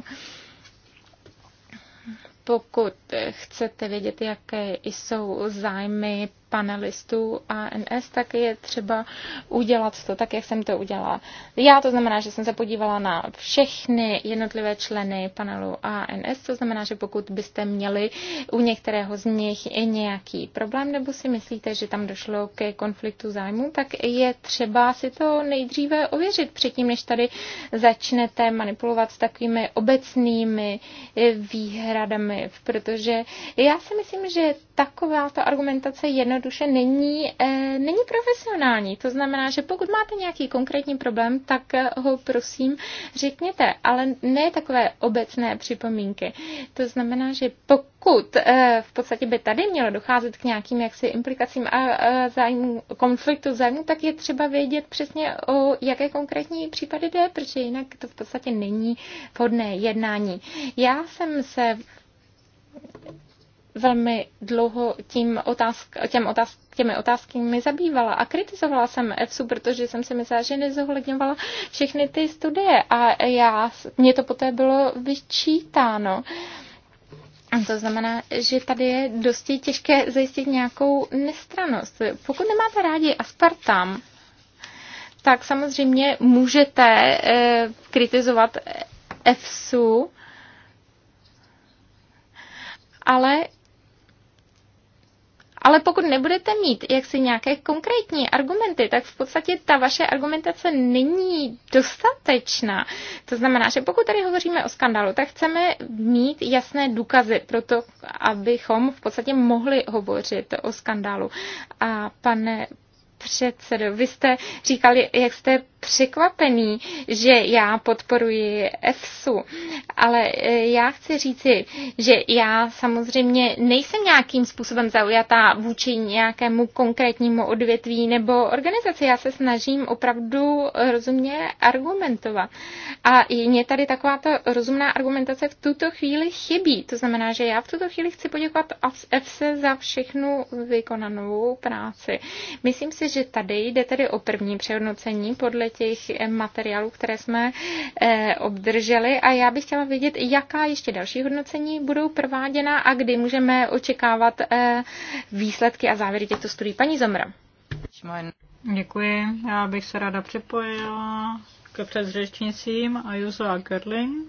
Pokud chcete vědět, jaké jsou zájmy panelistů ANS, tak je třeba udělat to tak, jak jsem to udělala. Já to znamená, že jsem se podívala na všechny jednotlivé členy panelu ANS, to znamená, že pokud byste měli u některého z nich i nějaký problém, nebo si myslíte, že tam došlo ke konfliktu zájmu, tak je třeba si to nejdříve ověřit předtím, než tady začnete manipulovat s takovými obecnými eh, výhradami, protože já si myslím, že taková ta argumentace jedno jednoduše není, eh, není profesionální. To znamená, že pokud máte nějaký konkrétní problém, tak eh, ho prosím řekněte, ale ne takové obecné připomínky. To znamená, že pokud eh, v podstatě by tady mělo docházet k nějakým jaksi implikacím a zájmu, konfliktu zájmu, tak je třeba vědět přesně, o jaké konkrétní případy jde, protože jinak to v podstatě není vhodné jednání. Já jsem se velmi dlouho tím otázk, těm otázk, těmi otázkami zabývala a kritizovala jsem EFSU, protože jsem si myslela, že nezohledňovala všechny ty studie a já, mě to poté bylo vyčítáno. A to znamená, že tady je dosti těžké zajistit nějakou nestranost. Pokud nemáte rádi aspartam, tak samozřejmě můžete e, kritizovat EFSU, ale ale pokud nebudete mít jaksi nějaké konkrétní argumenty, tak v podstatě ta vaše argumentace není dostatečná. To znamená, že pokud tady hovoříme o skandálu, tak chceme mít jasné důkazy pro to, abychom v podstatě mohli hovořit o skandálu. A pane předsedo, vy jste říkali, jak jste překvapený, že já podporuji EFSU, ale e, já chci říci, že já samozřejmě nejsem nějakým způsobem zaujatá vůči nějakému konkrétnímu odvětví nebo organizaci. Já se snažím opravdu rozumně argumentovat. A mě tady takováto rozumná argumentace v tuto chvíli chybí. To znamená, že já v tuto chvíli chci poděkovat EFSE za všechnu vykonanou práci. Myslím si, že tady jde tedy o první přehodnocení podle těch eh, materiálů, které jsme eh, obdrželi a já bych chtěla vědět, jaká ještě další hodnocení budou prováděna a kdy můžeme očekávat eh, výsledky a závěry těchto studií. Paní Zomra. Děkuji. Já bych se ráda připojila k předřečnicím a Juzo a Gerling.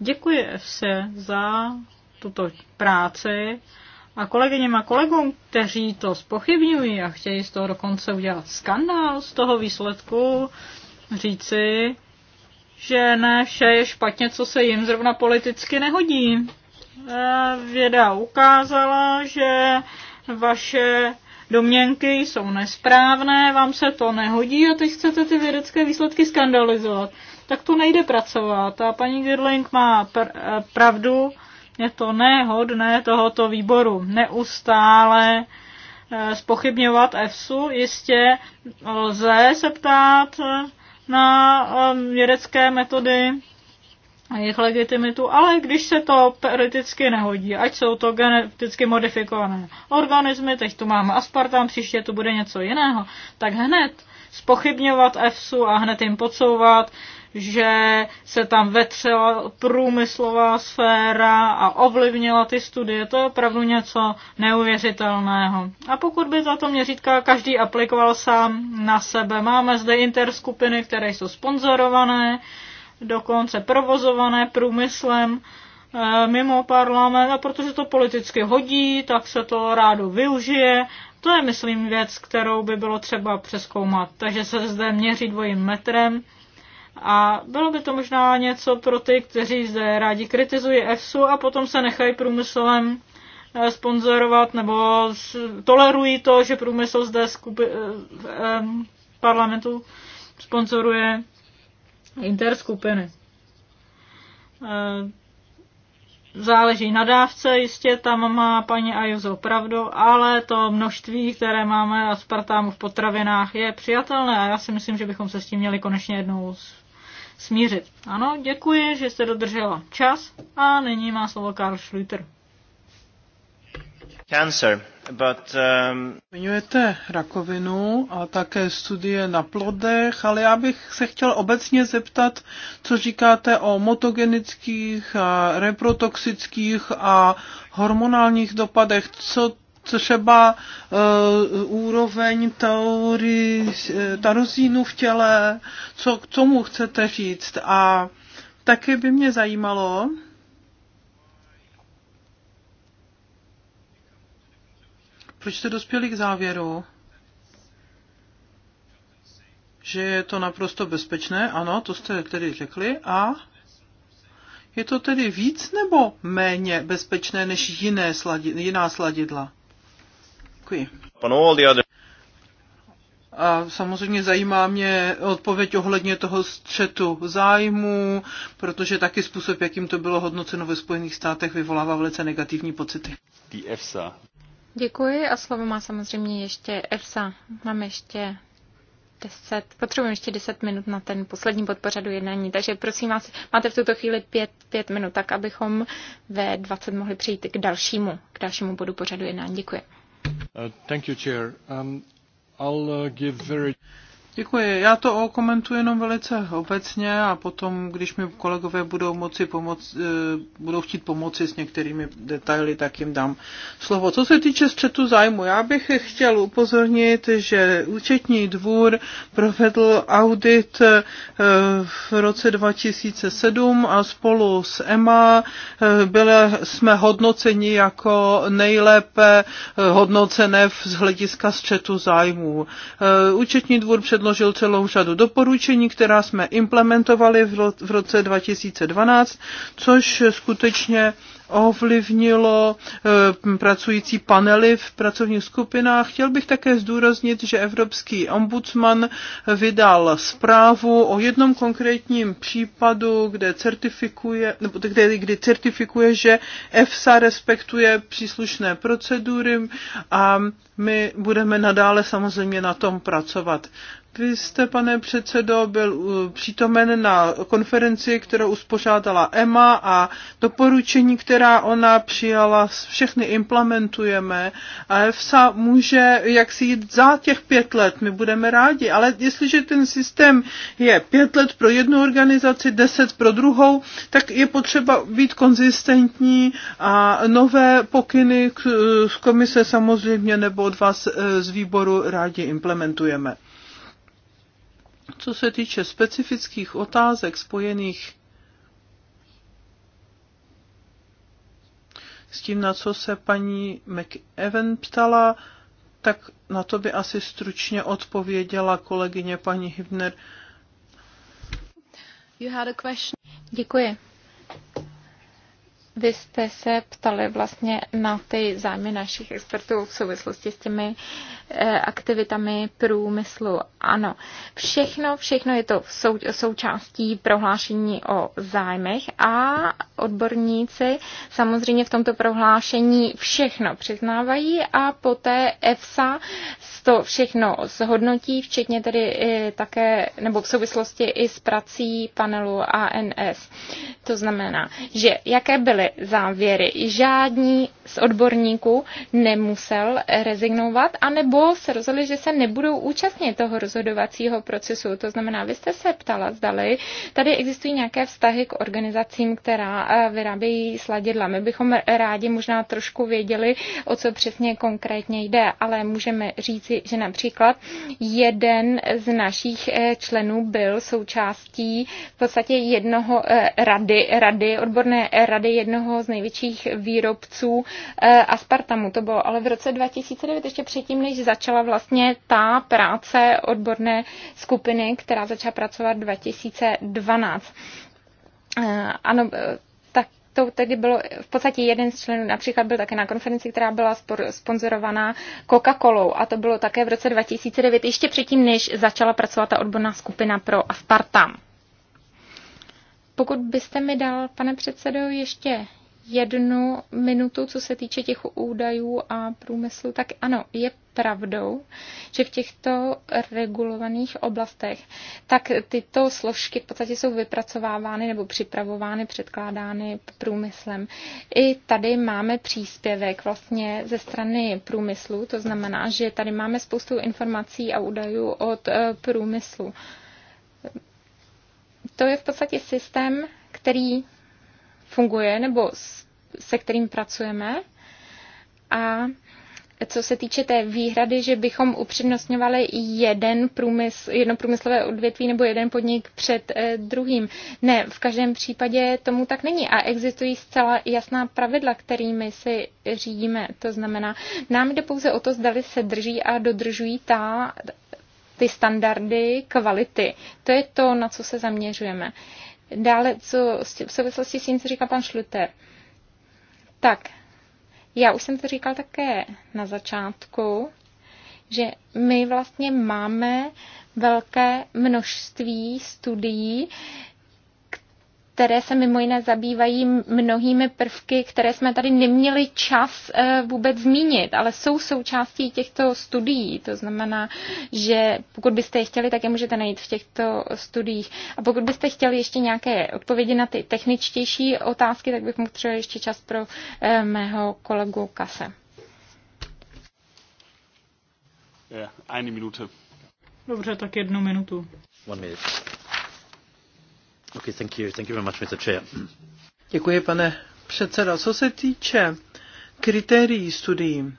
Děkuji se za tuto práci a kolegyněm a kolegům, kteří to spochybňují a chtějí z toho dokonce udělat skandál z toho výsledku, říci, že ne vše je špatně, co se jim zrovna politicky nehodí. E, věda ukázala, že vaše domněnky jsou nesprávné, vám se to nehodí a teď chcete ty vědecké výsledky skandalizovat. Tak to nejde pracovat. A paní Girling má pr- e, pravdu, je to nehodné tohoto výboru. Neustále eh, spochybňovat EFSU, jistě lze se ptát eh, na eh, vědecké metody a jejich legitimitu, ale když se to teoreticky nehodí, ať jsou to geneticky modifikované organismy, teď tu máme aspartam, příště tu bude něco jiného, tak hned spochybňovat EFSU a hned jim podsouvat, že se tam vetřela průmyslová sféra a ovlivnila ty studie. To je opravdu něco neuvěřitelného. A pokud by tato měřítka každý aplikoval sám na sebe, máme zde interskupiny, které jsou sponzorované, dokonce provozované průmyslem eh, mimo parlament a protože to politicky hodí, tak se to rádo využije. To je, myslím, věc, kterou by bylo třeba přeskoumat. Takže se zde měří dvojím metrem a bylo by to možná něco pro ty, kteří zde rádi kritizují EFSU a potom se nechají průmyslem eh, sponzorovat nebo tolerují to, že průmysl zde skupi- eh, v parlamentu sponzoruje interskupiny. Eh, záleží na dávce, jistě tam má paní Ajuzo pravdu, ale to množství, které máme a spartámu v potravinách, je přijatelné a já si myslím, že bychom se s tím měli konečně jednou smířit. Ano, děkuji, že jste dodržela čas a nyní má slovo Karl Schlüter. Cancer, but, um... Měňujete rakovinu a také studie na plodech, ale já bych se chtěl obecně zeptat, co říkáte o motogenických, reprotoxických a hormonálních dopadech. Co třeba uh, úroveň ta eh, tarozínu v těle, co k tomu chcete říct. A taky by mě zajímalo, proč jste dospěli k závěru, že je to naprosto bezpečné, ano, to jste tedy řekli, a je to tedy víc nebo méně bezpečné než jiné sladi, jiná sladidla? Děkuji. A samozřejmě zajímá mě odpověď ohledně toho střetu zájmu, protože taky způsob, jakým to bylo hodnoceno ve Spojených státech, vyvolává velice negativní pocity. EFSA. Děkuji a slovo má samozřejmě ještě EFSA. Mám ještě 10, potřebujeme ještě 10 minut na ten poslední bod pořadu jednání, takže prosím vás, máte v tuto chvíli 5, 5 minut, tak abychom ve 20 mohli přejít k dalšímu, k dalšímu bodu pořadu jednání. Děkuji. Uh, thank you, chair. Um, I'll uh, give very... Děkuji. Já to okomentuji jenom velice obecně a potom, když mi kolegové budou, moci pomoc, eh, budou chtít pomoci s některými detaily, tak jim dám slovo. Co se týče střetu zájmu, já bych chtěl upozornit, že účetní dvůr provedl audit eh, v roce 2007 a spolu s EMA eh, byli jsme hodnoceni jako nejlépe hodnocené z hlediska střetu zájmu. Účetní dvůr předložil předložil celou řadu doporučení, která jsme implementovali v roce 2012, což skutečně ovlivnilo eh, pracující panely v pracovních skupinách. Chtěl bych také zdůraznit, že Evropský ombudsman vydal zprávu o jednom konkrétním případu, kde certifikuje, nebo kde, kdy certifikuje, že EFSA respektuje příslušné procedury a my budeme nadále samozřejmě na tom pracovat. Vy jste, pane předsedo, byl uh, přítomen na konferenci, kterou uspořádala EMA a doporučení, která ona přijala, všechny implementujeme a EFSA může jak si jít za těch pět let, my budeme rádi, ale jestliže ten systém je pět let pro jednu organizaci, deset pro druhou, tak je potřeba být konzistentní a nové pokyny z komise samozřejmě nebo od vás eh, z výboru rádi implementujeme. Co se týče specifických otázek spojených s tím, na co se paní McEwen ptala, tak na to by asi stručně odpověděla kolegyně paní Hibner. You had a question. Děkuji. Vy jste se ptali vlastně na ty zájmy našich expertů v souvislosti s těmi eh, aktivitami průmyslu. Ano, všechno, všechno je to sou, součástí prohlášení o zájmech a odborníci samozřejmě v tomto prohlášení všechno přiznávají a poté EFSA to všechno zhodnotí, včetně tedy eh, také, nebo v souvislosti i s prací panelu ANS. To znamená, že jaké byly závěry. Žádní z odborníků nemusel rezignovat, anebo se rozhodli, že se nebudou účastnit toho rozhodovacího procesu. To znamená, vy jste se ptala, zdali tady existují nějaké vztahy k organizacím, která eh, vyrábějí sladidla. My bychom rádi možná trošku věděli, o co přesně konkrétně jde, ale můžeme říci, že například jeden z našich eh, členů byl součástí v podstatě jednoho eh, rady, rady odborné rady jednoho jednoho z největších výrobců eh, aspartamu. To bylo ale v roce 2009, ještě předtím, než začala vlastně ta práce odborné skupiny, která začala pracovat 2012. Eh, ano, eh, to tedy bylo v podstatě jeden z členů, například byl také na konferenci, která byla sponzorovaná coca colou a to bylo také v roce 2009, ještě předtím, než začala pracovat ta odborná skupina pro aspartam. Pokud byste mi dal, pane předsedo, ještě jednu minutu, co se týče těch údajů a průmyslu, tak ano, je pravdou, že v těchto regulovaných oblastech, tak tyto složky v podstatě jsou vypracovávány nebo připravovány, předkládány průmyslem. I tady máme příspěvek vlastně ze strany průmyslu, to znamená, že tady máme spoustu informací a údajů od eh, průmyslu to je v podstatě systém, který funguje nebo se kterým pracujeme. A co se týče té výhrady, že bychom upřednostňovali jeden průmysl, jedno průmyslové odvětví nebo jeden podnik před eh, druhým. Ne, v každém případě tomu tak není a existují zcela jasná pravidla, kterými si řídíme. To znamená, nám jde pouze o to, zdali se drží a dodržují ta ty standardy kvality. To je to, na co se zaměřujeme. Dále, co v souvislosti s tím, co říká pan Schluter. Tak, já už jsem to říkal také na začátku, že my vlastně máme velké množství studií, které se mimo jiné zabývají mnohými prvky, které jsme tady neměli čas eh, vůbec zmínit, ale jsou součástí těchto studií. To znamená, že pokud byste je chtěli, tak je můžete najít v těchto studiích. A pokud byste chtěli ještě nějaké odpovědi na ty techničtější otázky, tak bych třeba ještě čas pro eh, mého kolegu Kase. Yeah, eine Minute. Dobře, tak jednu minutu. One minute. Děkuji, pane předsedo. Co se týče kritérií studií,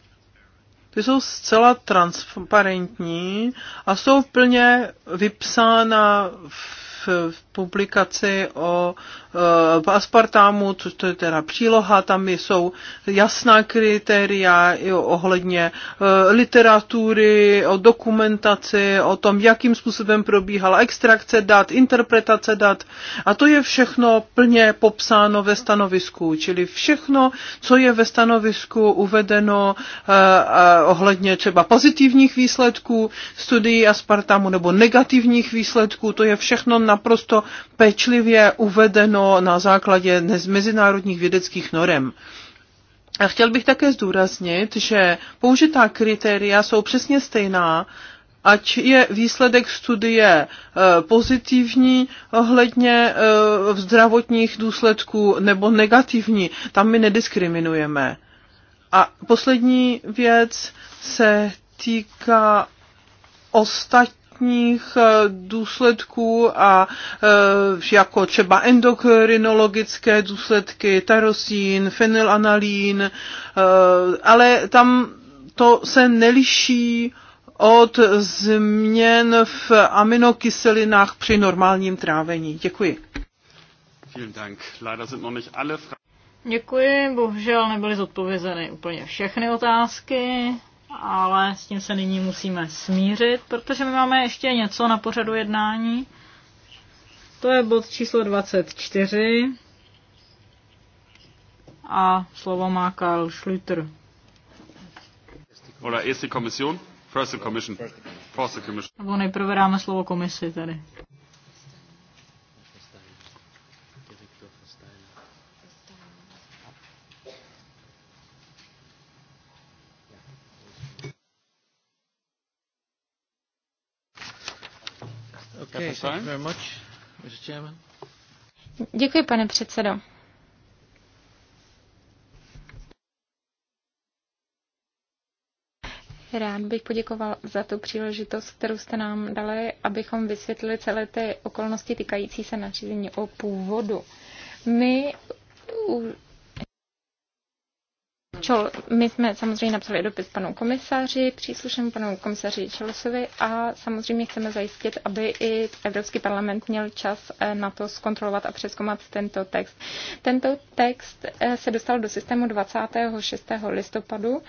ty jsou zcela transparentní a jsou plně vypsána v, v publikaci o eh, v aspartámu, což to je teda příloha, tam jsou jasná kritéria i ohledně eh, literatury, o dokumentaci, o tom, jakým způsobem probíhala extrakce dat, interpretace dat. A to je všechno plně popsáno ve stanovisku, čili všechno, co je ve stanovisku uvedeno eh, ohledně třeba pozitivních výsledků studií aspartámu nebo negativních výsledků, to je všechno naprosto pečlivě uvedeno na základě mezinárodních vědeckých norem. A chtěl bych také zdůraznit, že použitá kritéria jsou přesně stejná, ať je výsledek studie e, pozitivní ohledně e, zdravotních důsledků nebo negativní. Tam my nediskriminujeme. A poslední věc se týká ostatních zdravotních eh, důsledků a eh, jako třeba endokrinologické důsledky, tarosín, fenylanalín, eh, ale tam to se neliší od změn v aminokyselinách při normálním trávení. Děkuji. Děkuji, bohužel nebyly zodpovězeny úplně všechny otázky ale s tím se nyní musíme smířit, protože my máme ještě něco na pořadu jednání. To je bod číslo 24 a slovo má Karl Schlüter. Oder erste Kommission? First Commission. First Commission. Nebo nejprve dáme slovo komisi tady. Děkuji, pane předsedo. Rád bych poděkoval za tu příležitost, kterou jste nám dali, abychom vysvětlili celé ty okolnosti týkající se nařízení o původu. My Čol, my jsme samozřejmě napsali dopis panu komisaři, příslušem panu komisaři Čelosovi a samozřejmě chceme zajistit, aby i Evropský parlament měl čas eh, na to zkontrolovat a přeskomat tento text. Tento text eh, se dostal do systému 26. listopadu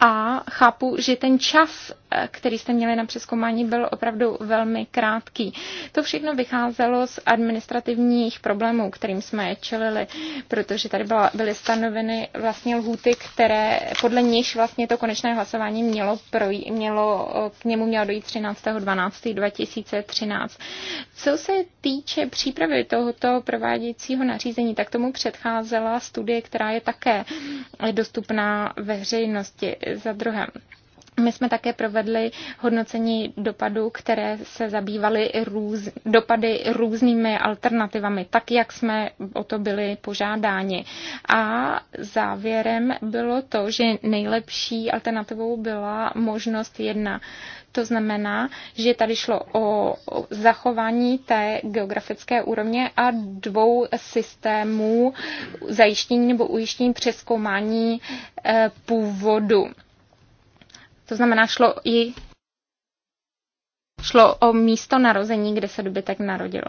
a chápu, že ten čas, eh, který jste měli na přeskoumání, byl opravdu velmi krátký. To všechno vycházelo z administrativních problémů, kterým jsme je čelili, protože tady byla, byly stanoveny vlastně lhůty, které podle nich vlastně to konečné hlasování mělo, projít, mělo eh, k němu mělo dojít 13.12.2013. Co se týče přípravy tohoto prováděcího nařízení, tak tomu předcházela studie, která je také dostupná veřejnosti za druhém. My jsme také provedli hodnocení dopadů, které se zabývaly růz, dopady různými alternativami, tak jak jsme o to byli požádáni. A závěrem bylo to, že nejlepší alternativou byla možnost jedna. To znamená, že tady šlo o zachování té geografické úrovně a dvou systémů zajištění nebo ujištění přeskoumání eh, původu. To znamená, šlo i Šlo o místo narození, kde se dobytek narodil.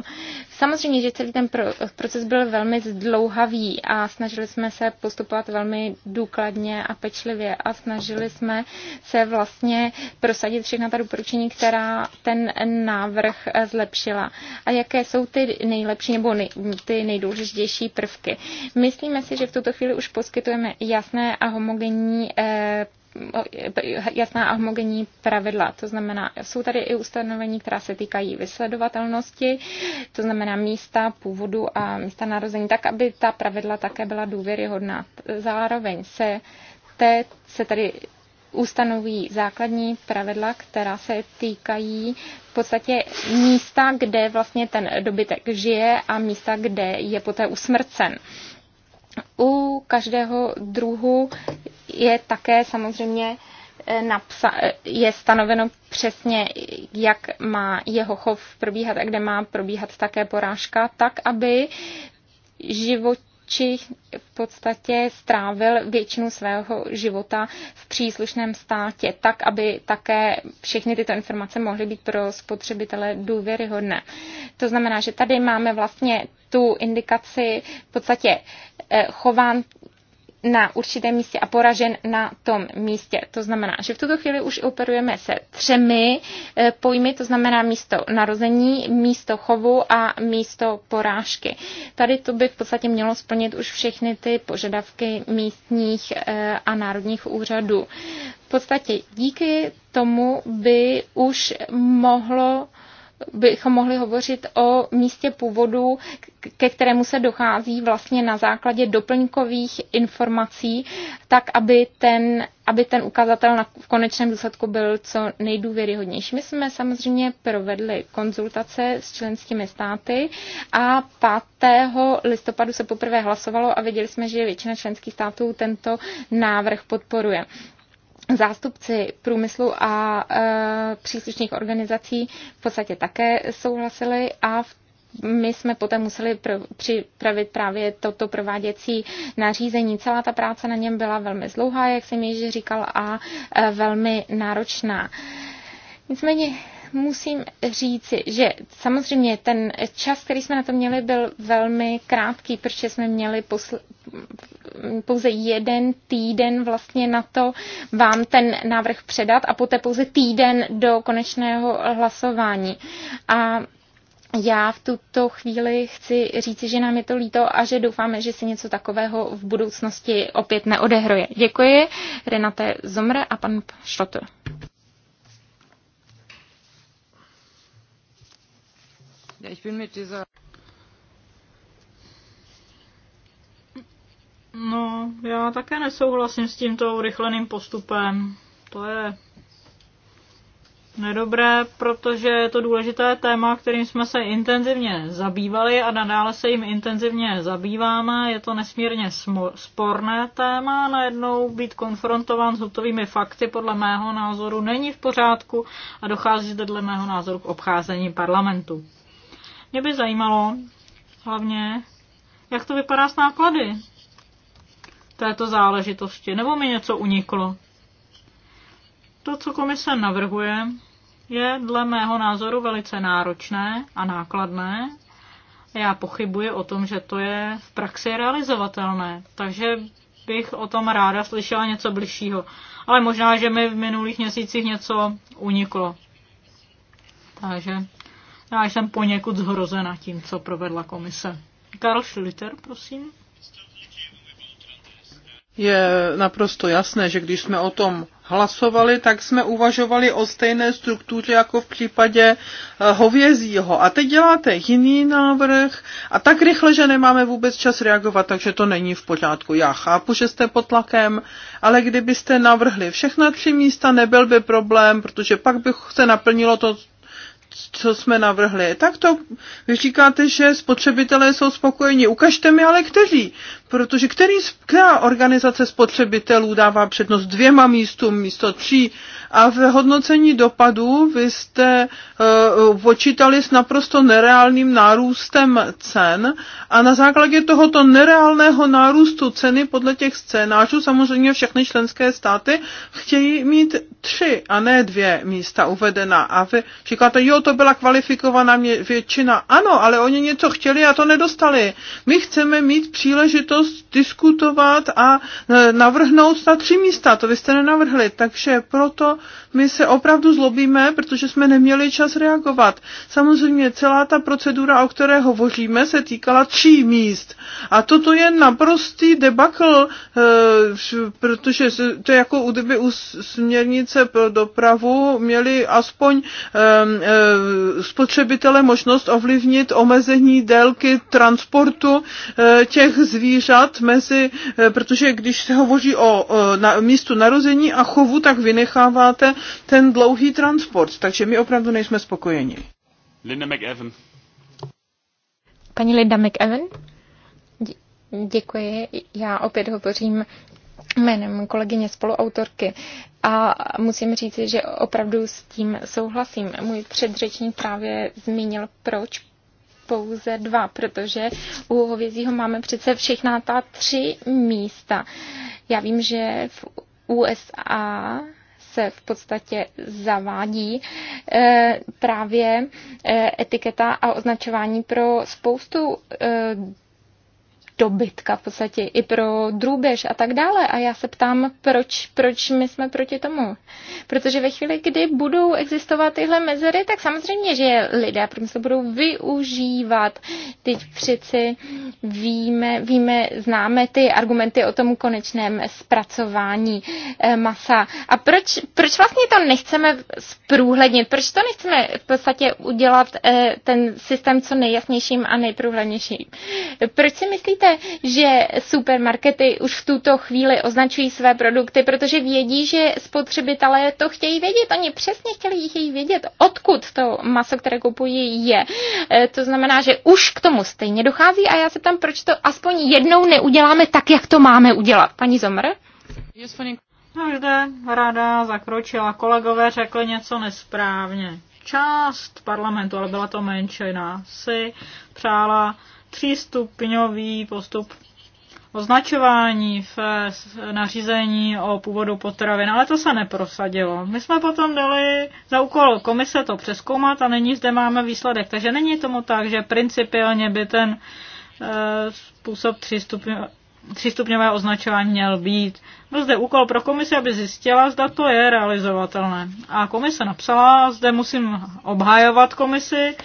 Samozřejmě, že celý ten proces byl velmi zdlouhavý a snažili jsme se postupovat velmi důkladně a pečlivě a snažili jsme se vlastně prosadit všechna ta doporučení, která ten návrh zlepšila. A jaké jsou ty nejlepší nebo nej, ty nejdůležitější prvky? Myslíme si, že v tuto chvíli už poskytujeme jasné a homogenní eh, jasná a homogenní pravidla. To znamená, jsou tady i ustanovení, která se týkají vysledovatelnosti, to znamená místa původu a místa narození, tak aby ta pravidla také byla důvěryhodná. Zároveň se, te, se tady ustanoví základní pravidla, která se týkají v podstatě místa, kde vlastně ten dobytek žije a místa, kde je poté usmrcen. U každého druhu je také samozřejmě eh, napsa- eh, je stanoveno přesně, jak má jeho chov probíhat a kde má probíhat také porážka, tak aby živoči v podstatě strávil většinu svého života v příslušném státě, tak, aby také všechny tyto informace mohly být pro spotřebitele důvěryhodné. To znamená, že tady máme vlastně tu indikaci v podstatě eh, chován, na určitém místě a poražen na tom místě. To znamená, že v tuto chvíli už operujeme se třemi eh, pojmy, to znamená místo narození, místo chovu a místo porážky. Tady to by v podstatě mělo splnit už všechny ty požadavky místních eh, a národních úřadů. V podstatě díky tomu by už mohlo bychom mohli hovořit o místě původu, ke kterému se dochází vlastně na základě doplňkových informací, tak aby ten, aby ten ukazatel na, v konečném důsledku byl co nejdůvěryhodnější. My jsme samozřejmě provedli konzultace s členskými státy a 5. listopadu se poprvé hlasovalo a věděli jsme, že většina členských států tento návrh podporuje. Zástupci průmyslu a e, příslušných organizací v podstatě také souhlasili a v my jsme poté museli pr- připravit právě toto prováděcí nařízení. Celá ta práce na něm byla velmi zlouhá, jak jsem již říkal, a e, velmi náročná. Nicméně musím říci, že samozřejmě ten čas, který jsme na to měli, byl velmi krátký, protože jsme měli posl- pouze jeden týden vlastně na to vám ten návrh předat a poté pouze týden do konečného hlasování. A já v tuto chvíli chci říci, že nám je to líto a že doufáme, že se něco takového v budoucnosti opět neodehroje. Děkuji Renate Zomre a pan Šlotr. Ja, jsem bin mit No, já také nesouhlasím s tímto urychleným postupem. To je nedobré, protože je to důležité téma, kterým jsme se intenzivně zabývali a nadále se jim intenzivně zabýváme. Je to nesmírně sporné téma, najednou být konfrontován s hotovými fakty podle mého názoru není v pořádku a dochází zde dle mého názoru k obcházení parlamentu. Mě by zajímalo hlavně, jak to vypadá s náklady této záležitosti, nebo mi něco uniklo. To, co komise navrhuje, je dle mého názoru velice náročné a nákladné. Já pochybuji o tom, že to je v praxi realizovatelné, takže bych o tom ráda slyšela něco bližšího. Ale možná, že mi v minulých měsících něco uniklo. Takže já jsem poněkud zhrozena tím, co provedla komise. Karl Schlitter, prosím. Je naprosto jasné, že když jsme o tom hlasovali, tak jsme uvažovali o stejné struktuře jako v případě eh, hovězího. A teď děláte jiný návrh a tak rychle, že nemáme vůbec čas reagovat, takže to není v pořádku. Já chápu, že jste pod tlakem, ale kdybyste navrhli všechna tři místa, nebyl by problém, protože pak by se naplnilo to, co jsme navrhli. Tak to vy říkáte, že spotřebitelé jsou spokojeni. Ukažte mi ale kteří protože který, která organizace spotřebitelů dává přednost dvěma místům místo tří a v hodnocení dopadů vy jste uh, počítali s naprosto nereálným nárůstem cen a na základě tohoto nereálného nárůstu ceny podle těch scénářů samozřejmě všechny členské státy chtějí mít tři a ne dvě místa uvedena a vy říkáte, jo, to byla kvalifikovaná většina. Ano, ale oni něco chtěli a to nedostali. My chceme mít příležitost možnost diskutovat a e, navrhnout na tři místa. To vy jste nenavrhli, takže proto my se opravdu zlobíme, protože jsme neměli čas reagovat. Samozřejmě celá ta procedura, o které hovoříme, se týkala tří míst. A toto je naprostý debakl, e, protože to je jako kdyby u směrnice pro dopravu měli aspoň e, spotřebitele možnost ovlivnit omezení délky transportu těch zvířat řad mezi, eh, protože když se hovoří o na, místu narození a chovu, tak vynecháváte ten dlouhý transport, takže my opravdu nejsme spokojeni. Linda McEvan. Paní Linda McEvan? Děkuji. Já opět hovořím jménem kolegyně spoluautorky. A musím říct, že opravdu s tím souhlasím. Můj předřečník právě zmínil, proč pouze dva, protože u hovězího máme přece všechna ta tři místa. Já vím, že v USA se v podstatě zavádí eh, právě eh, etiketa a označování pro spoustu eh, dobytka v podstatě, i pro drůbež a tak dále. A já se ptám, proč, proč my jsme proti tomu. Protože ve chvíli, kdy budou existovat tyhle mezery, tak samozřejmě, že lidé průmysl budou využívat. Teď přeci víme, víme, známe ty argumenty o tom konečném zpracování eh, masa. A proč, proč vlastně to nechceme zprůhlednit? Proč to nechceme v podstatě udělat eh, ten systém co nejjasnějším a nejprůhlednějším? Proč si myslíte, dobře, že supermarkety už v tuto chvíli označují své produkty, protože vědí, že spotřebitelé to chtějí vědět. Oni přesně chtěli chtějí vědět, odkud to maso, které kupují, je. E, to znamená, že už k tomu stejně dochází a já se tam, proč to aspoň jednou neuděláme tak, jak to máme udělat. Paní Zomr? Každé rada zakročila, kolegové řekli něco nesprávně. Část parlamentu, ale byla to menšina, si přála třístupňový postup označování v nařízení o původu potravin, ale to se neprosadilo. My jsme potom dali za úkol komise to přeskoumat a není zde máme výsledek. Takže není tomu tak, že principiálně by ten e, způsob třístupňové označování měl být. Byl zde úkol pro komisi, aby zjistila, zda to je realizovatelné. A komise napsala, zde musím obhajovat komisi,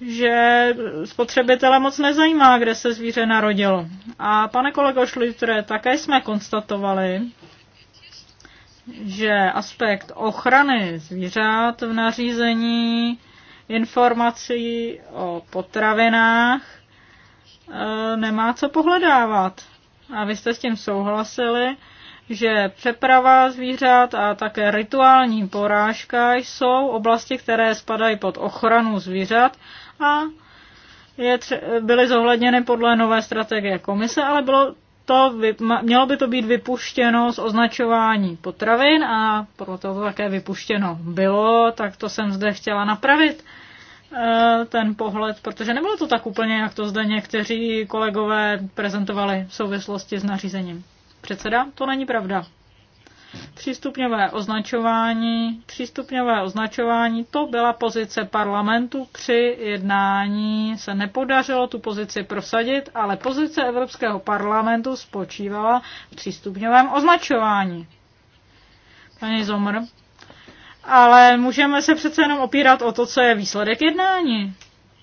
že spotřebitele moc nezajímá, kde se zvíře narodilo. A pane kolego Šlitre, také jsme konstatovali, že aspekt ochrany zvířat v nařízení informací o potravinách eh, nemá co pohledávat. A vy jste s tím souhlasili, že přeprava zvířat a také rituální porážka jsou oblasti, které spadají pod ochranu zvířat a je tře- byly zohledněny podle nové strategie komise, ale bylo to, mělo by to být vypuštěno z označování potravin a proto to také vypuštěno bylo, tak to jsem zde chtěla napravit eh, ten pohled, protože nebylo to tak úplně, jak to zde někteří kolegové prezentovali v souvislosti s nařízením. Předseda, to není pravda třístupňové označování. Třístupňové označování, to byla pozice parlamentu při jednání. Se nepodařilo tu pozici prosadit, ale pozice Evropského parlamentu spočívala v třístupňovém označování. Pani Zomr. Ale můžeme se přece jenom opírat o to, co je výsledek jednání.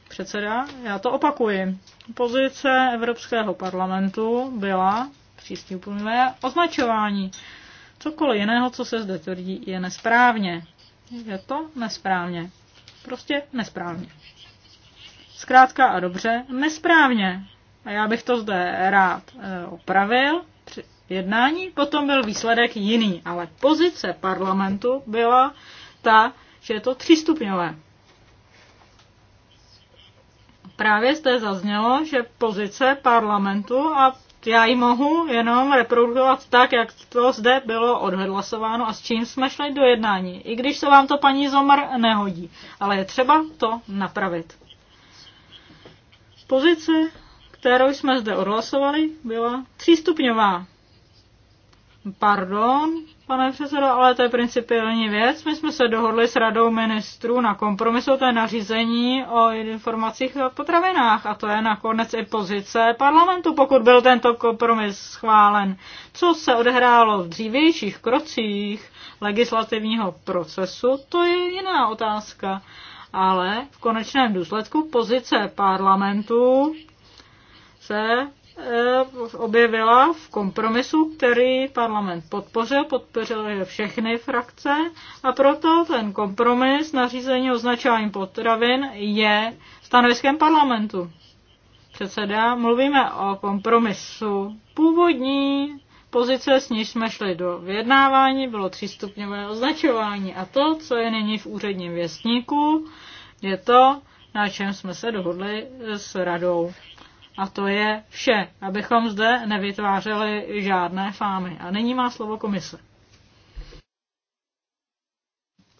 Předseda, já to opakuji. Pozice Evropského parlamentu byla přístupňové označování. Cokoliv jiného, co se zde tvrdí, je nesprávně. Je to nesprávně. Prostě nesprávně. Zkrátka a dobře, nesprávně. A já bych to zde rád eh, opravil při jednání. Potom byl výsledek jiný, ale pozice parlamentu byla ta, že je to třístupňové. Právě zde zaznělo, že pozice parlamentu a já ji mohu jenom reprodukovat tak, jak to zde bylo odhlasováno a s čím jsme šli do jednání. I když se vám to paní Zomar nehodí. Ale je třeba to napravit. Pozice, kterou jsme zde odhlasovali, byla třístupňová. Pardon, pane předsedo, ale to je principiální věc. My jsme se dohodli s radou ministrů na kompromisu, to je nařízení o informacích o potravinách a to je nakonec i pozice parlamentu, pokud byl tento kompromis schválen. Co se odehrálo v dřívějších krocích legislativního procesu, to je jiná otázka. Ale v konečném důsledku pozice parlamentu se Eh, objevila v kompromisu, který parlament podpořil, podpořil je všechny frakce a proto ten kompromis na řízení označování potravin je stanoviskem parlamentu. Předseda, mluvíme o kompromisu. Původní pozice, s níž jsme šli do vyjednávání, bylo třístupňové označování a to, co je nyní v úředním věstníku, je to, na čem jsme se dohodli s radou. A to je vše, abychom zde nevytvářeli žádné fámy. A nyní má slovo komise.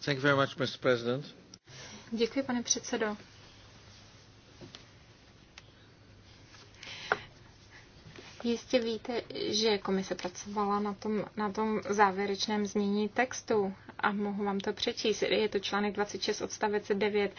Thank you very much, Mr. President. Děkuji, pane předsedo. Jistě víte, že komise pracovala na tom, na tom závěrečném znění textu a mohu vám to přečíst. Je to článek 26 odstavec 9.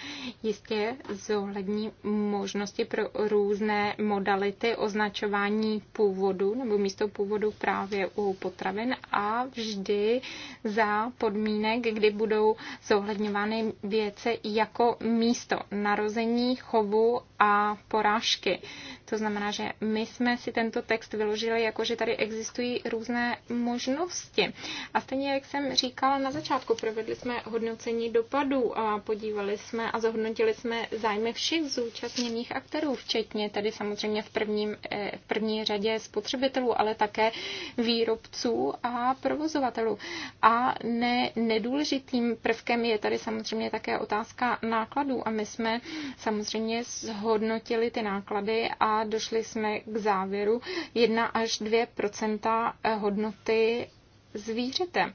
Jistě zohlední možnosti pro různé modality označování původu nebo místo původu právě u potravin a vždy za podmínek, kdy budou zohledňovány věce jako místo narození, chovu a porážky. To znamená, že my jsme si tento text text vyložili, jako že tady existují různé možnosti. A stejně, jak jsem říkala na začátku, provedli jsme hodnocení dopadů a podívali jsme a zhodnotili jsme zájmy všech zúčastněných aktérů, včetně tady samozřejmě v, prvním, eh, v první řadě spotřebitelů, ale také výrobců a provozovatelů. A ne, nedůležitým prvkem je tady samozřejmě také otázka nákladů a my jsme samozřejmě zhodnotili ty náklady a došli jsme k závěru, 1 až 2 eh, hodnoty zvířete.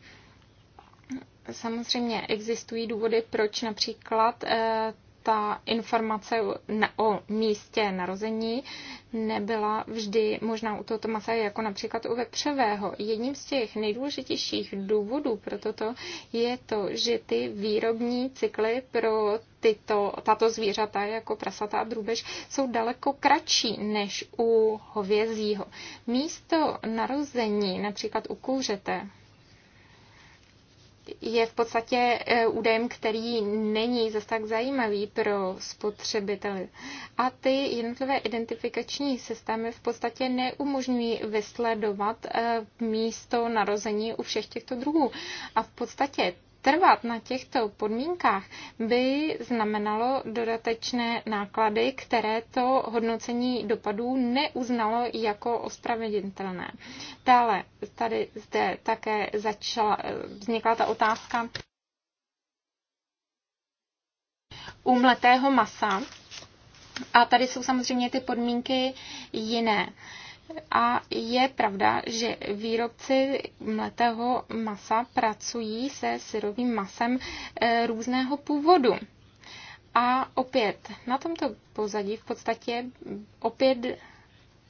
Samozřejmě existují důvody, proč například eh, ta informace o místě narození nebyla vždy možná u tohoto masa, jako například u vepřového. Jedním z těch nejdůležitějších důvodů pro toto je to, že ty výrobní cykly pro tyto, tato zvířata, jako prasata a drůbež, jsou daleko kratší než u hovězího. Místo narození, například u kůřete, je v podstatě e, údajem, který není zase tak zajímavý pro spotřebitele. A ty jednotlivé identifikační systémy v podstatě neumožňují vysledovat e, místo narození u všech těchto druhů. A v podstatě trvat na těchto podmínkách by znamenalo dodatečné náklady, které to hodnocení dopadů neuznalo jako ospravedlnitelné. Dále tady zde také začala, vznikla ta otázka umletého masa. A tady jsou samozřejmě ty podmínky jiné. A je pravda, že výrobci mletého masa pracují se syrovým masem eh, různého původu. A opět, na tomto pozadí v podstatě opět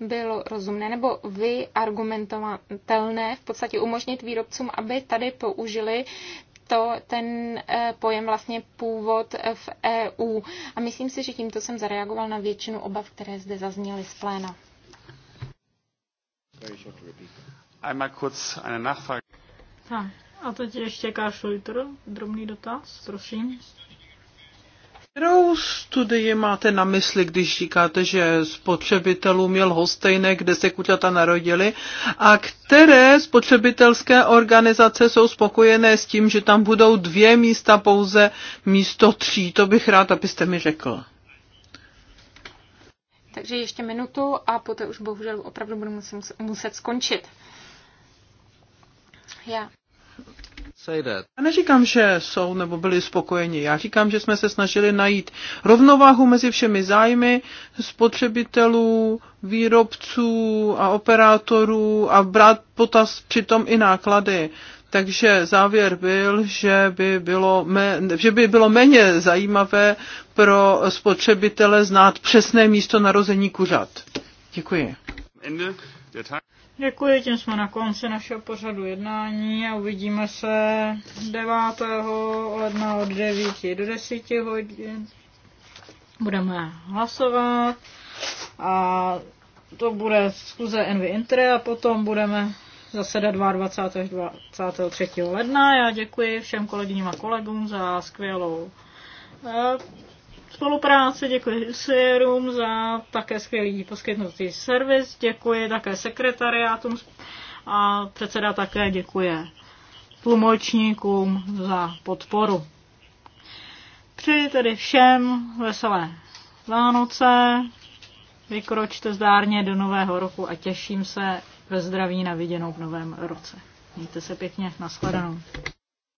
bylo rozumné nebo vyargumentovatelné v podstatě umožnit výrobcům, aby tady použili to, ten eh, pojem vlastně původ eh, v EU. A myslím si, že tímto jsem zareagoval na většinu obav, které zde zazněly z pléna. Einmal kurz eine Nachfrage. Tak. A teď ještě Karl Schulter, drobný dotaz, prosím. Kterou studii máte na mysli, když říkáte, že spotřebitelům je lhostejné, kde se kuťata narodili a které spotřebitelské organizace jsou spokojené s tím, že tam budou dvě místa pouze místo tří? To bych rád, abyste mi řekl. Takže ještě minutu a poté už bohužel opravdu budu muset, muset skončit. Já. Já neříkám, že jsou nebo byli spokojeni. Já říkám, že jsme se snažili najít rovnováhu mezi všemi zájmy spotřebitelů, výrobců a operátorů a brát potaz přitom i náklady. Takže závěr byl, že by bylo, že by bylo méně zajímavé pro spotřebitele znát přesné místo narození kuřat. Děkuji. Děkuji, tím jsme na konci našeho pořadu jednání a uvidíme se 9. ledna od 9 do 10 hodin. Budeme hlasovat a to bude zkuze Envy Intre a potom budeme zaseda 22. až 23. ledna. Já děkuji všem kolegyním a kolegům za skvělou eh, spolupráci, děkuji Sirum za také skvělý poskytnutý servis, děkuji také sekretariátům a předseda také děkuje tlumočníkům za podporu. Přeji tedy všem veselé Vánoce, vykročte zdárně do nového roku a těším se ve zdraví na viděnou v novém roce. Mějte se pěkně, nashledanou.